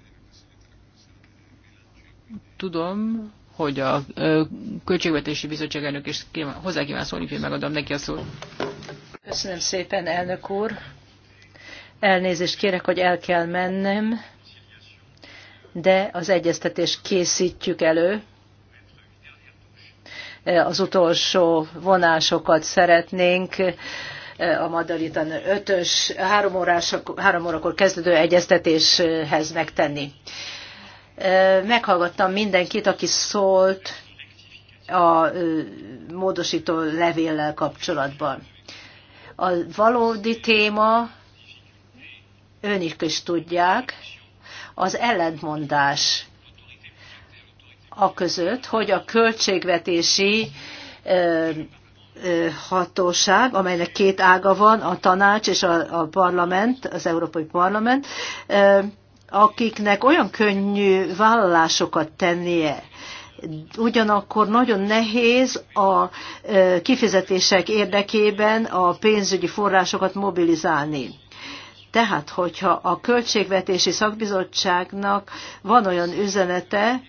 tudom, hogy a Költségvetési Bizottság elnök is hozzá kíván szólni, hogy megadom neki a szót. Köszönöm szépen, elnök úr. Elnézést kérek, hogy el kell mennem, de az egyeztetést készítjük elő. Az utolsó vonásokat szeretnénk a Madalitan 5-ös, 3, 3 órakor kezdődő egyeztetéshez megtenni meghallgattam mindenkit, aki szólt a módosító levéllel kapcsolatban. A valódi téma, önik is tudják, az ellentmondás a között, hogy a költségvetési hatóság, amelynek két ága van, a tanács és a, a parlament, az Európai Parlament, akiknek olyan könnyű vállalásokat tennie. Ugyanakkor nagyon nehéz a kifizetések érdekében a pénzügyi forrásokat mobilizálni. Tehát, hogyha a Költségvetési Szakbizottságnak van olyan üzenete,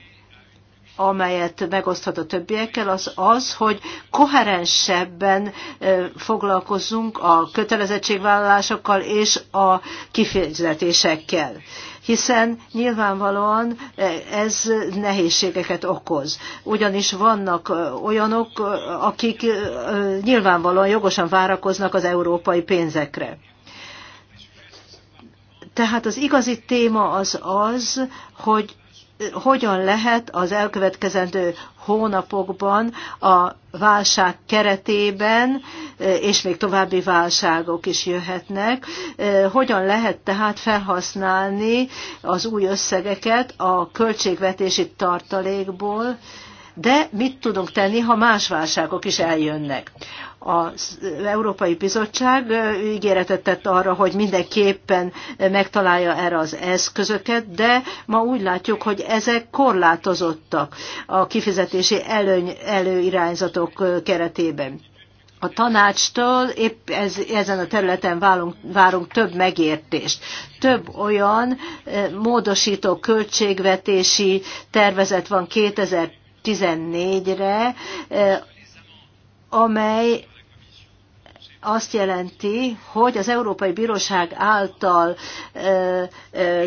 amelyet megoszthat a többiekkel, az az, hogy koherensebben foglalkozzunk a kötelezettségvállalásokkal és a kifizetésekkel hiszen nyilvánvalóan eh, ez nehézségeket okoz. Ugyanis vannak eh, olyanok, eh, akik nyilvánvalóan jogosan várakoznak az európai pénzekre. Tehát az igazi téma az az, hogy hogyan lehet az elkövetkezendő hónapokban a válság keretében, e, és még további válságok is jöhetnek, e, hogyan lehet tehát felhasználni az új összegeket a költségvetési tartalékból, de mit tudunk tenni, ha más válságok is eljönnek. Az Európai Bizottság ígéretet tett arra, hogy mindenképpen megtalálja erre az eszközöket, de ma úgy látjuk, hogy ezek korlátozottak a kifizetési előny, előirányzatok keretében a tanácstól épp ez, ezen a területen válunk, várunk több megértést. Több olyan módosító költségvetési tervezet van 2014-re, amely azt jelenti, hogy az Európai Bíróság által ö, ö,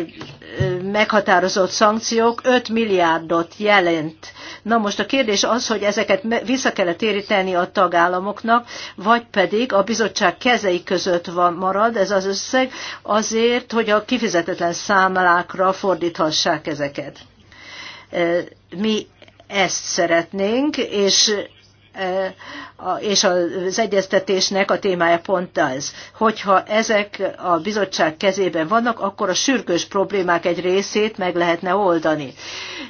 meghatározott szankciók 5 milliárdot jelent. Na most a kérdés az, hogy ezeket vissza kell téríteni a tagállamoknak, vagy pedig a bizottság kezei között van, marad ez az összeg azért, hogy a kifizetetlen számlákra fordíthassák ezeket. Mi ezt szeretnénk, és és az egyeztetésnek a témája pont az. Hogyha ezek a bizottság kezében vannak, akkor a sürgős problémák egy részét meg lehetne oldani.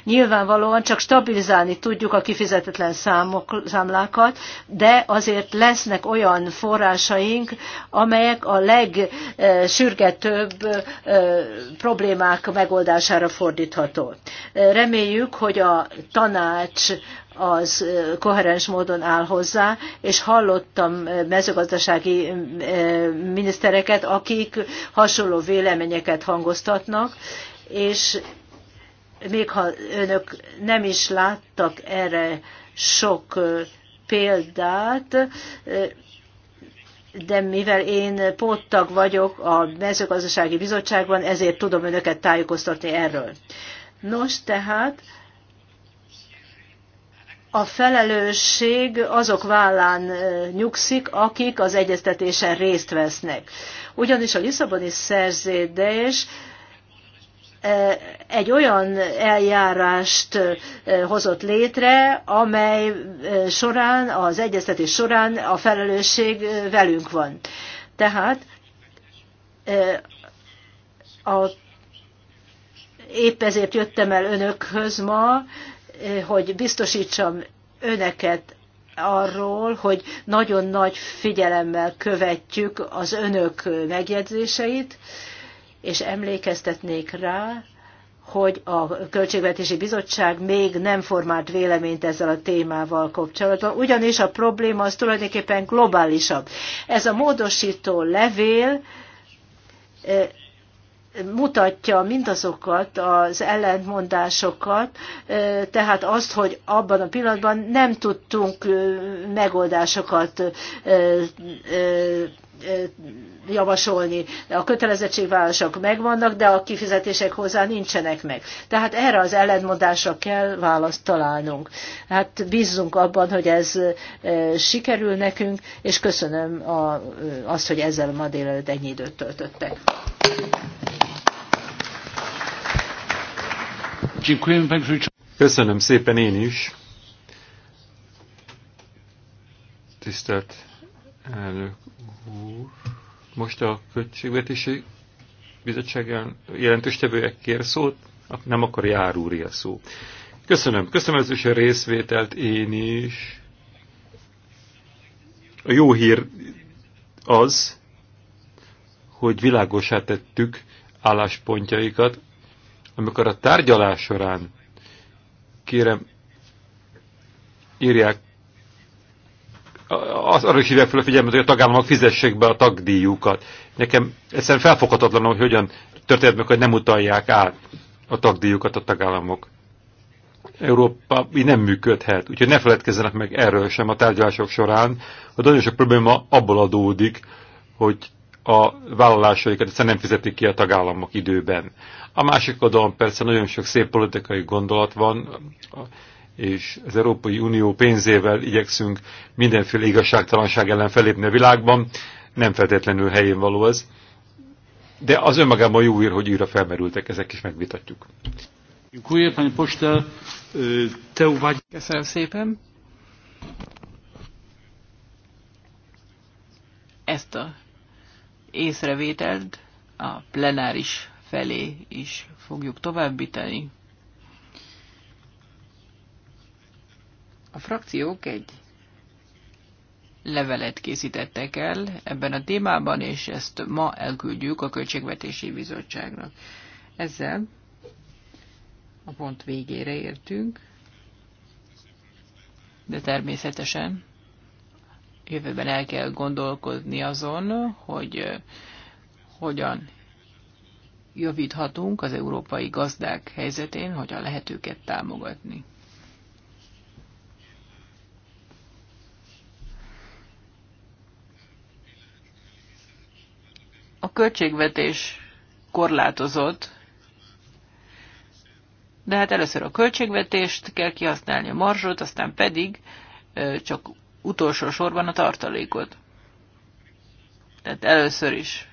Nyilvánvalóan csak stabilizálni tudjuk a kifizetetlen számok, számlákat, de azért lesznek olyan forrásaink, amelyek a legsürgetőbb problémák megoldására fordítható. Reméljük, hogy a tanács az koherens módon áll hozzá, és hallottam mezőgazdasági minisztereket, akik hasonló véleményeket hangoztatnak, és még ha önök nem is láttak erre sok példát, de mivel én póttag vagyok a mezőgazdasági bizottságban, ezért tudom önöket tájékoztatni erről. Nos, tehát a felelősség azok vállán nyugszik, akik az egyeztetésen részt vesznek. Ugyanis a Lisszaboni szerződés egy olyan eljárást hozott létre, amely során, az egyeztetés során a felelősség velünk van. Tehát a, épp ezért jöttem el önökhöz ma, hogy biztosítsam önöket arról, hogy nagyon nagy figyelemmel követjük az önök megjegyzéseit, és emlékeztetnék rá, hogy a Költségvetési Bizottság még nem formált véleményt ezzel a témával kapcsolatban, ugyanis a probléma az tulajdonképpen globálisabb. Ez a módosító levél mutatja mindazokat az ellentmondásokat, tehát azt, hogy abban a pillanatban nem tudtunk megoldásokat javasolni. A kötelezettségvállalások megvannak, de a kifizetések hozzá nincsenek meg. Tehát erre az ellentmondásra kell választ találnunk. Hát bízzunk abban, hogy ez sikerül nekünk, és köszönöm a, azt, hogy ezzel ma délelőtt ennyi időt töltöttek. Köszönöm szépen én is. Tisztelt elnök most a költségvetési bizottságán jelentős tevőek kér szót, nem akar járúri a szó. Köszönöm. Köszönöm az is a részvételt én is. A jó hír az, hogy világosá tettük álláspontjaikat, amikor a tárgyalás során kérem írják az, arra is hívják fel a figyelmet, hogy a tagállamok fizessék be a tagdíjukat. Nekem egyszerűen felfoghatatlan, hogy hogyan történt meg, hogy nem utalják át a tagdíjukat a tagállamok. Európa így nem működhet. Úgyhogy ne feledkezzenek meg erről sem a tárgyalások során, hogy nagyon sok probléma abból adódik, hogy a vállalásaikat egyszerűen nem fizetik ki a tagállamok időben. A másik oldalon persze nagyon sok szép politikai gondolat van, és az Európai Unió pénzével igyekszünk mindenféle igazságtalanság ellen felépni a világban, nem feltétlenül helyén való ez. De az önmagában jó ír, hogy újra felmerültek, ezek is megvitatjuk. Köszönöm szépen. Ezt a észrevételt a plenáris felé is fogjuk továbbítani. A frakciók egy levelet készítettek el ebben a témában, és ezt ma elküldjük a Költségvetési Bizottságnak. Ezzel a pont végére értünk, de természetesen jövőben el kell gondolkodni azon, hogy eh, hogyan javíthatunk az európai gazdák helyzetén, hogyan lehet őket támogatni. A költségvetés korlátozott, de hát először a költségvetést kell kihasználni a marzsot, aztán pedig csak utolsó sorban a tartalékot. Tehát először is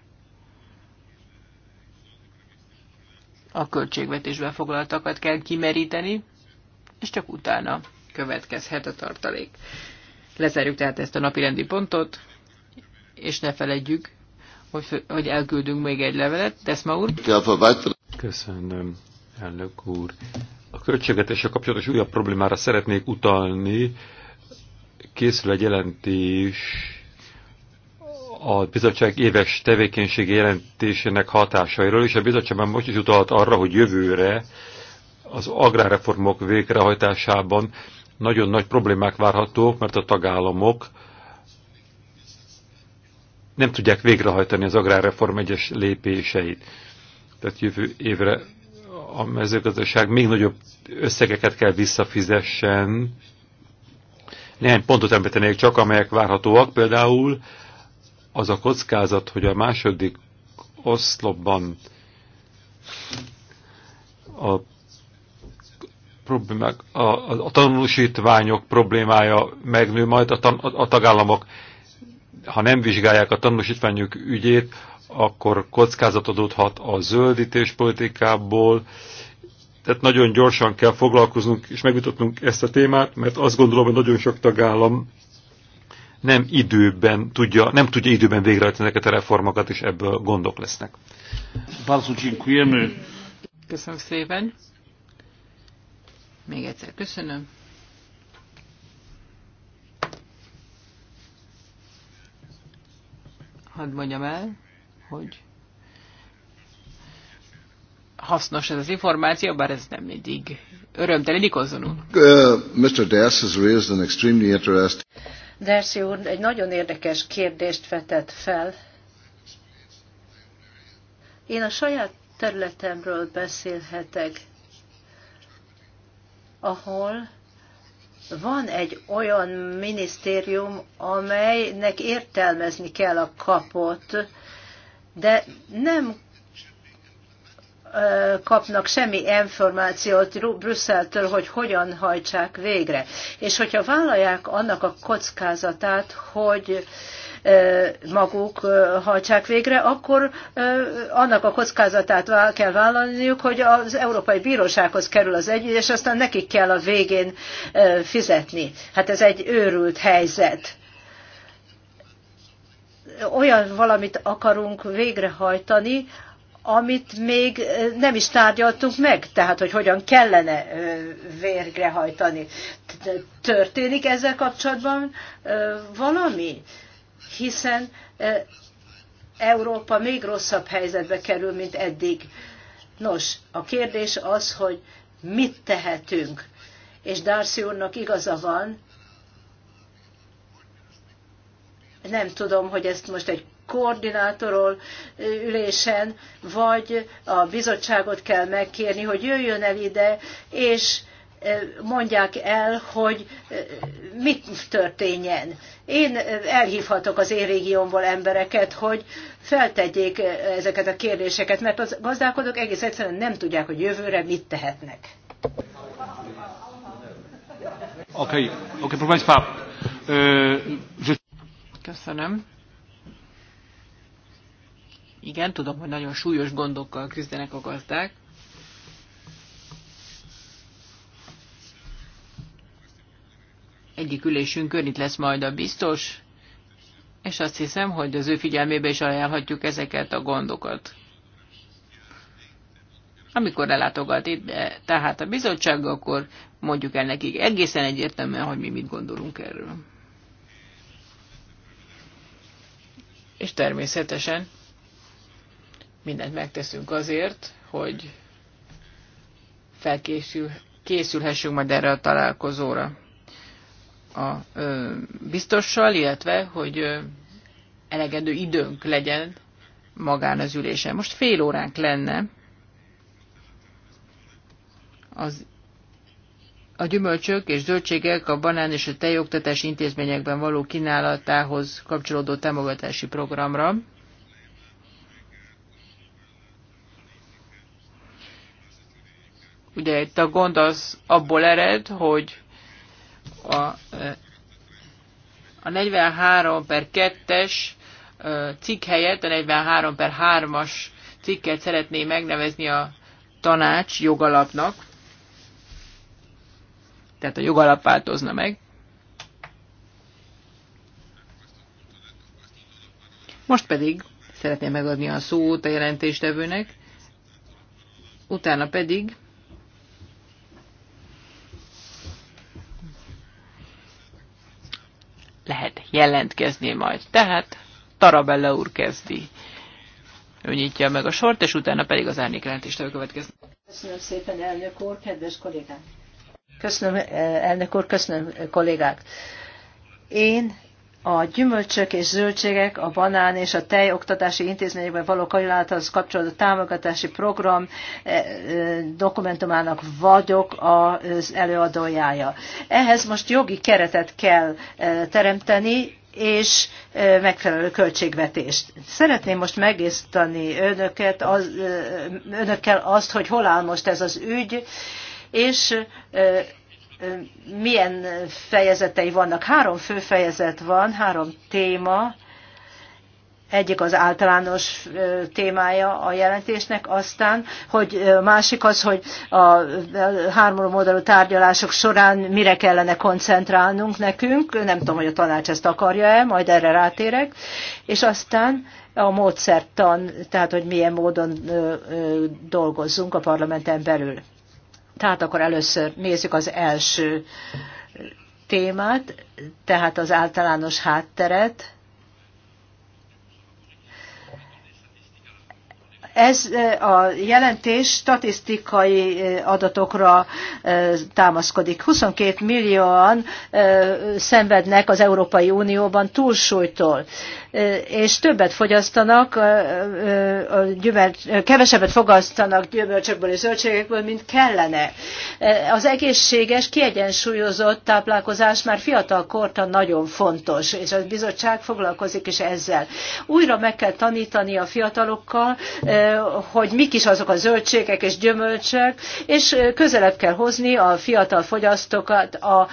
a költségvetésben foglaltakat kell kimeríteni, és csak utána következhet a tartalék. Lezárjuk tehát ezt a rendi pontot, és ne feledjük, hogy, hogy elküldünk még egy levelet. ma úr? Köszönöm, elnök úr. A költségvetéssel kapcsolatos újabb problémára szeretnék utalni. Készül egy jelentés a bizottság éves tevékenységi jelentésének hatásairól, és a bizottságban most is utalt arra, hogy jövőre az agrárreformok végrehajtásában nagyon nagy problémák várhatók, mert a tagállamok nem tudják végrehajtani az agrárreform egyes lépéseit. Tehát jövő évre a mezőgazdaság még nagyobb összegeket kell visszafizessen. Néhány pontot említenék csak, amelyek várhatóak. Például az a kockázat, hogy a második oszlopban a problémák, a, a tanulósítványok problémája megnő, majd a, tan, a, a tagállamok ha nem vizsgálják a tanúsítványuk ügyét, akkor kockázat adódhat a zöldítés politikából. Tehát nagyon gyorsan kell foglalkoznunk és megvitatnunk ezt a témát, mert azt gondolom, hogy nagyon sok tagállam nem időben tudja, nem tudja időben végrehajtani ezeket a reformokat, és ebből gondok lesznek. Köszönöm szépen. Még egyszer köszönöm. hadd mondjam el, hogy hasznos ez az információ, bár ez nem mindig örömteli. Nikolson úr. Uh, Mr. Dess has raised an extremely interesting... Dersi úr egy nagyon érdekes kérdést vetett fel. Én a saját területemről beszélhetek, ahol van egy olyan minisztérium, amelynek értelmezni kell a kapot, de nem kapnak semmi információt Brüsszeltől, hogy hogyan hajtsák végre. És hogyha vállalják annak a kockázatát, hogy maguk hajtsák végre, akkor annak a kockázatát kell vállalniuk, hogy az Európai Bírósághoz kerül az együtt, és aztán nekik kell a végén fizetni. Hát ez egy őrült helyzet olyan valamit akarunk végrehajtani, amit még nem is tárgyaltunk meg, tehát hogy hogyan kellene végrehajtani. Történik ezzel kapcsolatban valami? hiszen eh, Európa még rosszabb helyzetbe kerül, mint eddig. Nos, a kérdés az, hogy mit tehetünk. És Darcy úrnak igaza van, nem tudom, hogy ezt most egy koordinátorról eh, ülésen, vagy a bizottságot kell megkérni, hogy jöjjön el ide, és mondják el, hogy mit történjen. Én elhívhatok az én régiómból embereket, hogy feltegyék ezeket a kérdéseket, mert az gazdálkodók egész egyszerűen nem tudják, hogy jövőre mit tehetnek. Oké, okay. oké, okay, Köszönöm. Igen, tudom, hogy nagyon súlyos gondokkal küzdenek a gazdák, egyik ülésünkön itt lesz majd a biztos, és azt hiszem, hogy az ő figyelmébe is ajánlhatjuk ezeket a gondokat. Amikor ellátogat itt, tehát a bizottság, akkor mondjuk el nekik egészen egyértelműen, hogy mi mit gondolunk erről. És természetesen mindent megteszünk azért, hogy felkészülhessünk majd erre a találkozóra a biztossal, illetve hogy elegendő időnk legyen magán az ülésen. Most fél óránk lenne az a gyümölcsök és zöldségek a banán és a tejoktatási intézményekben való kínálatához kapcsolódó támogatási programra. Ugye itt a gond az abból ered, hogy a, a 43 per 2-es cikk helyett a 43 per 3-as cikket szeretné megnevezni a tanács jogalapnak. Tehát a jogalap változna meg. Most pedig szeretném megadni a szót a jelentéstevőnek, utána pedig lehet jelentkezni majd. Tehát Tarabella úr kezdi. Ő nyitja meg a sort, és utána pedig az árnyékjelentéstől következik. Köszönöm szépen, elnök úr, kedves kollégák! Köszönöm, eh, elnök úr, köszönöm, kollégák! Én a gyümölcsök és zöldségek, a banán és a tej oktatási intézményekben való kajláthoz kapcsolódó támogatási program e, e, dokumentumának vagyok az előadójája. Ehhez most jogi keretet kell e, teremteni, és megfelelő költségvetést. Szeretném most megisztani önöket, az, önökkel azt, hogy hol áll most ez az ügy, és milyen fejezetei vannak. Három fő fejezet van, három téma. Egyik az általános témája a jelentésnek, aztán, hogy másik az, hogy a három modellú tárgyalások során mire kellene koncentrálnunk nekünk. Nem tudom, hogy a tanács ezt akarja-e, majd erre rátérek. És aztán a módszertan, tehát hogy milyen módon dolgozzunk a parlamenten belül. Tehát akkor először nézzük az első témát, tehát az általános hátteret. Ez a jelentés statisztikai adatokra támaszkodik. 22 millióan szenvednek az Európai Unióban túlsúlytól és többet fogyasztanak, gyümölcs, kevesebbet fogasztanak gyümölcsökből és zöldségekből, mint kellene. Az egészséges, kiegyensúlyozott táplálkozás már fiatal kortan nagyon fontos, és a bizottság foglalkozik is ezzel. Újra meg kell tanítani a fiatalokkal, hogy mik is azok a zöldségek és gyümölcsök, és közelebb kell hozni a fiatal fogyasztókat a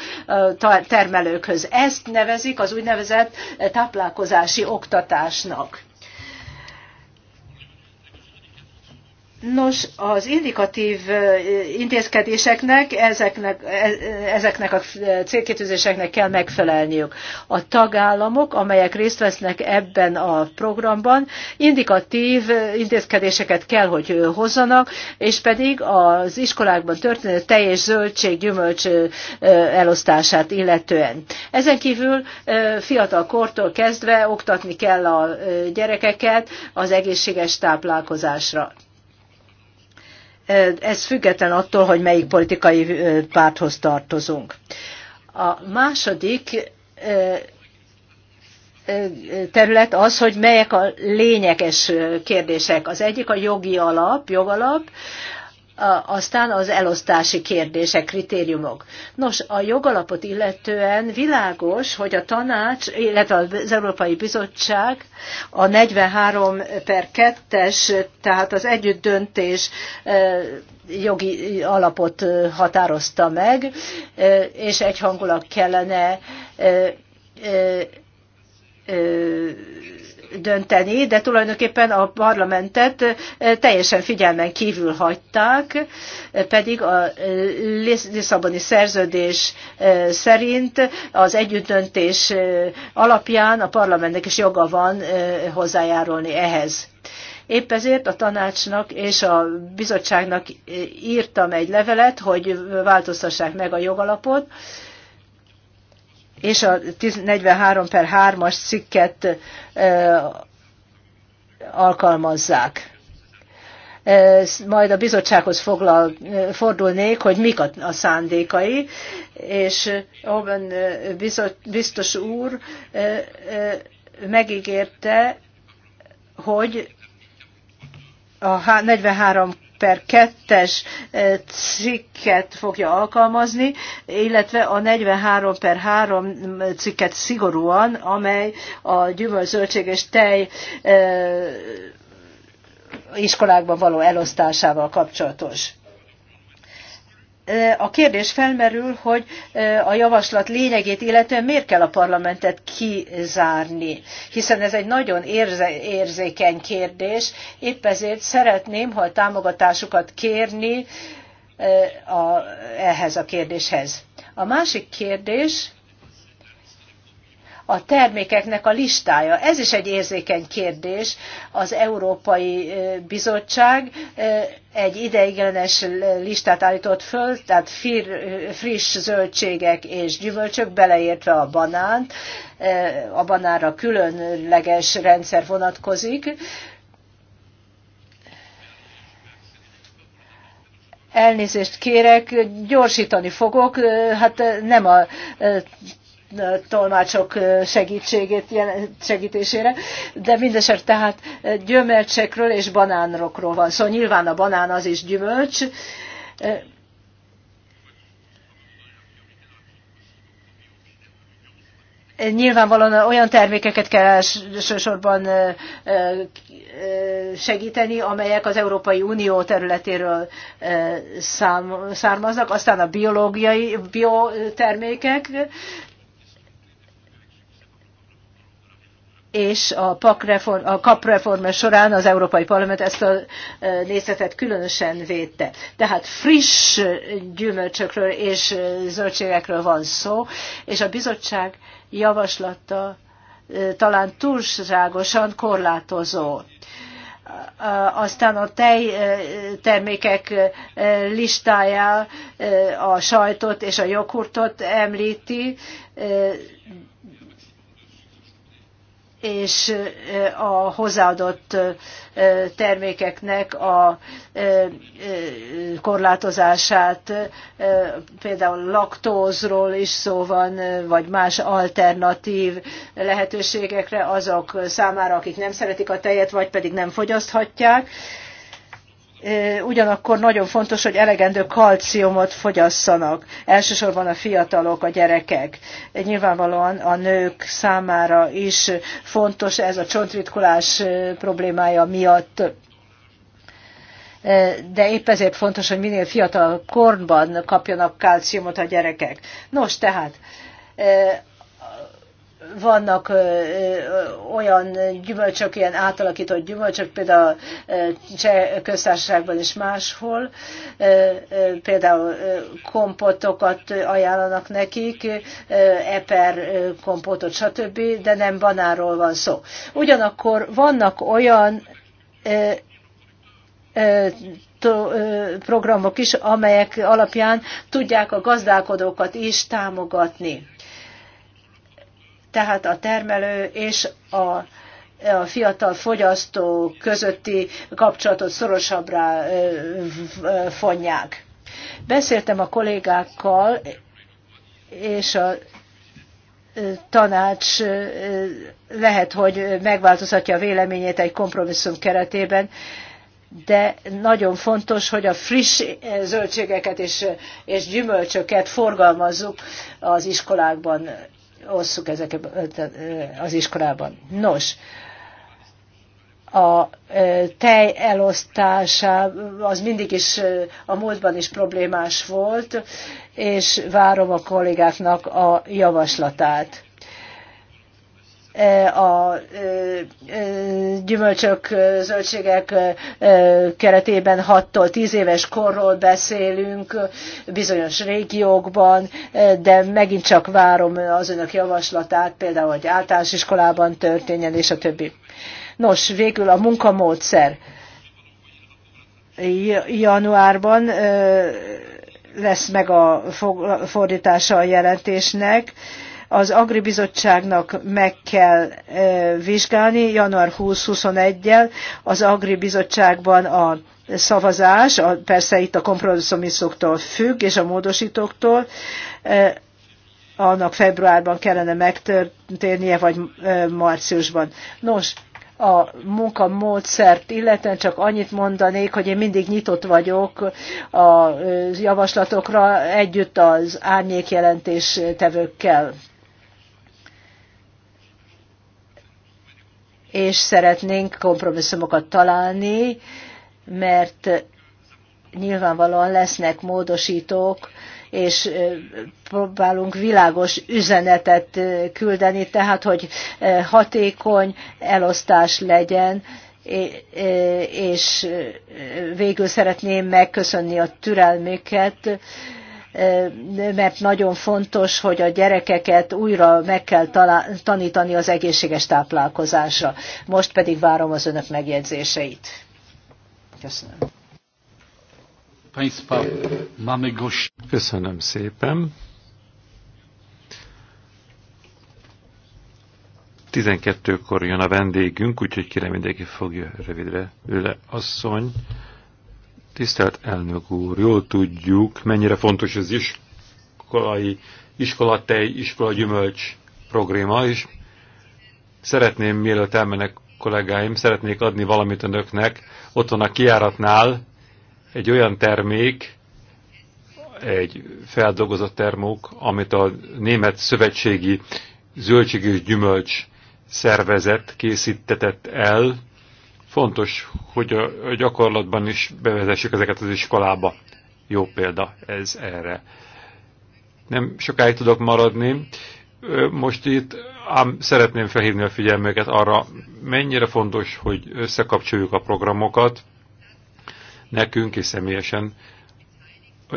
termelőkhöz. Ezt nevezik az úgynevezett táplálkozási oktatásnak. Nos, az indikatív intézkedéseknek, ezeknek, e, ezeknek a célkitűzéseknek kell megfelelniük. A tagállamok, amelyek részt vesznek ebben a programban, indikatív intézkedéseket kell, hogy hozzanak, és pedig az iskolákban történő teljes zöldség, gyümölcs elosztását illetően. Ezen kívül fiatal kortól kezdve oktatni kell a gyerekeket az egészséges táplálkozásra ez független attól, hogy melyik politikai párthoz tartozunk. A második terület az, hogy melyek a lényeges kérdések. Az egyik a jogi alap, jogalap, aztán az elosztási kérdések, kritériumok. Nos, a jogalapot illetően világos, hogy a tanács, illetve az Európai Bizottság a 43 per 2-es, tehát az együttdöntés jogi alapot határozta meg, és egyhangulag kellene dönteni, de tulajdonképpen a parlamentet eh, teljesen figyelmen kívül hagyták, eh, pedig a eh, Lisszaboni szerződés szerint az együttdöntés alapján a parlamentnek is joga van hozzájárulni ehhez. Épp ezért a tanácsnak és a bizottságnak írtam egy levelet, hogy változtassák meg a jogalapot, és a 43 per 3-as cikket alkalmazzák. Majd a bizottsághoz foglal, fordulnék, hogy mik a, a szándékai, és Oben biztos úr megígérte, hogy a 43 per 2-es eh, cikket fogja alkalmazni, illetve a 43 per 3 eh, cikket szigorúan, amely a gyümölcsöltség és tej eh, iskolákban való elosztásával kapcsolatos a kérdés felmerül, hogy a javaslat lényegét illetően miért kell a parlamentet kizárni, hiszen ez egy nagyon érze, érzékeny kérdés, épp ezért szeretném, ha a támogatásukat kérni a, ehhez a kérdéshez. A másik kérdés, a termékeknek a listája. Ez is egy érzékeny kérdés. Az Európai Bizottság egy ideiglenes listát állított föl, tehát friss zöldségek és gyümölcsök, beleértve a banánt. A banára különleges rendszer vonatkozik. Elnézést kérek, gyorsítani fogok, hát nem a tolmácsok segítségét, segítésére, de mindeset tehát gyümölcsekről és banánokról van szó. Szóval nyilván a banán az is gyümölcs, nyilvánvalóan olyan termékeket kell elsősorban segíteni, amelyek az Európai Unió területéről származnak, aztán a biológiai biotermékek, és a, PAK reform, a KAP reform során az Európai Parlament ezt a e, nézetet különösen védte. Tehát friss gyümölcsökről és zöldségekről van szó, és a bizottság javaslata e, talán túlságosan korlátozó e, aztán a tej termékek listájá a sajtot és a joghurtot említi, és a hozzáadott termékeknek a korlátozását, például laktózról is szó van, vagy más alternatív lehetőségekre azok számára, akik nem szeretik a tejet, vagy pedig nem fogyaszthatják ugyanakkor nagyon fontos, hogy elegendő kalciumot fogyasszanak, elsősorban a fiatalok, a gyerekek. Nyilvánvalóan a nők számára is fontos ez a csontritkulás problémája miatt de épp ezért fontos, hogy minél fiatalabb korban kapjanak kalciumot a gyerekek. Nos, tehát vannak olyan gyümölcsök, ilyen átalakított gyümölcsök, például Cseh köztársaságban és máshol, például kompotokat ajánlanak nekik, eper kompotot, stb., de nem banáról van szó. Ugyanakkor vannak olyan programok is, amelyek alapján tudják a gazdálkodókat is támogatni tehát a termelő és a a fiatal fogyasztó közötti kapcsolatot szorosabbra fonják. Beszéltem a kollégákkal, és a tanács lehet, hogy megváltozhatja a véleményét egy kompromisszum keretében, de nagyon fontos, hogy a friss zöldségeket és, és gyümölcsöket forgalmazzuk az iskolákban osszuk ezeket az iskolában. Nos, a tej elosztása az mindig is a múltban is problémás volt, és várom a kollégáknak a javaslatát. E, a e, e, gyümölcsök, zöldségek keretében 6-tól 10 éves korról beszélünk bizonyos régiókban, de megint csak várom az önök javaslatát, például, hogy általános iskolában történjen, és a többi. Nos, végül a munkamódszer. Januárban lesz meg a fordítása a jelentésnek, az Agri Bizottságnak meg kell vizsgálni január 20-21-el az Agri Bizottságban a szavazás, persze itt a kompromisszumisoktól függ, és a módosítóktól, annak februárban kellene megtörténnie, vagy márciusban. Nos, a munkamódszert illetően csak annyit mondanék, hogy én mindig nyitott vagyok a javaslatokra együtt az árnyékjelentés tevőkkel. és szeretnénk kompromisszumokat találni, mert nyilvánvalóan lesznek módosítók, és próbálunk világos üzenetet küldeni, tehát hogy hatékony elosztás legyen, és végül szeretném megköszönni a türelmüket, mert nagyon fontos, hogy a gyerekeket újra meg kell tanítani az egészséges táplálkozásra. Most pedig várom az önök megjegyzéseit. Köszönöm. Köszönöm szépen. 12-kor jön a vendégünk, úgyhogy kérem mindenki fogja rövidre. Őle asszony. Tisztelt elnök úr, jól tudjuk, mennyire fontos az iskolai, iskolatej, iskolagyümölcs probléma, és szeretném, mielőtt elmenek kollégáim, szeretnék adni valamit önöknek. Ott van a kiáratnál egy olyan termék, egy feldolgozott termók, amit a Német Szövetségi Zöldség és Gyümölcs Szervezet készítetett el, Fontos, hogy a gyakorlatban is bevezessük ezeket az iskolába. Jó példa ez erre. Nem sokáig tudok maradni. Most itt ám szeretném felhívni a figyelmüket arra, mennyire fontos, hogy összekapcsoljuk a programokat, nekünk és személyesen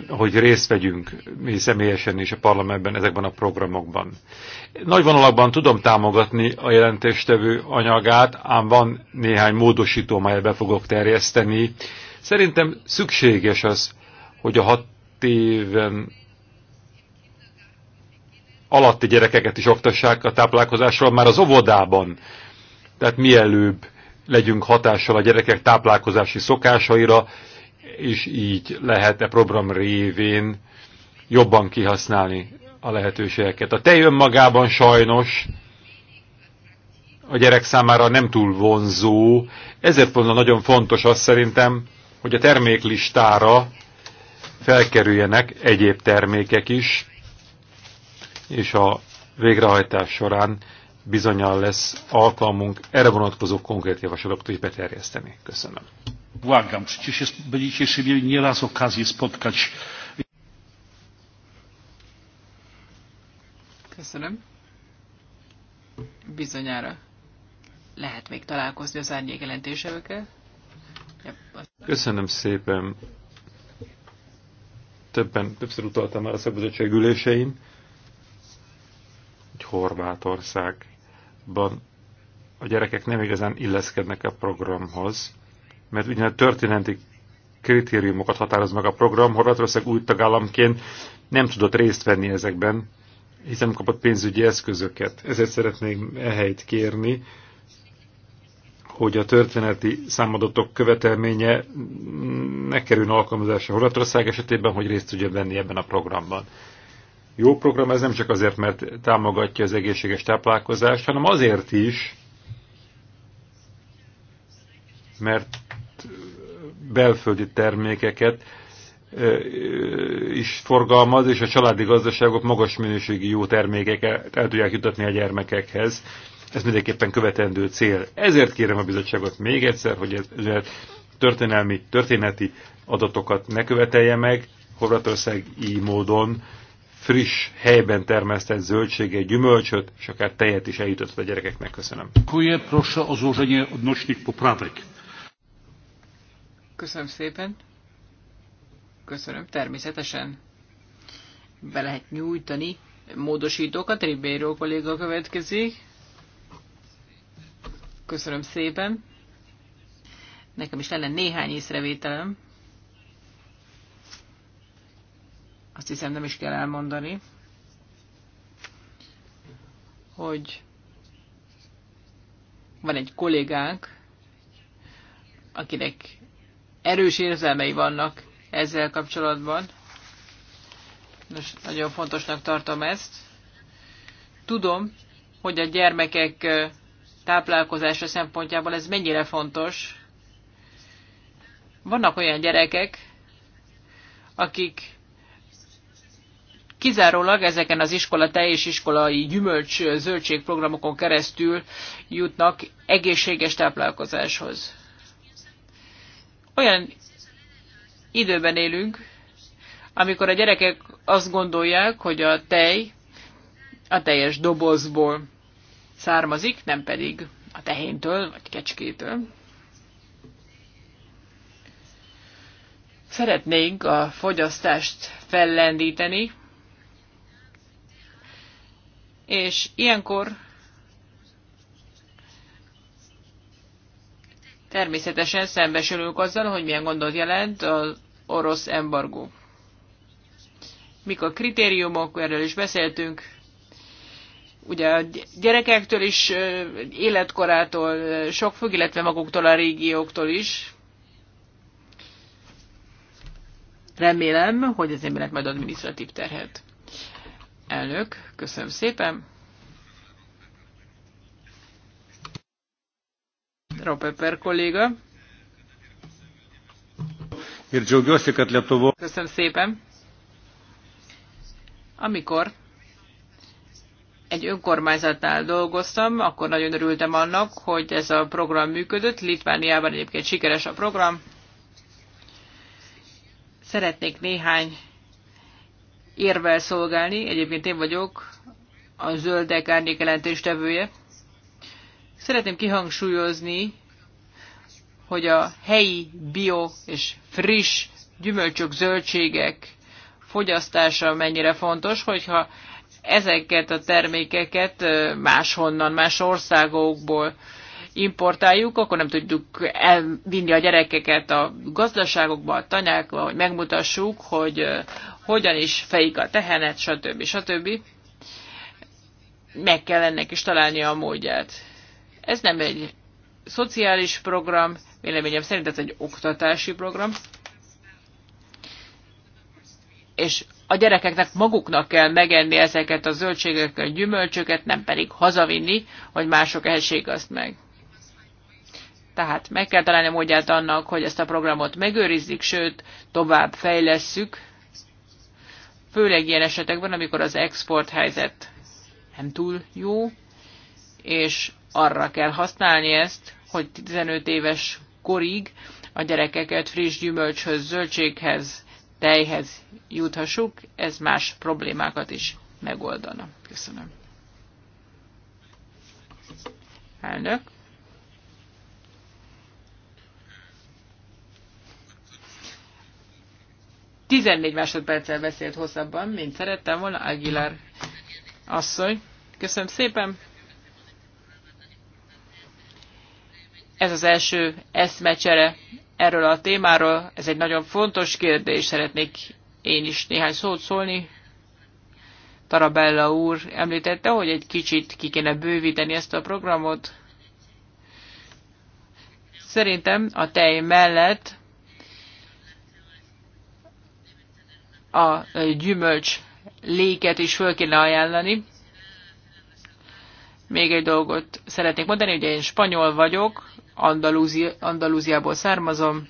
hogy részt vegyünk mi személyesen is a parlamentben ezekben a programokban. Nagy vonalakban tudom támogatni a jelentéstevő anyagát, ám van néhány módosító, amelyet be fogok terjeszteni. Szerintem szükséges az, hogy a hat éven alatti gyerekeket is oktassák a táplálkozásról már az óvodában. Tehát mielőbb legyünk hatással a gyerekek táplálkozási szokásaira, és így lehet-e program révén jobban kihasználni a lehetőségeket. A tej önmagában sajnos a gyerek számára nem túl vonzó, ezért volna nagyon fontos az szerintem, hogy a terméklistára felkerüljenek egyéb termékek is, és a végrehajtás során bizonyal lesz alkalmunk erre vonatkozó konkrét javaslatokat is beterjeszteni. Köszönöm. Błagam, przecież będziecie jeszcze mieli nieraz okazję spotkać. Köszönöm. Bizonyára lehet még találkozni az árnyék jelentésevekkel. Köszönöm szépen. Többen, többször utaltam már a szakbizottság ülésein, hogy Horvátországban a gyerekek nem igazán illeszkednek a programhoz, mert ugyan a történeti kritériumokat határoz meg a program, Horvátország új tagállamként nem tudott részt venni ezekben, hiszen nem kapott pénzügyi eszközöket. Ezért szeretnék ehelyt kérni, hogy a történeti számadatok követelménye ne kerüljön alkalmazásra Horvátország esetében, hogy részt tudjon venni ebben a programban. Jó program ez nem csak azért, mert támogatja az egészséges táplálkozást, hanem azért is, mert belföldi termékeket is forgalmaz, és a családi gazdaságok magas minőségi jó termékeket el tudják jutatni a gyermekekhez. Ez mindenképpen követendő cél. Ezért kérem a bizottságot még egyszer, hogy ez történelmi, történeti adatokat ne követelje meg. Horvátország így módon friss, helyben termesztett zöldséget, gyümölcsöt, és akár tejet is eljutott a gyerekeknek. Köszönöm. Dziękuję, proszę Köszönöm szépen. Köszönöm. Természetesen be lehet nyújtani módosítókat. Ribeiro kolléga következik. Köszönöm szépen. Nekem is lenne néhány észrevételem. Azt hiszem nem is kell elmondani, hogy van egy kollégánk, akinek erős érzelmei vannak ezzel kapcsolatban. Nos, nagyon fontosnak tartom ezt. Tudom, hogy a gyermekek táplálkozása szempontjából ez mennyire fontos. Vannak olyan gyerekek, akik kizárólag ezeken az iskola teljes iskolai gyümölcs zöldség programokon keresztül jutnak egészséges táplálkozáshoz olyan időben élünk, amikor a gyerekek azt gondolják, hogy a tej a teljes dobozból származik, nem pedig a tehéntől vagy kecskétől. Szeretnénk a fogyasztást fellendíteni, és ilyenkor Természetesen szembesülünk azzal, hogy milyen gondot jelent az orosz embargó. Mik a kritériumok, erről is beszéltünk. Ugye a gyerekektől is, életkorától sok függ, illetve maguktól a régióktól is. Remélem, hogy ez nem majd administratív terhet. Elnök, köszönöm szépen. Ropeper kolléga. Köszönöm szépen. Amikor egy önkormányzatnál dolgoztam, akkor nagyon örültem annak, hogy ez a program működött. Litvániában egyébként sikeres a program. Szeretnék néhány érvel szolgálni. Egyébként én vagyok a zöldek árnyék jelentéstevője. Szeretném kihangsúlyozni, hogy a helyi bio és friss gyümölcsök, zöldségek fogyasztása mennyire fontos, hogyha ezeket a termékeket máshonnan, más országokból importáljuk, akkor nem tudjuk elvinni a gyerekeket a gazdaságokba, a tanyákba, hogy megmutassuk, hogy hogyan is fejik a tehenet, stb. stb. Meg kell ennek is találni a módját. Ez nem egy szociális program, véleményem szerint ez egy oktatási program, és a gyerekeknek maguknak kell megenni ezeket a zöldségeket, gyümölcsöket, nem pedig hazavinni, hogy mások ehessék azt meg. Tehát meg kell találni módját annak, hogy ezt a programot megőrizzük, sőt, tovább fejlesszük, főleg ilyen esetekben, amikor az export helyzet nem túl jó, és arra kell használni ezt, hogy 15 éves korig a gyerekeket friss gyümölcshöz, zöldséghez, tejhez juthassuk, ez más problémákat is megoldana. Köszönöm. Elnök. Tizennégy másodperccel beszélt hosszabban, mint szerettem volna, Aguilar asszony. Köszönöm szépen. Ez az első eszmecsere erről a témáról. Ez egy nagyon fontos kérdés, szeretnék én is néhány szót szólni. Tarabella úr említette, hogy egy kicsit ki kéne bővíteni ezt a programot. Szerintem a tej mellett a gyümölcs léket is föl kéne ajánlani. Még egy dolgot szeretnék mondani, ugye én spanyol vagyok, Andalúzi, Andalúziából származom.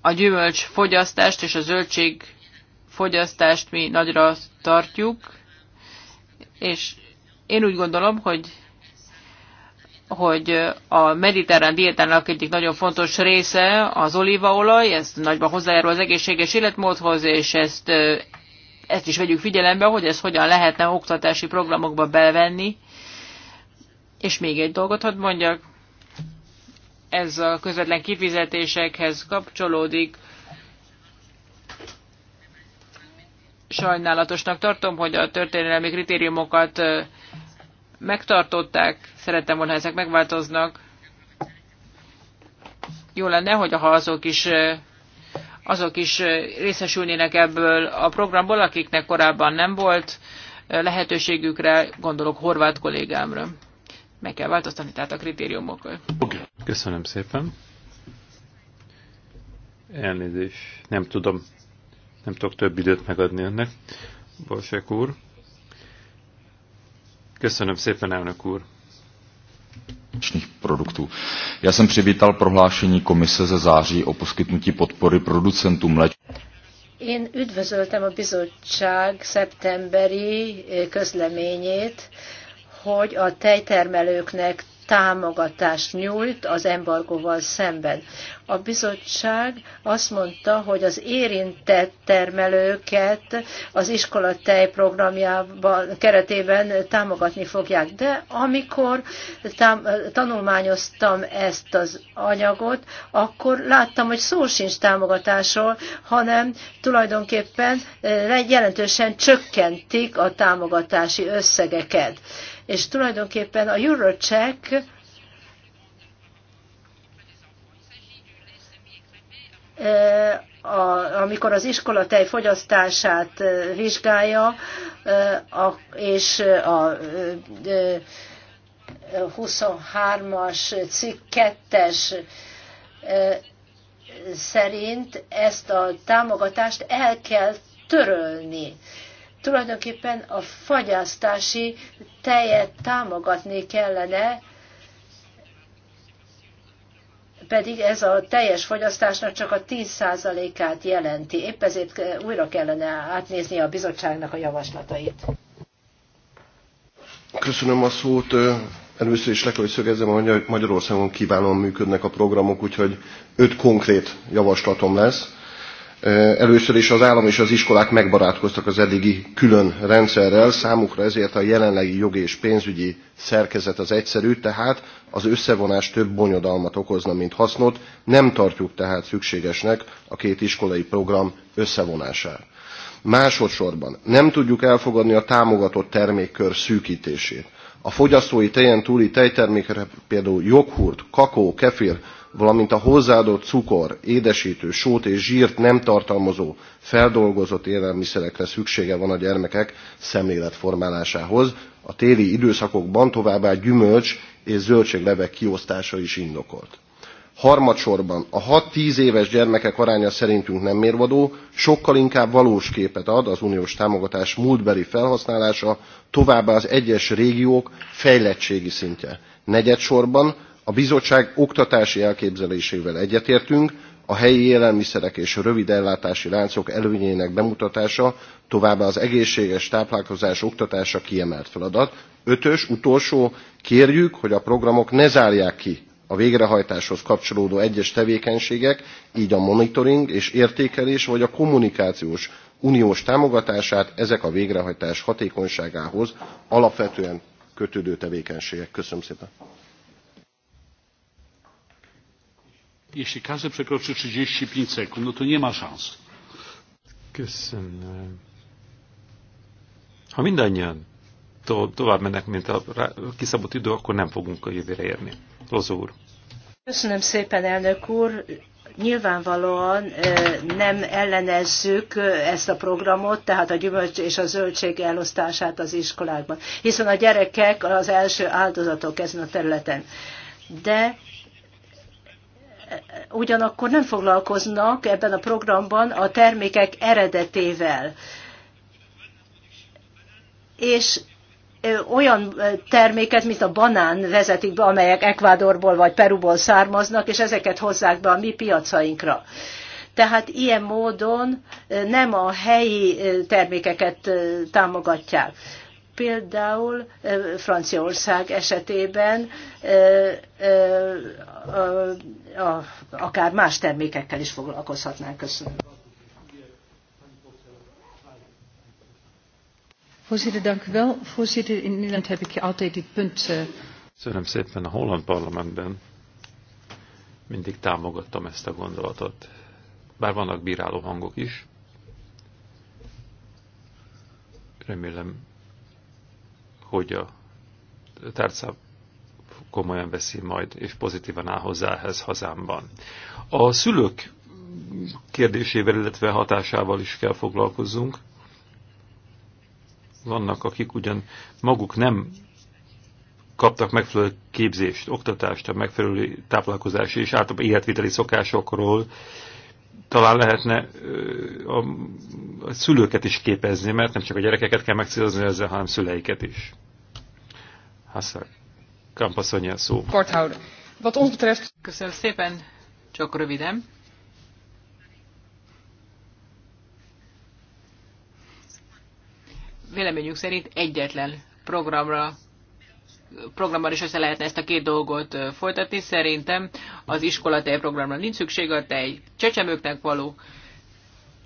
A gyümölcs fogyasztást és a zöldség fogyasztást mi nagyra tartjuk, és én úgy gondolom, hogy hogy a mediterrán diétának egyik nagyon fontos része az olívaolaj, ez nagyban hozzájárul az egészséges életmódhoz, és ezt, ezt is vegyük figyelembe, hogy ezt hogyan lehetne oktatási programokba bevenni. És még egy dolgot hadd mondjak, ez a közvetlen kifizetésekhez kapcsolódik. Sajnálatosnak tartom, hogy a történelmi kritériumokat megtartották, szerettem volna, ezek megváltoznak. Jó lenne, hogy ha azok is azok is részesülnének ebből a programból, akiknek korábban nem volt lehetőségükre, gondolok horvát kollégámra meg kell változtatni tehát a kritériumokon. Köszönöm szépen. Elnézést, nem tudom, nem tudok több időt megadni önnek, Balsek úr. Köszönöm szépen, elnök úr. produktů. Já jsem přivítal prohlášení komise ze září o poskytnutí podpory producentům mléč. Én üdvözöltem a bizottság szeptemberi eh, közleményét, hogy a tejtermelőknek támogatást nyújt az embargóval szemben. A bizottság azt mondta, hogy az érintett termelőket az iskola tejprogramjában keretében támogatni fogják. De amikor tám- tanulmányoztam ezt az anyagot, akkor láttam, hogy szó sincs támogatásról, hanem tulajdonképpen eh, jelentősen csökkentik a támogatási összegeket és tulajdonképpen a Eurocheck e, a, amikor az tej fogyasztását e, vizsgálja, e, a, és a 23-as cikk 2-es szerint ezt a támogatást el kell törölni tulajdonképpen a fagyasztási tejet támogatni kellene, pedig ez a teljes fogyasztásnak csak a 10%-át jelenti. Épp ezért eh, újra kellene átnézni a bizottságnak a javaslatait. Köszönöm a szót. Először is le kell, hogy szögezzem, hogy Magyarországon kiválóan működnek a programok, úgyhogy öt konkrét javaslatom lesz Először is az állam és az iskolák megbarátkoztak az eddigi külön rendszerrel, számukra ezért a jelenlegi jogi és pénzügyi szerkezet az egyszerű, tehát az összevonás több bonyodalmat okozna, mint hasznot, nem tartjuk tehát szükségesnek a két iskolai program összevonását. Másodszorban nem tudjuk elfogadni a támogatott termékkör szűkítését. A fogyasztói tejen túli tejtermékre, például joghurt, kakó, kefir, valamint a hozzáadott cukor, édesítő, sót és zsírt nem tartalmazó feldolgozott élelmiszerekre szüksége van a gyermekek szemléletformálásához. A téli időszakokban továbbá gyümölcs és zöldséglevek kiosztása is indokolt. Harmadsorban a 6-10 éves gyermekek aránya szerintünk nem mérvadó, sokkal inkább valós képet ad az uniós támogatás múltbeli felhasználása, továbbá az egyes régiók fejlettségi szintje. Negyedsorban a bizottság oktatási elképzelésével egyetértünk a helyi élelmiszerek és a rövid ellátási láncok előnyének bemutatása továbbá az egészséges táplálkozás oktatása kiemelt feladat. ötös utolsó kérjük hogy a programok ne zárják ki a végrehajtáshoz kapcsolódó egyes tevékenységek így a monitoring és értékelés vagy a kommunikációs uniós támogatását ezek a végrehajtás hatékonyságához alapvetően kötődő tevékenységek. köszönöm szépen! Jeśli każdy przekroczy 35 sekund, no to nie ma szans. Köszönöm. Ha mindannyian to, tovább mennek, mint a kiszabott idő, akkor nem fogunk a jövőre érni. Lozó úr. Köszönöm szépen, elnök úr. Nyilvánvalóan nem ellenezzük ezt a programot, tehát a gyümölcs és a zöldség elosztását az iskolákban, hiszen a gyerekek az első áldozatok ezen a területen. De ugyanakkor nem foglalkoznak ebben a programban a termékek eredetével. És olyan terméket, mint a banán vezetik be, amelyek Ekvádorból vagy Peruból származnak, és ezeket hozzák be a mi piacainkra. Tehát ilyen módon nem a helyi termékeket támogatják. Például Franciaország esetében akár más termékekkel is foglalkozhatnánk. Köszönöm. Voorzitter, dank u wel. Voorzitter, in Nederland heb ik altijd dit punt. Eh, Köszönöm szépen a holland parlamentben. Mindig támogattam ezt a gondolatot. Bár vannak bíráló hangok is. Remélem hogy a tárca komolyan veszi majd, és pozitívan áll hozzá ehhez hazámban. A szülők kérdésével, illetve hatásával is kell foglalkozzunk. Vannak, akik ugyan maguk nem kaptak megfelelő képzést, oktatást a megfelelő táplálkozási és általában életviteli szokásokról, talán lehetne a, a szülőket is képezni, mert nem csak a gyerekeket kell megcélozni ezzel, hanem szüleiket is. Hasszak. Kampaszonyi a szó. Köszönöm szépen, csak röviden. Véleményünk szerint egyetlen programra programban is össze lehetne ezt a két dolgot folytatni. Szerintem az iskola programra nincs szükség, a tej csecsemőknek való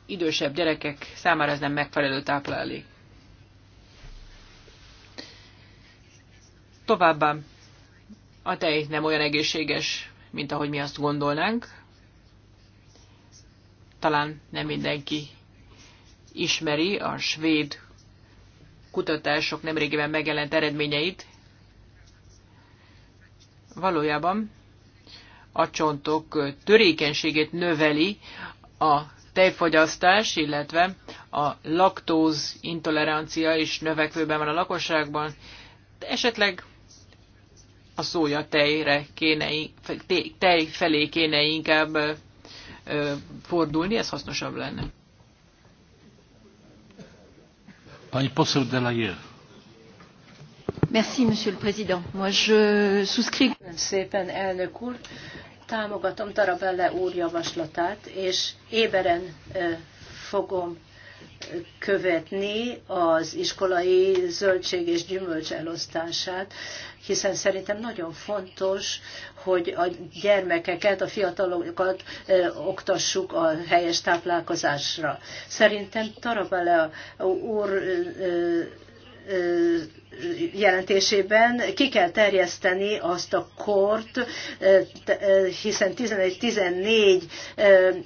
idősebb gyerekek számára ez nem megfelelő táplálék. Továbbá a tej nem olyan egészséges, mint ahogy mi azt gondolnánk. Talán nem mindenki ismeri a svéd kutatások nemrégiben megjelent eredményeit valójában a csontok törékenységét növeli a tejfogyasztás, illetve a laktóz intolerancia is növekvőben van a lakosságban, de esetleg a szója tejre kéne, tej felé kéne inkább fordulni, ez hasznosabb lenne. Pani poseł Delajer. Köszönöm Szépen, elnök úr. Támogatom Tarabella úr javaslatát, és éberen fogom követni az iskolai zöldség és gyümölcs elosztását, hiszen szerintem nagyon fontos, hogy a gyermekeket, a fiatalokat ö, oktassuk a helyes táplálkozásra. Szerintem tarabella úr ö, ö, jelentésében ki kell terjeszteni azt a kort, hiszen 11-14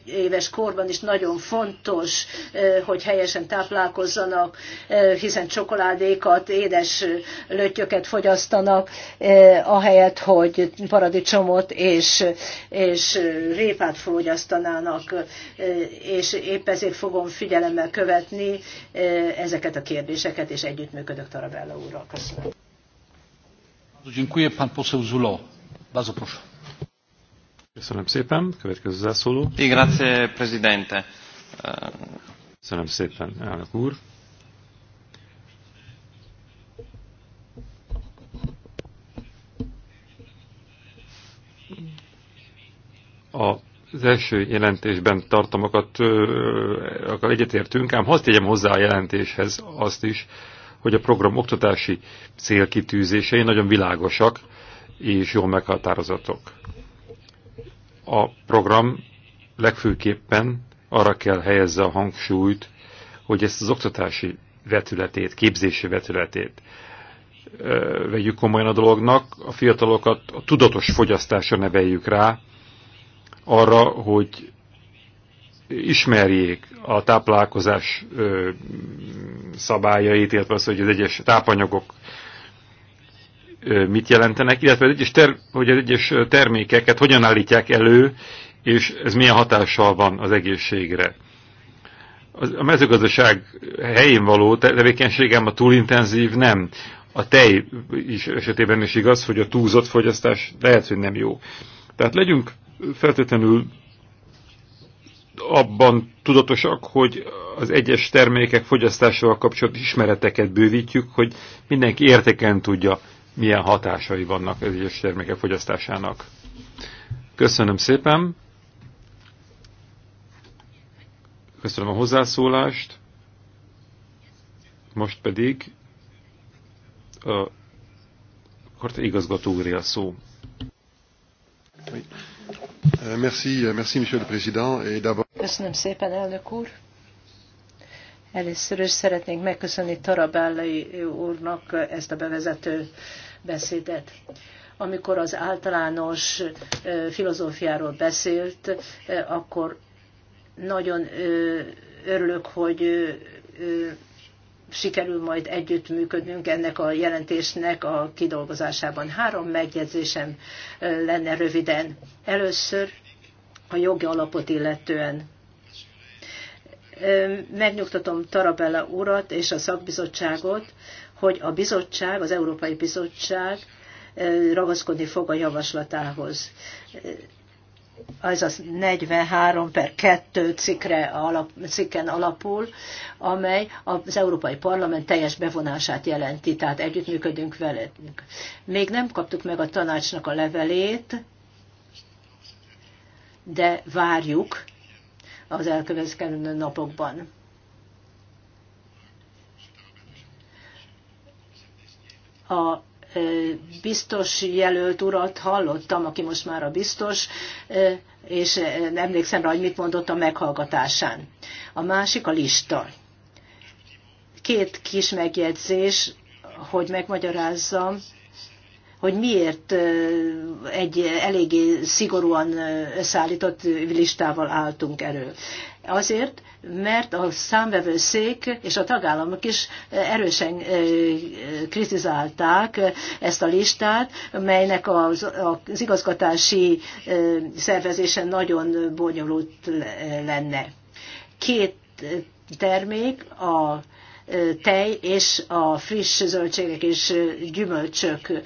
éves korban is nagyon fontos, hogy helyesen táplálkozzanak, hiszen csokoládékat, édes lötyöket fogyasztanak, ahelyett, hogy paradicsomot és, és répát fogyasztanának, és épp ezért fogom figyelemmel követni ezeket a kérdéseket, és együttműködök Tarabella úrral. Unióról. Köszönöm. Dziękuję, pan poseł Zulo. Bardzo proszę. Köszönöm szépen. Következő zászóló. Grazie, presidente. Köszönöm szépen, elnök úr. Az első jelentésben tartalmakat egyetértünk, ám azt tegyem hozzá a jelentéshez azt is, hogy a program oktatási célkitűzései nagyon világosak és jól meghatározatok. A program legfőképpen arra kell helyezze a hangsúlyt, hogy ezt az oktatási vetületét, képzési vetületét vegyük komolyan a dolognak, a fiatalokat a tudatos fogyasztásra neveljük rá, arra, hogy ismerjék a táplálkozás szabályait, illetve az, hogy az egyes tápanyagok mit jelentenek, illetve az egyes ter, hogy az egyes termékeket hogyan állítják elő, és ez milyen hatással van az egészségre. A mezőgazdaság helyén való tevékenységem a túlintenzív nem. A tej is esetében is igaz, hogy a túlzott fogyasztás lehet, hogy nem jó. Tehát legyünk feltétlenül abban tudatosak, hogy az egyes termékek fogyasztásával kapcsolatos ismereteket bővítjük, hogy mindenki értéken tudja, milyen hatásai vannak az egyes termékek fogyasztásának. Köszönöm szépen! Köszönöm a hozzászólást! Most pedig a Korte igazgató úr a szó. Euh, merci, euh, merci, monsieur le président. Et Köszönöm szépen, elnök úr. Először is szeretnék megköszönni Tarabellai úrnak ezt a bevezető beszédet. Amikor az általános filozófiáról beszélt, akkor nagyon örülök, hogy sikerül majd együttműködnünk ennek a jelentésnek a kidolgozásában. Három megjegyzésem lenne röviden. Először a jogi alapot illetően. Megnyugtatom Tarabella urat és a szakbizottságot, hogy a bizottság, az Európai Bizottság ragaszkodni fog a javaslatához. Ez az 43 per 2 cikre alap, cikken alapul, amely az Európai Parlament teljes bevonását jelenti, tehát együttműködünk velük. Még nem kaptuk meg a tanácsnak a levelét, de várjuk az elkövetkező napokban. A biztos jelölt urat hallottam, aki most már a biztos, és emlékszem rá, hogy mit mondott a meghallgatásán. A másik a lista. Két kis megjegyzés, hogy megmagyarázzam, hogy miért egy eléggé szigorúan összeállított listával álltunk elő. Azért, mert a számvevőszék és a tagállamok is erősen kritizálták ezt a listát, melynek az, az igazgatási szervezése nagyon bonyolult lenne. Két termék, a tej és a friss zöldségek és gyümölcsök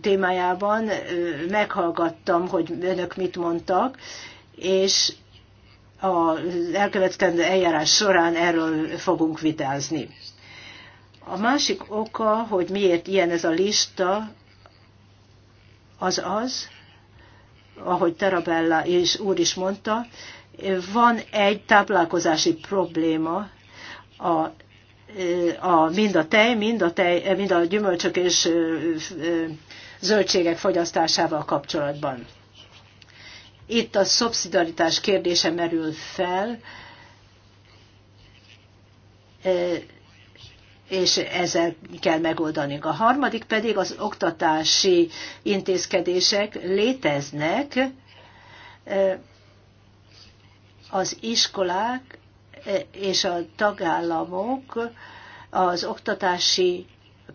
témájában meghallgattam, hogy önök mit mondtak, és az elkövetkező eljárás során erről fogunk vitázni. A másik oka, hogy miért ilyen ez a lista, az az, ahogy Terabella és úr is mondta, van egy táplálkozási probléma, a a, mind a tej, mind a, tej, mind a gyümölcsök és zöldségek fogyasztásával kapcsolatban. Itt a szubszidaritás kérdése merül fel, és ezzel kell megoldani. A harmadik pedig az oktatási intézkedések léteznek, az iskolák és a tagállamok az oktatási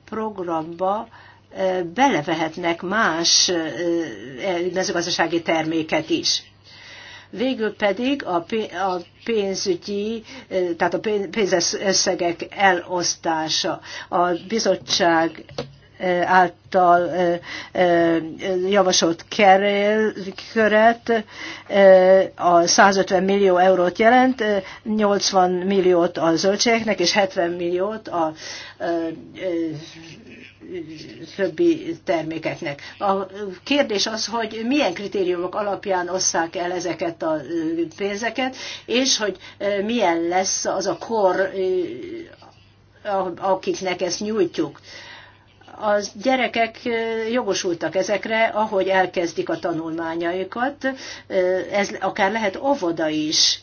programba e, belevehetnek más e, e, mezőgazdasági terméket is. Végül pedig a pénzügyi, tehát a pénzes összegek elosztása. A bizottság által javasolt köret a 150 millió eurót jelent, 80 milliót a zöldségeknek és 70 milliót a többi termékeknek. A kérdés az, hogy milyen kritériumok alapján osszák el ezeket a pénzeket, és hogy milyen lesz az a kor, akiknek ezt nyújtjuk az gyerekek jogosultak ezekre, ahogy elkezdik a tanulmányaikat, ez akár lehet óvoda is.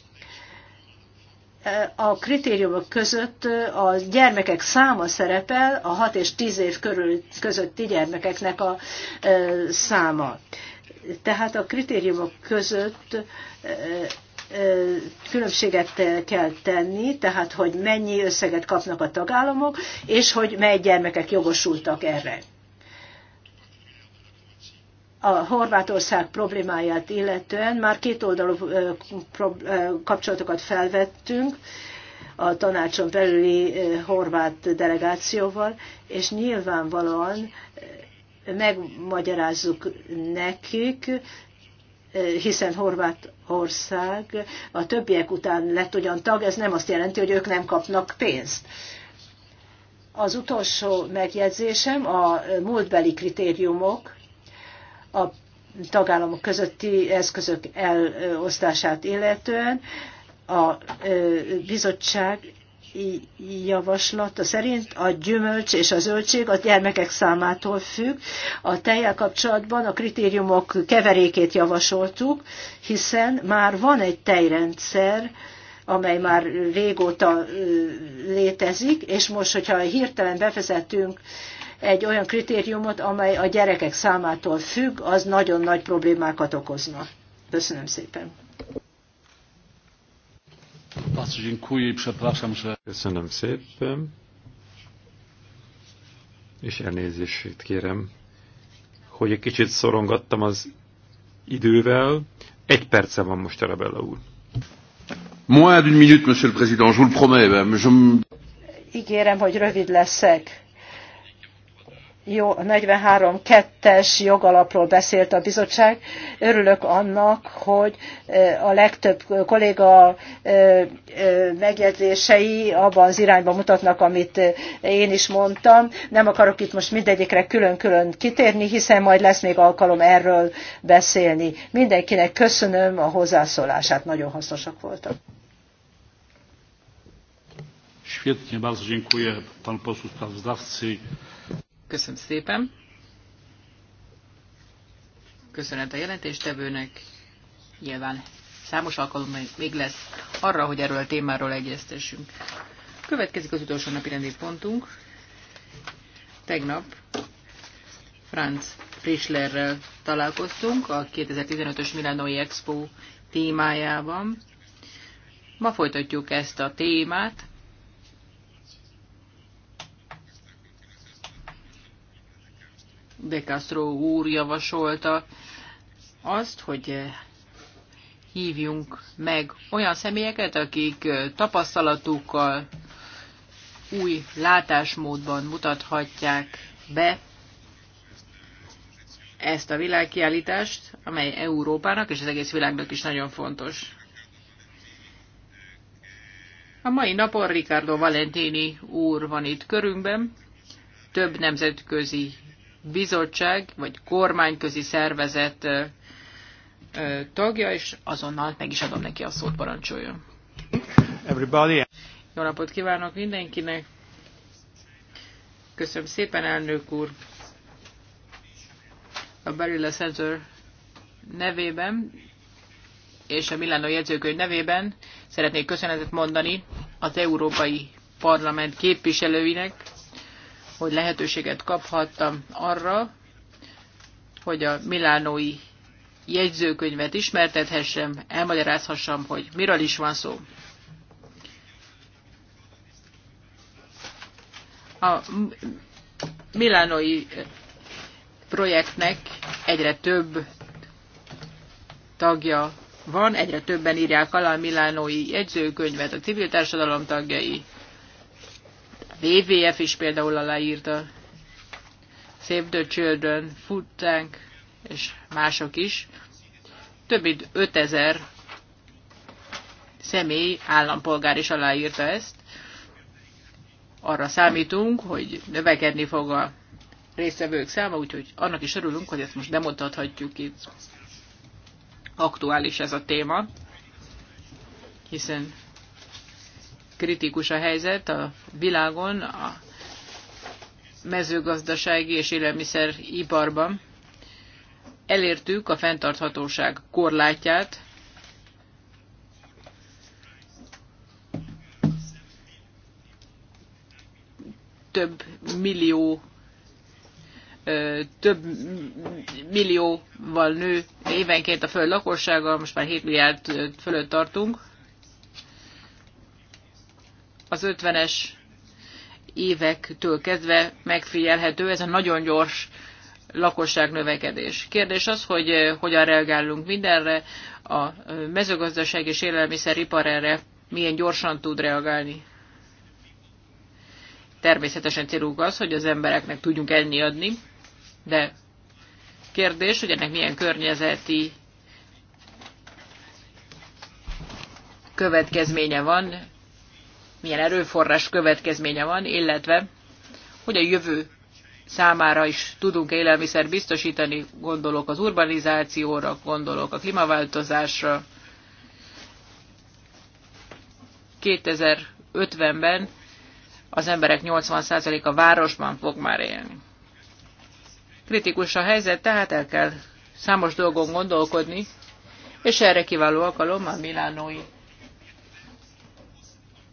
A kritériumok között a gyermekek száma szerepel, a 6 és 10 év körül közötti gyermekeknek a száma. Tehát a kritériumok között különbséget kell tenni, tehát hogy mennyi összeget kapnak a tagállamok, és hogy mely gyermekek jogosultak erre. A Horvátország problémáját illetően már két oldalú kapcsolatokat felvettünk, a tanácson belüli horvát delegációval, és nyilvánvalóan megmagyarázzuk nekik, hiszen Horvátország a többiek után lett ugyan tag, ez nem azt jelenti, hogy ők nem kapnak pénzt. Az utolsó megjegyzésem a múltbeli kritériumok, a tagállamok közötti eszközök elosztását illetően a bizottság javaslata szerint a gyümölcs és a zöldség a gyermekek számától függ. A tejjel kapcsolatban a kritériumok keverékét javasoltuk, hiszen már van egy tejrendszer, amely már régóta létezik, és most, hogyha hirtelen bevezetünk egy olyan kritériumot, amely a gyerekek számától függ, az nagyon nagy problémákat okozna. Köszönöm szépen. Köszönöm szépen. És elnézését kérem, hogy egy kicsit szorongattam az idővel. Egy perce van most a Rebella úr. Moins d'une minute, monsieur le président, je vous le promets. Je... Ígérem, hogy rövid leszek 43.2-es jogalapról beszélt a bizottság. Örülök annak, hogy eh, a legtöbb kolléga eh, eh, megjegyzései abban az irányba mutatnak, amit én is mondtam. Nem akarok itt most mindegyikre külön-külön kitérni, hiszen majd lesz még alkalom erről beszélni. Mindenkinek köszönöm a hozzászólását, nagyon hasznosak voltak. Świetnie, bardzo dziękuję panu posłu sprawozdawcy. Köszönöm szépen. Köszönet a jelentéstevőnek. Nyilván számos alkalom még lesz arra, hogy erről a témáról egyeztessünk. Következik az utolsó napi rendi pontunk. Tegnap Franz Frischlerrel találkoztunk a 2015-ös Milánói Expo témájában. Ma folytatjuk ezt a témát. De Castro úr javasolta azt, hogy eh, hívjunk meg olyan személyeket, akik eh, tapasztalatukkal új látásmódban mutathatják be ezt a világkiállítást, amely Európának és az egész világnak is nagyon fontos. A mai napon Ricardo Valentini úr van itt körünkben, több nemzetközi bizottság vagy kormányközi szervezet tagja, és azonnal meg is adom neki a szót, parancsoljon. Everybody. Jó napot kívánok mindenkinek! Köszönöm szépen, elnök úr! A Barilla Center nevében és a Milano jegyzőkönyv nevében szeretnék köszönetet mondani az Európai Parlament képviselőinek, hogy lehetőséget kaphattam arra, hogy a milánói jegyzőkönyvet ismertethessem, elmagyarázhassam, hogy miről is van szó. A milánói projektnek egyre több tagja van, egyre többen írják alá a milánói jegyzőkönyvet, a civil társadalom tagjai, WWF is például aláírta, Save the Children, Food Tank, és mások is. Több mint 5000 személy, állampolgár is aláírta ezt. Arra számítunk, hogy növekedni fog a résztvevők száma, úgyhogy annak is örülünk, hogy ezt most bemutathatjuk itt. Aktuális ez a téma, hiszen kritikus a helyzet a világon, a mezőgazdasági és élelmiszeriparban. Elértük a fenntarthatóság korlátját, több millió több millióval nő évenként a föld lakossága, most már 7 milliárd fölött tartunk az 50-es évektől kezdve megfigyelhető ez a nagyon gyors lakosság növekedés. Kérdés az, hogy eh, hogyan reagálunk mindenre, a eh, mezőgazdaság és élelmiszeripar erre milyen gyorsan tud reagálni. Természetesen célunk az, hogy az embereknek tudjunk enni adni, de kérdés, hogy ennek milyen környezeti következménye van, milyen erőforrás következménye van, illetve hogy a jövő számára is tudunk élelmiszer biztosítani, gondolok az urbanizációra, gondolok a klímaváltozásra. 2050-ben az emberek 80%-a városban fog már élni. Kritikus a helyzet, tehát el kell számos dolgon gondolkodni, és erre kiváló alkalom a Milánói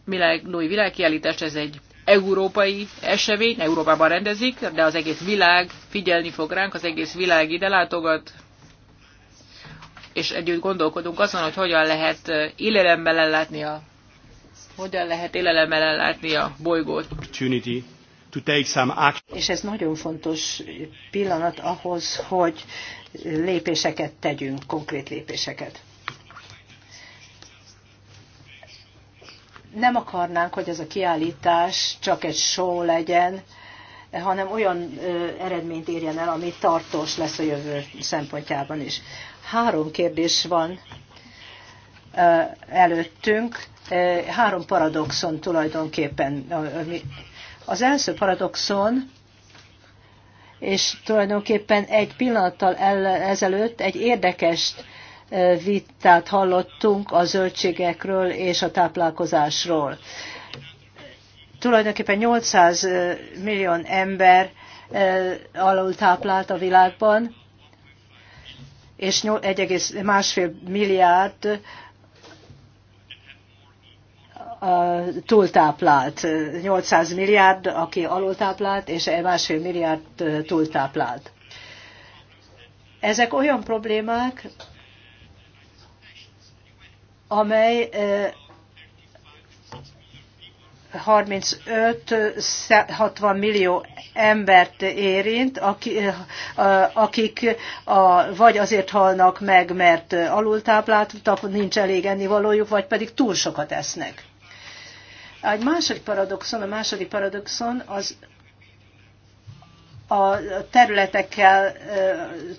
Milánói világkiállítás, ez egy európai esemény, Európában rendezik, de az egész világ figyelni fog ránk, az egész világ ide látogat, és együtt gondolkodunk azon, hogy hogyan lehet élelemmel ellátni a hogyan lehet élelemmel ellátni a bolygót. És ez nagyon fontos pillanat ahhoz, hogy lépéseket tegyünk, konkrét lépéseket. nem akarnánk, hogy ez a kiállítás csak egy show legyen, hanem olyan eredményt érjen el, ami tartós lesz a jövő szempontjában is. Három kérdés van előttünk, három paradoxon tulajdonképpen. Az első paradoxon, és tulajdonképpen egy pillanattal ezelőtt egy érdekes vitát hallottunk a zöldségekről és a táplálkozásról. Tulajdonképpen 800 millió ember alul táplált a világban, és 1,5 milliárd túltáplált. 800 milliárd, aki alultáplált, és másfél milliárd túltáplált. Ezek olyan problémák, amely 35-60 millió embert érint, akik vagy azért halnak meg, mert alultápláltak, nincs elég ennivalójuk, vagy pedig túl sokat esznek. Egy második paradoxon, a második paradoxon az a területekkel,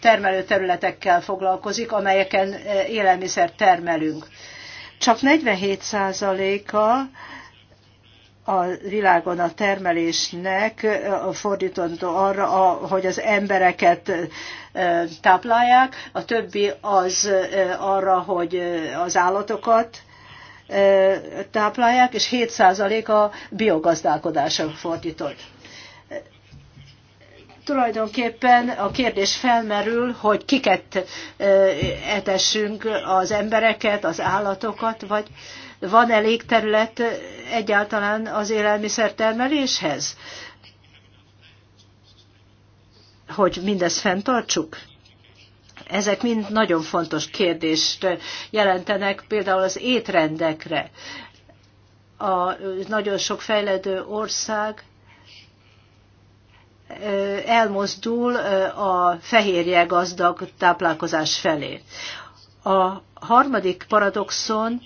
termelő területekkel foglalkozik, amelyeken élelmiszer termelünk csak 47%-a a világon a termelésnek fordítandó arra, hogy az embereket táplálják, a többi az arra, hogy az állatokat táplálják, és 7% a biogazdálkodásra fordított tulajdonképpen a kérdés felmerül, hogy kiket etessünk, az embereket, az állatokat, vagy van elég terület egyáltalán az élelmiszertermeléshez, hogy mindezt fenntartsuk? Ezek mind nagyon fontos kérdést jelentenek például az étrendekre. A nagyon sok fejlődő ország elmozdul a fehérje gazdag táplálkozás felé. A harmadik paradoxon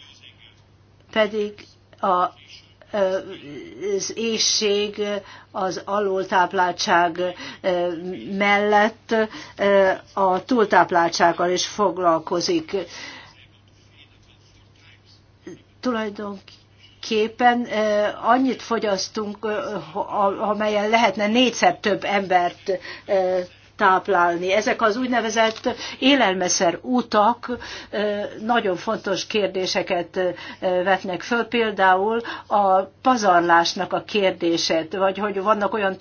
pedig a az éjség, az alultápláltság mellett a túltápláltsággal is foglalkozik. Tulajdonképpen képen annyit fogyasztunk, amelyen lehetne négyszer több embert táplálni. Ezek az úgynevezett élelmeszer utak nagyon fontos kérdéseket vetnek föl, például a pazarlásnak a kérdését, vagy hogy vannak olyan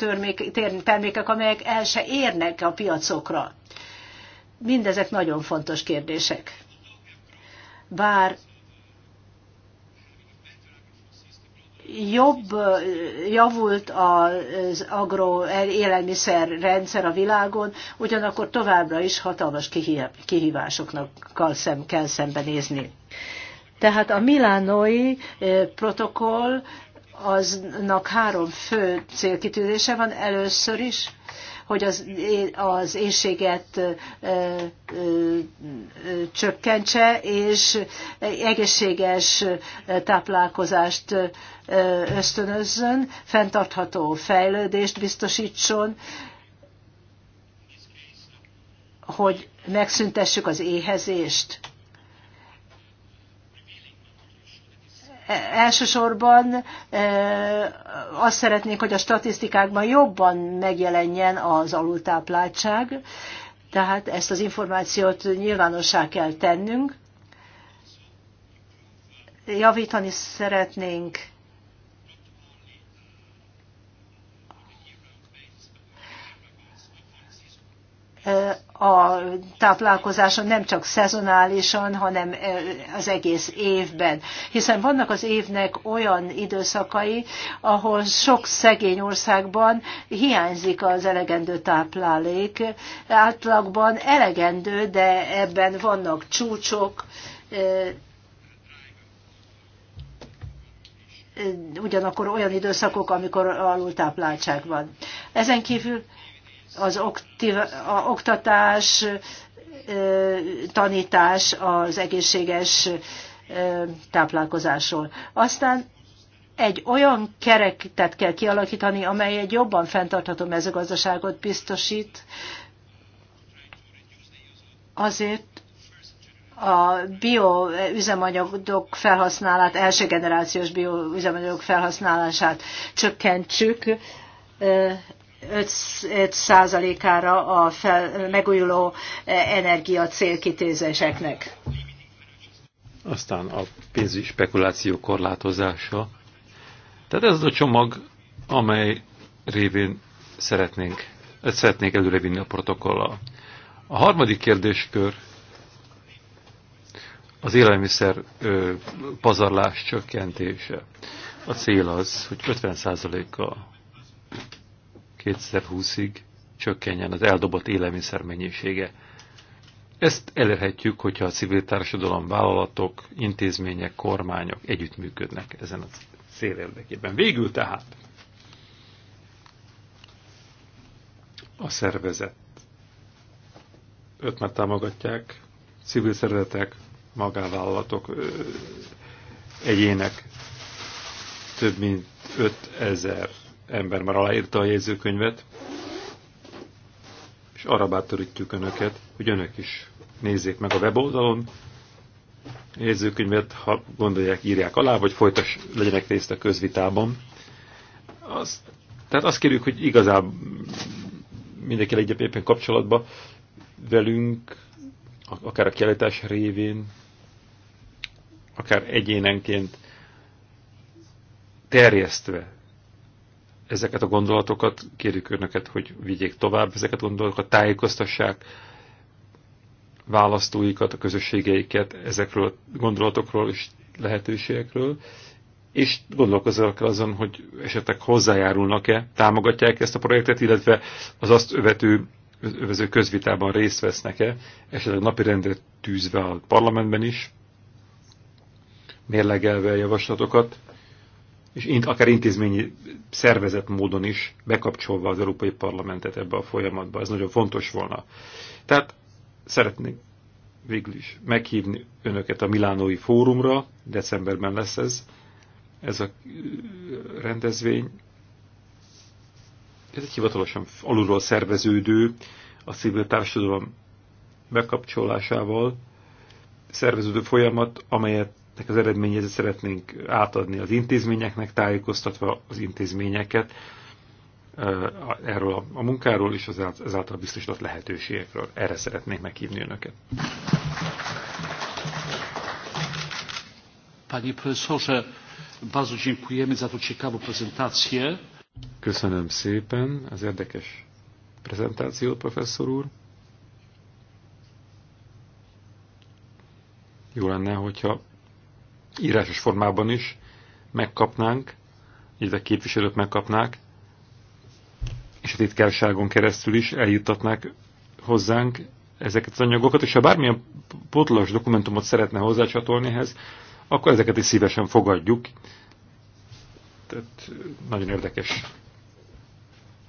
termékek, amelyek el se érnek a piacokra. Mindezek nagyon fontos kérdések. Bár jobb javult az agro élelmiszer rendszer a világon, ugyanakkor továbbra is hatalmas kihívásoknak kell szembenézni. Tehát a milánói protokoll aznak három fő célkitűzése van először is, hogy az, az éjséget csökkentse, és egészséges táplálkozást ösztönözzön, fenntartható fejlődést biztosítson, hogy megszüntessük az éhezést elsősorban e, azt szeretnék, hogy a statisztikákban jobban megjelenjen az alultápláltság, tehát ezt az információt nyilvánossá kell tennünk. Javítani szeretnénk a táplálkozáson nem csak szezonálisan, hanem az egész évben. Hiszen vannak az évnek olyan időszakai, ahol sok szegény országban hiányzik az elegendő táplálék. Átlagban elegendő, de ebben vannak csúcsok, ugyanakkor olyan időszakok, amikor alultápláltság van. Ezen kívül az oktiv, a oktatás, tanítás az egészséges táplálkozásról. Aztán egy olyan keretet kell kialakítani, amely egy jobban fenntartható mezőgazdaságot biztosít, azért a bioüzemanyagok felhasználát, első generációs bioüzemanyagok felhasználását csökkentsük, 5%-ára a fel, megújuló energia célkitézéseknek. Aztán a pénzügyi spekuláció korlátozása. Tehát ez az a csomag, amely révén szeretnénk, szeretnénk előrevinni a protokollal. A harmadik kérdéskör az élelmiszer ö, pazarlás csökkentése. A cél az, hogy 50%-kal 2020-ig csökkenjen az eldobott élelmiszer mennyisége. Ezt elérhetjük, hogyha a civil társadalom, vállalatok, intézmények, kormányok együttműködnek ezen a cél érdekében. Végül tehát a szervezet. Öt már támogatják, civil szervezetek, magávállalatok, egyének több mint 5000 ember már aláírta a jegyzőkönyvet, és arra bátorítjuk önöket, hogy önök is nézzék meg a weboldalon, a jegyzőkönyvet, ha gondolják, írják alá, vagy folytas, legyenek részt a közvitában. Az, tehát azt kérjük, hogy igazából mindenki legyen éppen kapcsolatba velünk, akár a kiállítás révén, akár egyénenként terjesztve ezeket a gondolatokat, kérjük önöket, hogy vigyék tovább ezeket a gondolatokat, tájékoztassák választóikat, a közösségeiket ezekről a gondolatokról és lehetőségekről, és gondolkozzanak el azon, hogy esetleg hozzájárulnak-e, támogatják ezt a projektet, illetve az azt övető övező közvitában részt vesznek-e, esetleg napirendre tűzve a parlamentben is, mérlegelve a javaslatokat, és akár intézményi szervezet módon is bekapcsolva az Európai Parlamentet ebbe a folyamatba. Ez nagyon fontos volna. Tehát szeretnék végül is meghívni önöket a Milánói Fórumra, decemberben lesz ez, ez a rendezvény. Ez egy hivatalosan alulról szerveződő, a civil társadalom bekapcsolásával szerveződő folyamat, amelyet az eredményét szeretnénk átadni az intézményeknek, tájékoztatva az intézményeket erről a munkáról és az ezáltal biztosított lehetőségekről. Erre szeretnék meghívni önöket. Panie profesorze, bardzo dziękujemy za tą ciekawą prezentację. Köszönöm szépen az érdekes prezentációt, professzor úr. Jó lenne, hogyha írásos formában is megkapnánk, illetve képviselők megkapnák, és a titkárságon keresztül is eljutatnák hozzánk ezeket az anyagokat, és ha bármilyen potlós dokumentumot szeretne hozzácsatolni ehhez, akkor ezeket is szívesen fogadjuk. Tehát nagyon érdekes.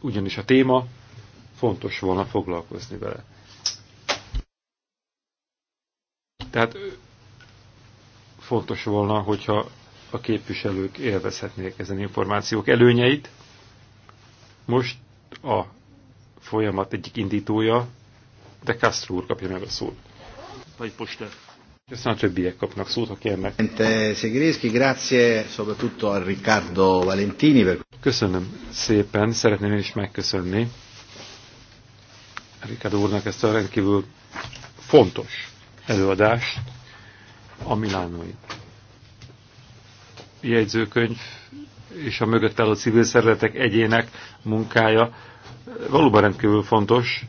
Ugyanis a téma fontos volna foglalkozni vele. Tehát fontos volna, hogyha a képviselők élvezhetnék ezen információk előnyeit. Most a folyamat egyik indítója, de Castro úr kapja meg a szót. Vagy posta. Köszönöm, a többiek kapnak szót, ha kérnek. grazie Riccardo Valentini. Köszönöm szépen, szeretném én is megköszönni Riccardo úrnak ezt a rendkívül fontos előadást a milánói jegyzőkönyv és a mögött álló civil szervezetek egyének munkája valóban rendkívül fontos,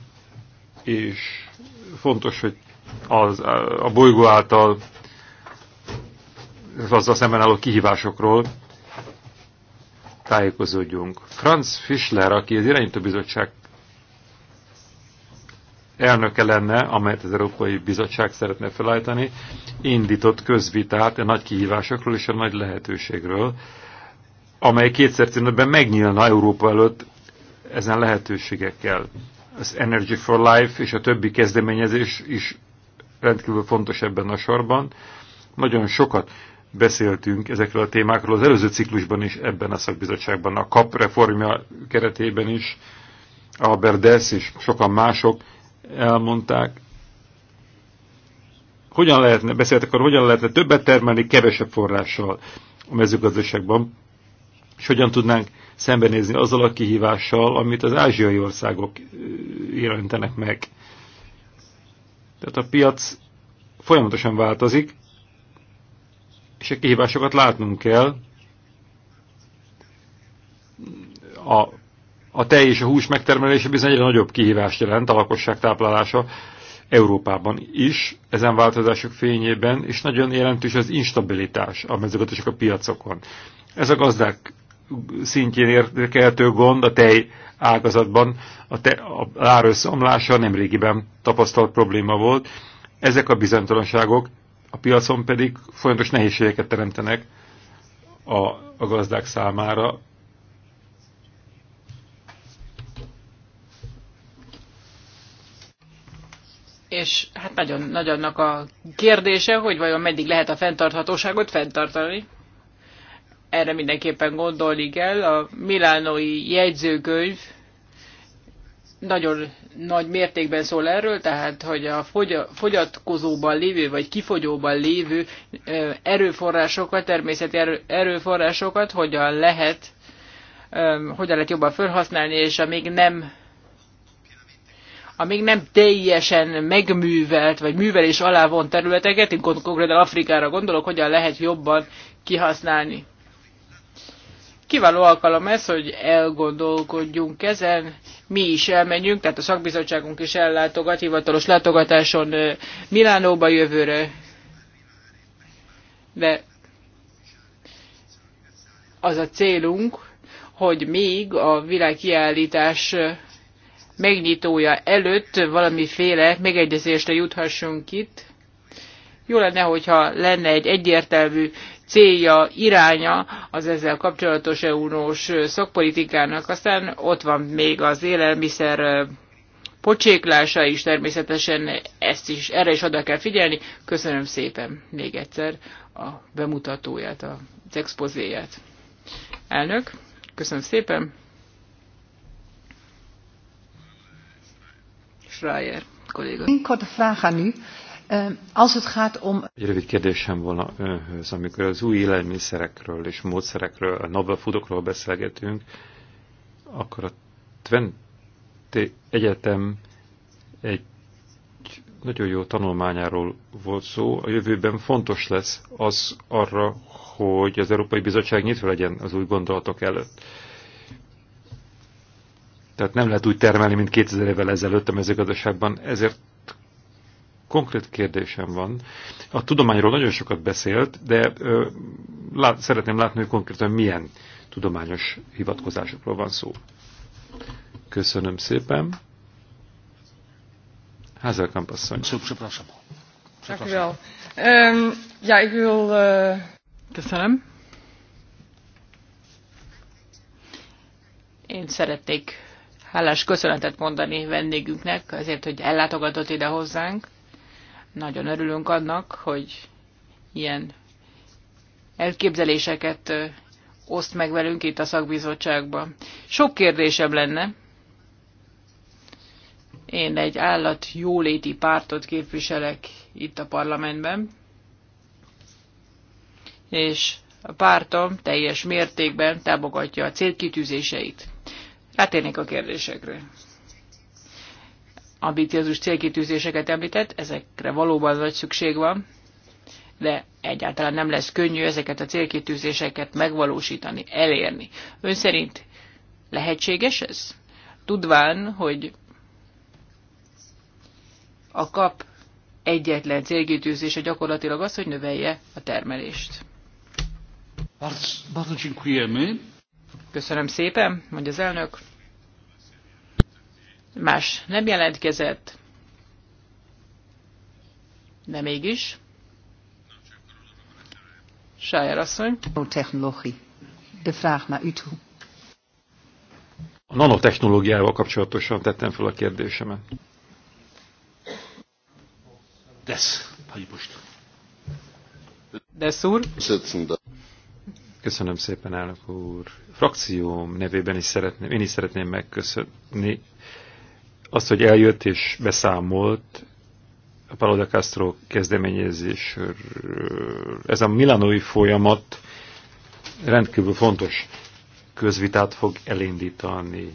és fontos, hogy az, a bolygó által azzal szemben álló kihívásokról tájékozódjunk. Franz Fischler, aki az irányítóbizottság elnöke lenne, amelyet az Európai Bizottság szeretne felállítani, indított közvitát a nagy kihívásokról és a nagy lehetőségről, amely kétszer tűnőben megnyílna Európa előtt ezen lehetőségekkel. Az Energy for Life és a többi kezdeményezés is rendkívül fontos ebben a sorban. Nagyon sokat beszéltünk ezekről a témákról az előző ciklusban is, ebben a szakbizottságban, a KAP reformja keretében is, Albert Dess és sokan mások elmondták. Hogyan lehetne, beszéltek arról, hogyan lehetne többet termelni kevesebb forrással a mezőgazdaságban, és hogyan tudnánk szembenézni azzal a kihívással, amit az ázsiai országok jelentenek meg. Tehát a piac folyamatosan változik, és a kihívásokat látnunk kell. A a tej és a hús megtermelése bizony egyre nagyobb kihívást jelent a lakosság táplálása Európában is, ezen változások fényében, és nagyon jelentős az instabilitás a mezőgazdaság a piacokon. Ez a gazdák szintjén érkehető gond a tej ágazatban, a, te, a árösszomlása nemrégiben tapasztalt probléma volt. Ezek a bizonytalanságok a piacon pedig folyamatos nehézségeket teremtenek a, a gazdák számára, és hát nagyon nagy annak a kérdése, hogy vajon meddig lehet a fenntarthatóságot fenntartani. Erre mindenképpen gondolni kell. A Milánói jegyzőkönyv nagyon nagy mértékben szól erről, tehát hogy a fogyatkozóban lévő vagy kifogyóban lévő erőforrásokat, természeti erőforrásokat hogyan lehet, hogyan lehet jobban felhasználni, és a még nem a még nem teljesen megművelt, vagy művelés alá von területeket, én konkrétan Afrikára gondolok, hogyan lehet jobban kihasználni. Kiváló alkalom ez, hogy elgondolkodjunk ezen, mi is elmenjünk, tehát a szakbizottságunk is ellátogat, hivatalos látogatáson Milánóba jövőre, de az a célunk, hogy még a világkiállítás megnyitója előtt valamiféle megegyezésre juthassunk itt. Jó lenne, hogyha lenne egy egyértelmű célja, iránya az ezzel kapcsolatos uniós szakpolitikának. Aztán ott van még az élelmiszer pocséklása is, természetesen ezt is, erre is oda kell figyelni. Köszönöm szépen még egyszer a bemutatóját, az expozéját. Elnök, köszönöm szépen. Schreier kolléga. Ehm, egy rövid kérdésem volna önhöz, amikor az új élelmiszerekről és módszerekről, a novel foodokról beszélgetünk, akkor a Twente Egyetem egy nagyon jó tanulmányáról volt szó. A jövőben fontos lesz az arra, hogy az Európai Bizottság nyitva legyen az új gondolatok előtt tehát nem lehet úgy termelni, mint 2000 évvel ezelőtt a mezőgazdaságban, ezért konkrét kérdésem van. A tudományról nagyon sokat beszélt, de ö, lát, szeretném látni, hogy konkrétan milyen tudományos hivatkozásokról van szó. Köszönöm szépen. Házel Kampasszony. Szóval e- Köszönöm. Én szeretnék hálás köszönetet mondani vendégünknek azért, hogy ellátogatott ide hozzánk. Nagyon örülünk annak, hogy ilyen elképzeléseket oszt meg velünk itt a szakbizottságban. Sok kérdésem lenne. Én egy állat jóléti pártot képviselek itt a parlamentben, és a pártom teljes mértékben támogatja a célkitűzéseit. Rátérnék a kérdésekre. Ambiciózus célkitűzéseket említett, ezekre valóban nagy szükség van, de egyáltalán nem lesz könnyű ezeket a célkitűzéseket megvalósítani, elérni. Ön szerint lehetséges ez? Tudván, hogy a kap egyetlen célkitűzése gyakorlatilag az, hogy növelje a termelést. Bardzo, bardzo dziękujemy. Köszönöm szépen, mondja az elnök. Más nem jelentkezett, de mégis. Sájer asszony. De A nanotechnológiával kapcsolatosan tettem fel a kérdésemet. Desz, Pani Posta. Desz úr. Köszönöm szépen, elnök úr. Frakcióm nevében is szeretném, én is szeretném megköszönni azt, hogy eljött és beszámolt a Paolo de Castro kezdeményezés. Ez a milanói folyamat rendkívül fontos közvitát fog elindítani.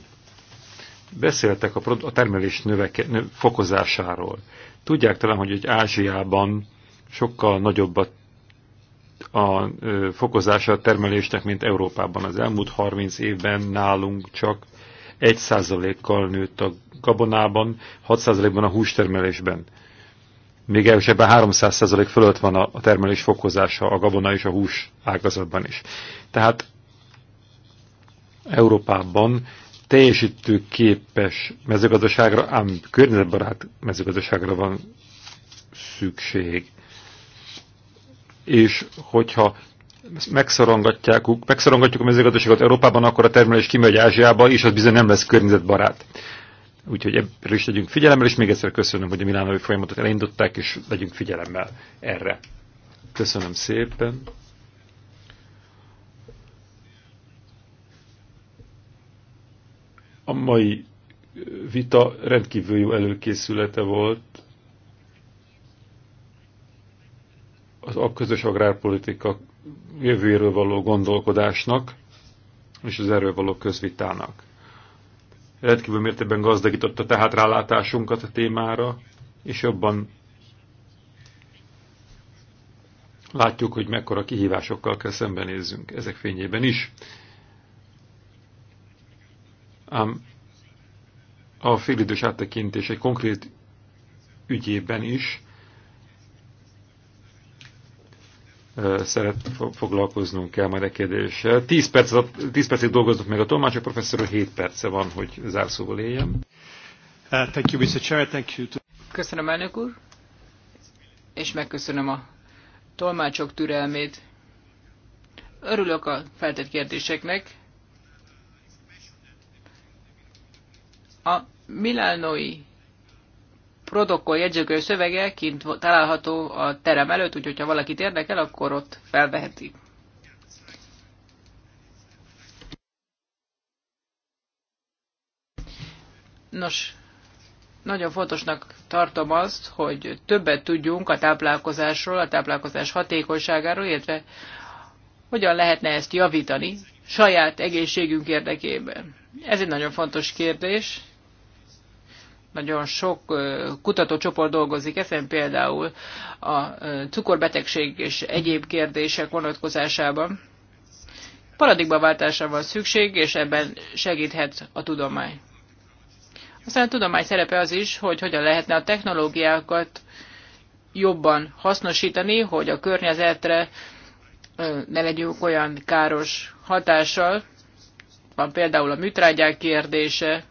Beszéltek a, a termelés növeke, növ, fokozásáról. Tudják talán, hogy egy Ázsiában sokkal nagyobbat a fokozása a termelésnek, mint Európában. Az elmúlt 30 évben nálunk csak 1%-kal nőtt a gabonában, 6%-ban a hústermelésben. Még erősebben 300% fölött van a termelés fokozása a gabona és a hús ágazatban is. Tehát Európában teljesítő képes mezőgazdaságra, ám környezetbarát mezőgazdaságra van szükség és hogyha megszorongatják, megszorongatjuk a mezőgazdaságot Európában, akkor a termelés kimegy Ázsiába, és az bizony nem lesz környezetbarát. Úgyhogy ebből is legyünk figyelemmel, és még egyszer köszönöm, hogy a milánói folyamatot elindották, és legyünk figyelemmel erre. Köszönöm szépen. A mai vita rendkívül jó előkészülete volt az a közös agrárpolitika jövőről való gondolkodásnak és az erről való közvitának. Rendkívül mértékben gazdagította tehát rálátásunkat a témára, és jobban látjuk, hogy mekkora kihívásokkal kell szembenézzünk ezek fényében is. Ám a félidős áttekintés egy konkrét ügyében is szeret foglalkoznunk kell majd e a kérdéssel. 10, perc, 10 percig dolgoznak meg a tolmácsok, professzor 7 perce van, hogy zárszóval éljem. Uh, thank you, Mr. Chair. Thank you to... Köszönöm, elnök úr, és megköszönöm a tolmácsok türelmét. Örülök a feltett kérdéseknek. A Milánói protokoll jegyzőkő szövege kint található a terem előtt, úgyhogy ha valakit érdekel, akkor ott felveheti. Nos, nagyon fontosnak tartom azt, hogy többet tudjunk a táplálkozásról, a táplálkozás hatékonyságáról, illetve hogyan lehetne ezt javítani saját egészségünk érdekében. Ez egy nagyon fontos kérdés, nagyon sok kutatócsoport dolgozik ezen, például a cukorbetegség és egyéb kérdések vonatkozásában. Paradigmaváltásra van szükség, és ebben segíthet a tudomány. Aztán a tudomány szerepe az is, hogy hogyan lehetne a technológiákat jobban hasznosítani, hogy a környezetre ne legyünk olyan káros hatással. Van például a műtrágyák kérdése,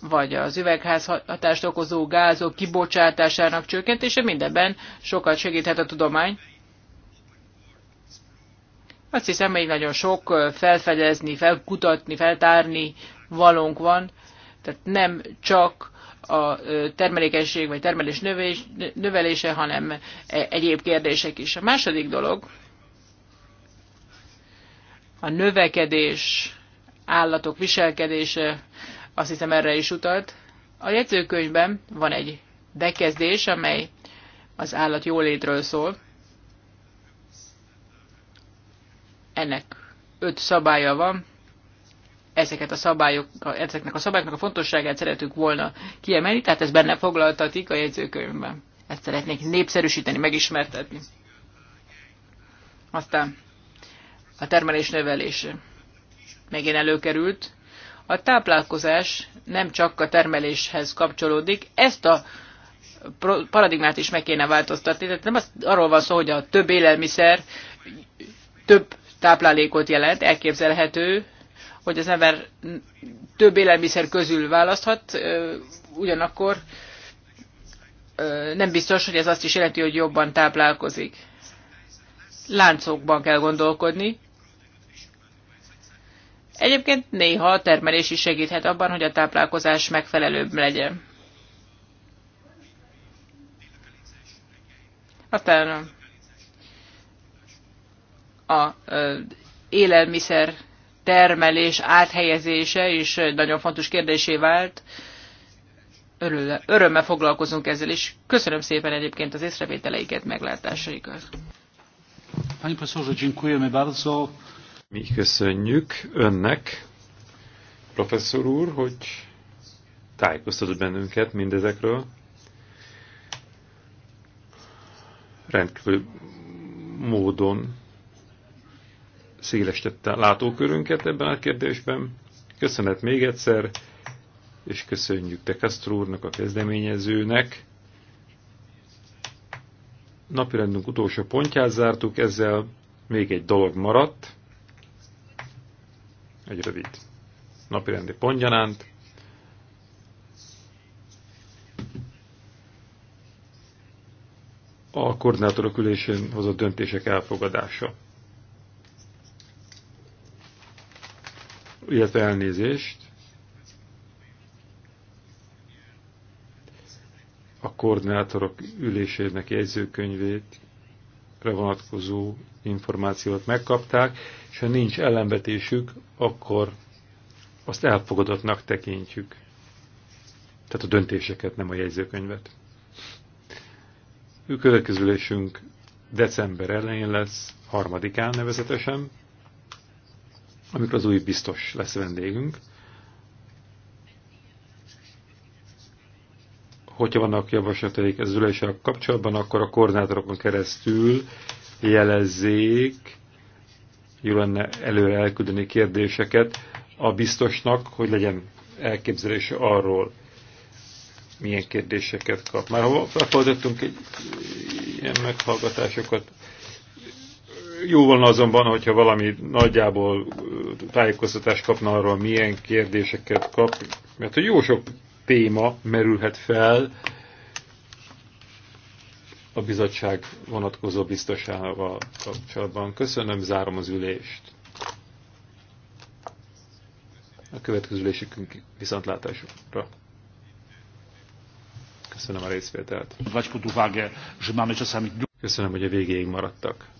vagy az üvegházhatást okozó gázok kibocsátásának csökkentése, mindenben sokat segíthet a tudomány. Azt hiszem, hogy nagyon sok felfedezni, felkutatni, feltárni valónk van, tehát nem csak a termelékenység vagy termelés növelése, hanem e, egyéb kérdések is. A második dolog, a növekedés, állatok viselkedése, azt hiszem erre is utalt. A jegyzőkönyvben van egy bekezdés, amely az állat jólétről szól. Ennek öt szabálya van. Ezeket a szabályok, ezeknek a szabályoknak a fontosságát szeretük volna kiemelni, tehát ez benne foglaltatik a jegyzőkönyvben. Ezt szeretnék népszerűsíteni, megismertetni. Aztán a termelés növelése. Megint előkerült a táplálkozás nem csak a termeléshez kapcsolódik, ezt a paradigmát is meg kéne változtatni. Tehát nem az, arról van szó, hogy a több élelmiszer több táplálékot jelent, elképzelhető, hogy az ember több élelmiszer közül választhat, ugyanakkor nem biztos, hogy ez azt is jelenti, hogy jobban táplálkozik. Láncokban kell gondolkodni, Egyébként néha a termelés is segíthet abban, hogy a táplálkozás megfelelőbb legyen. Aztán a élelmiszer termelés áthelyezése is nagyon fontos kérdésé vált. örömmel foglalkozunk ezzel, is. köszönöm szépen egyébként az észrevételeiket, meglátásaikat. Pani profesorze, dziękujemy bardzo. Mi köszönjük önnek, professzor úr, hogy tájékoztatott bennünket mindezekről. Rendkívül módon szélestette látókörünket ebben a kérdésben. Köszönet még egyszer, és köszönjük te Castro úrnak, a kezdeményezőnek. Napirendünk utolsó pontját zártuk, ezzel még egy dolog maradt egy rövid napirendi pontgyanánt. A koordinátorok ülésén hozott döntések elfogadása. Illetve elnézést. A koordinátorok ülésének jegyzőkönyvét vonatkozó információt megkapták, és ha nincs ellenvetésük, akkor azt elfogadottnak tekintjük. Tehát a döntéseket, nem a jegyzőkönyvet. Következülésünk december elején lesz, harmadikán nevezetesen, amikor az új biztos lesz vendégünk. Hogyha vannak javaslataik az üléssel kapcsolatban, akkor a koordinátorokon keresztül jelezzék, jó lenne előre elküldeni kérdéseket a biztosnak, hogy legyen elképzelése arról, milyen kérdéseket kap. Már ha felfordítottunk egy ilyen meghallgatásokat, jó volna azonban, hogyha valami nagyjából tájékoztatást kapna arról, milyen kérdéseket kap, mert hogy jó sok téma merülhet fel, a bizottság vonatkozó biztosával kapcsolatban. Köszönöm, zárom az ülést. A következő ülésükünk viszontlátásra. Köszönöm a részvételt. Köszönöm, hogy a végéig maradtak.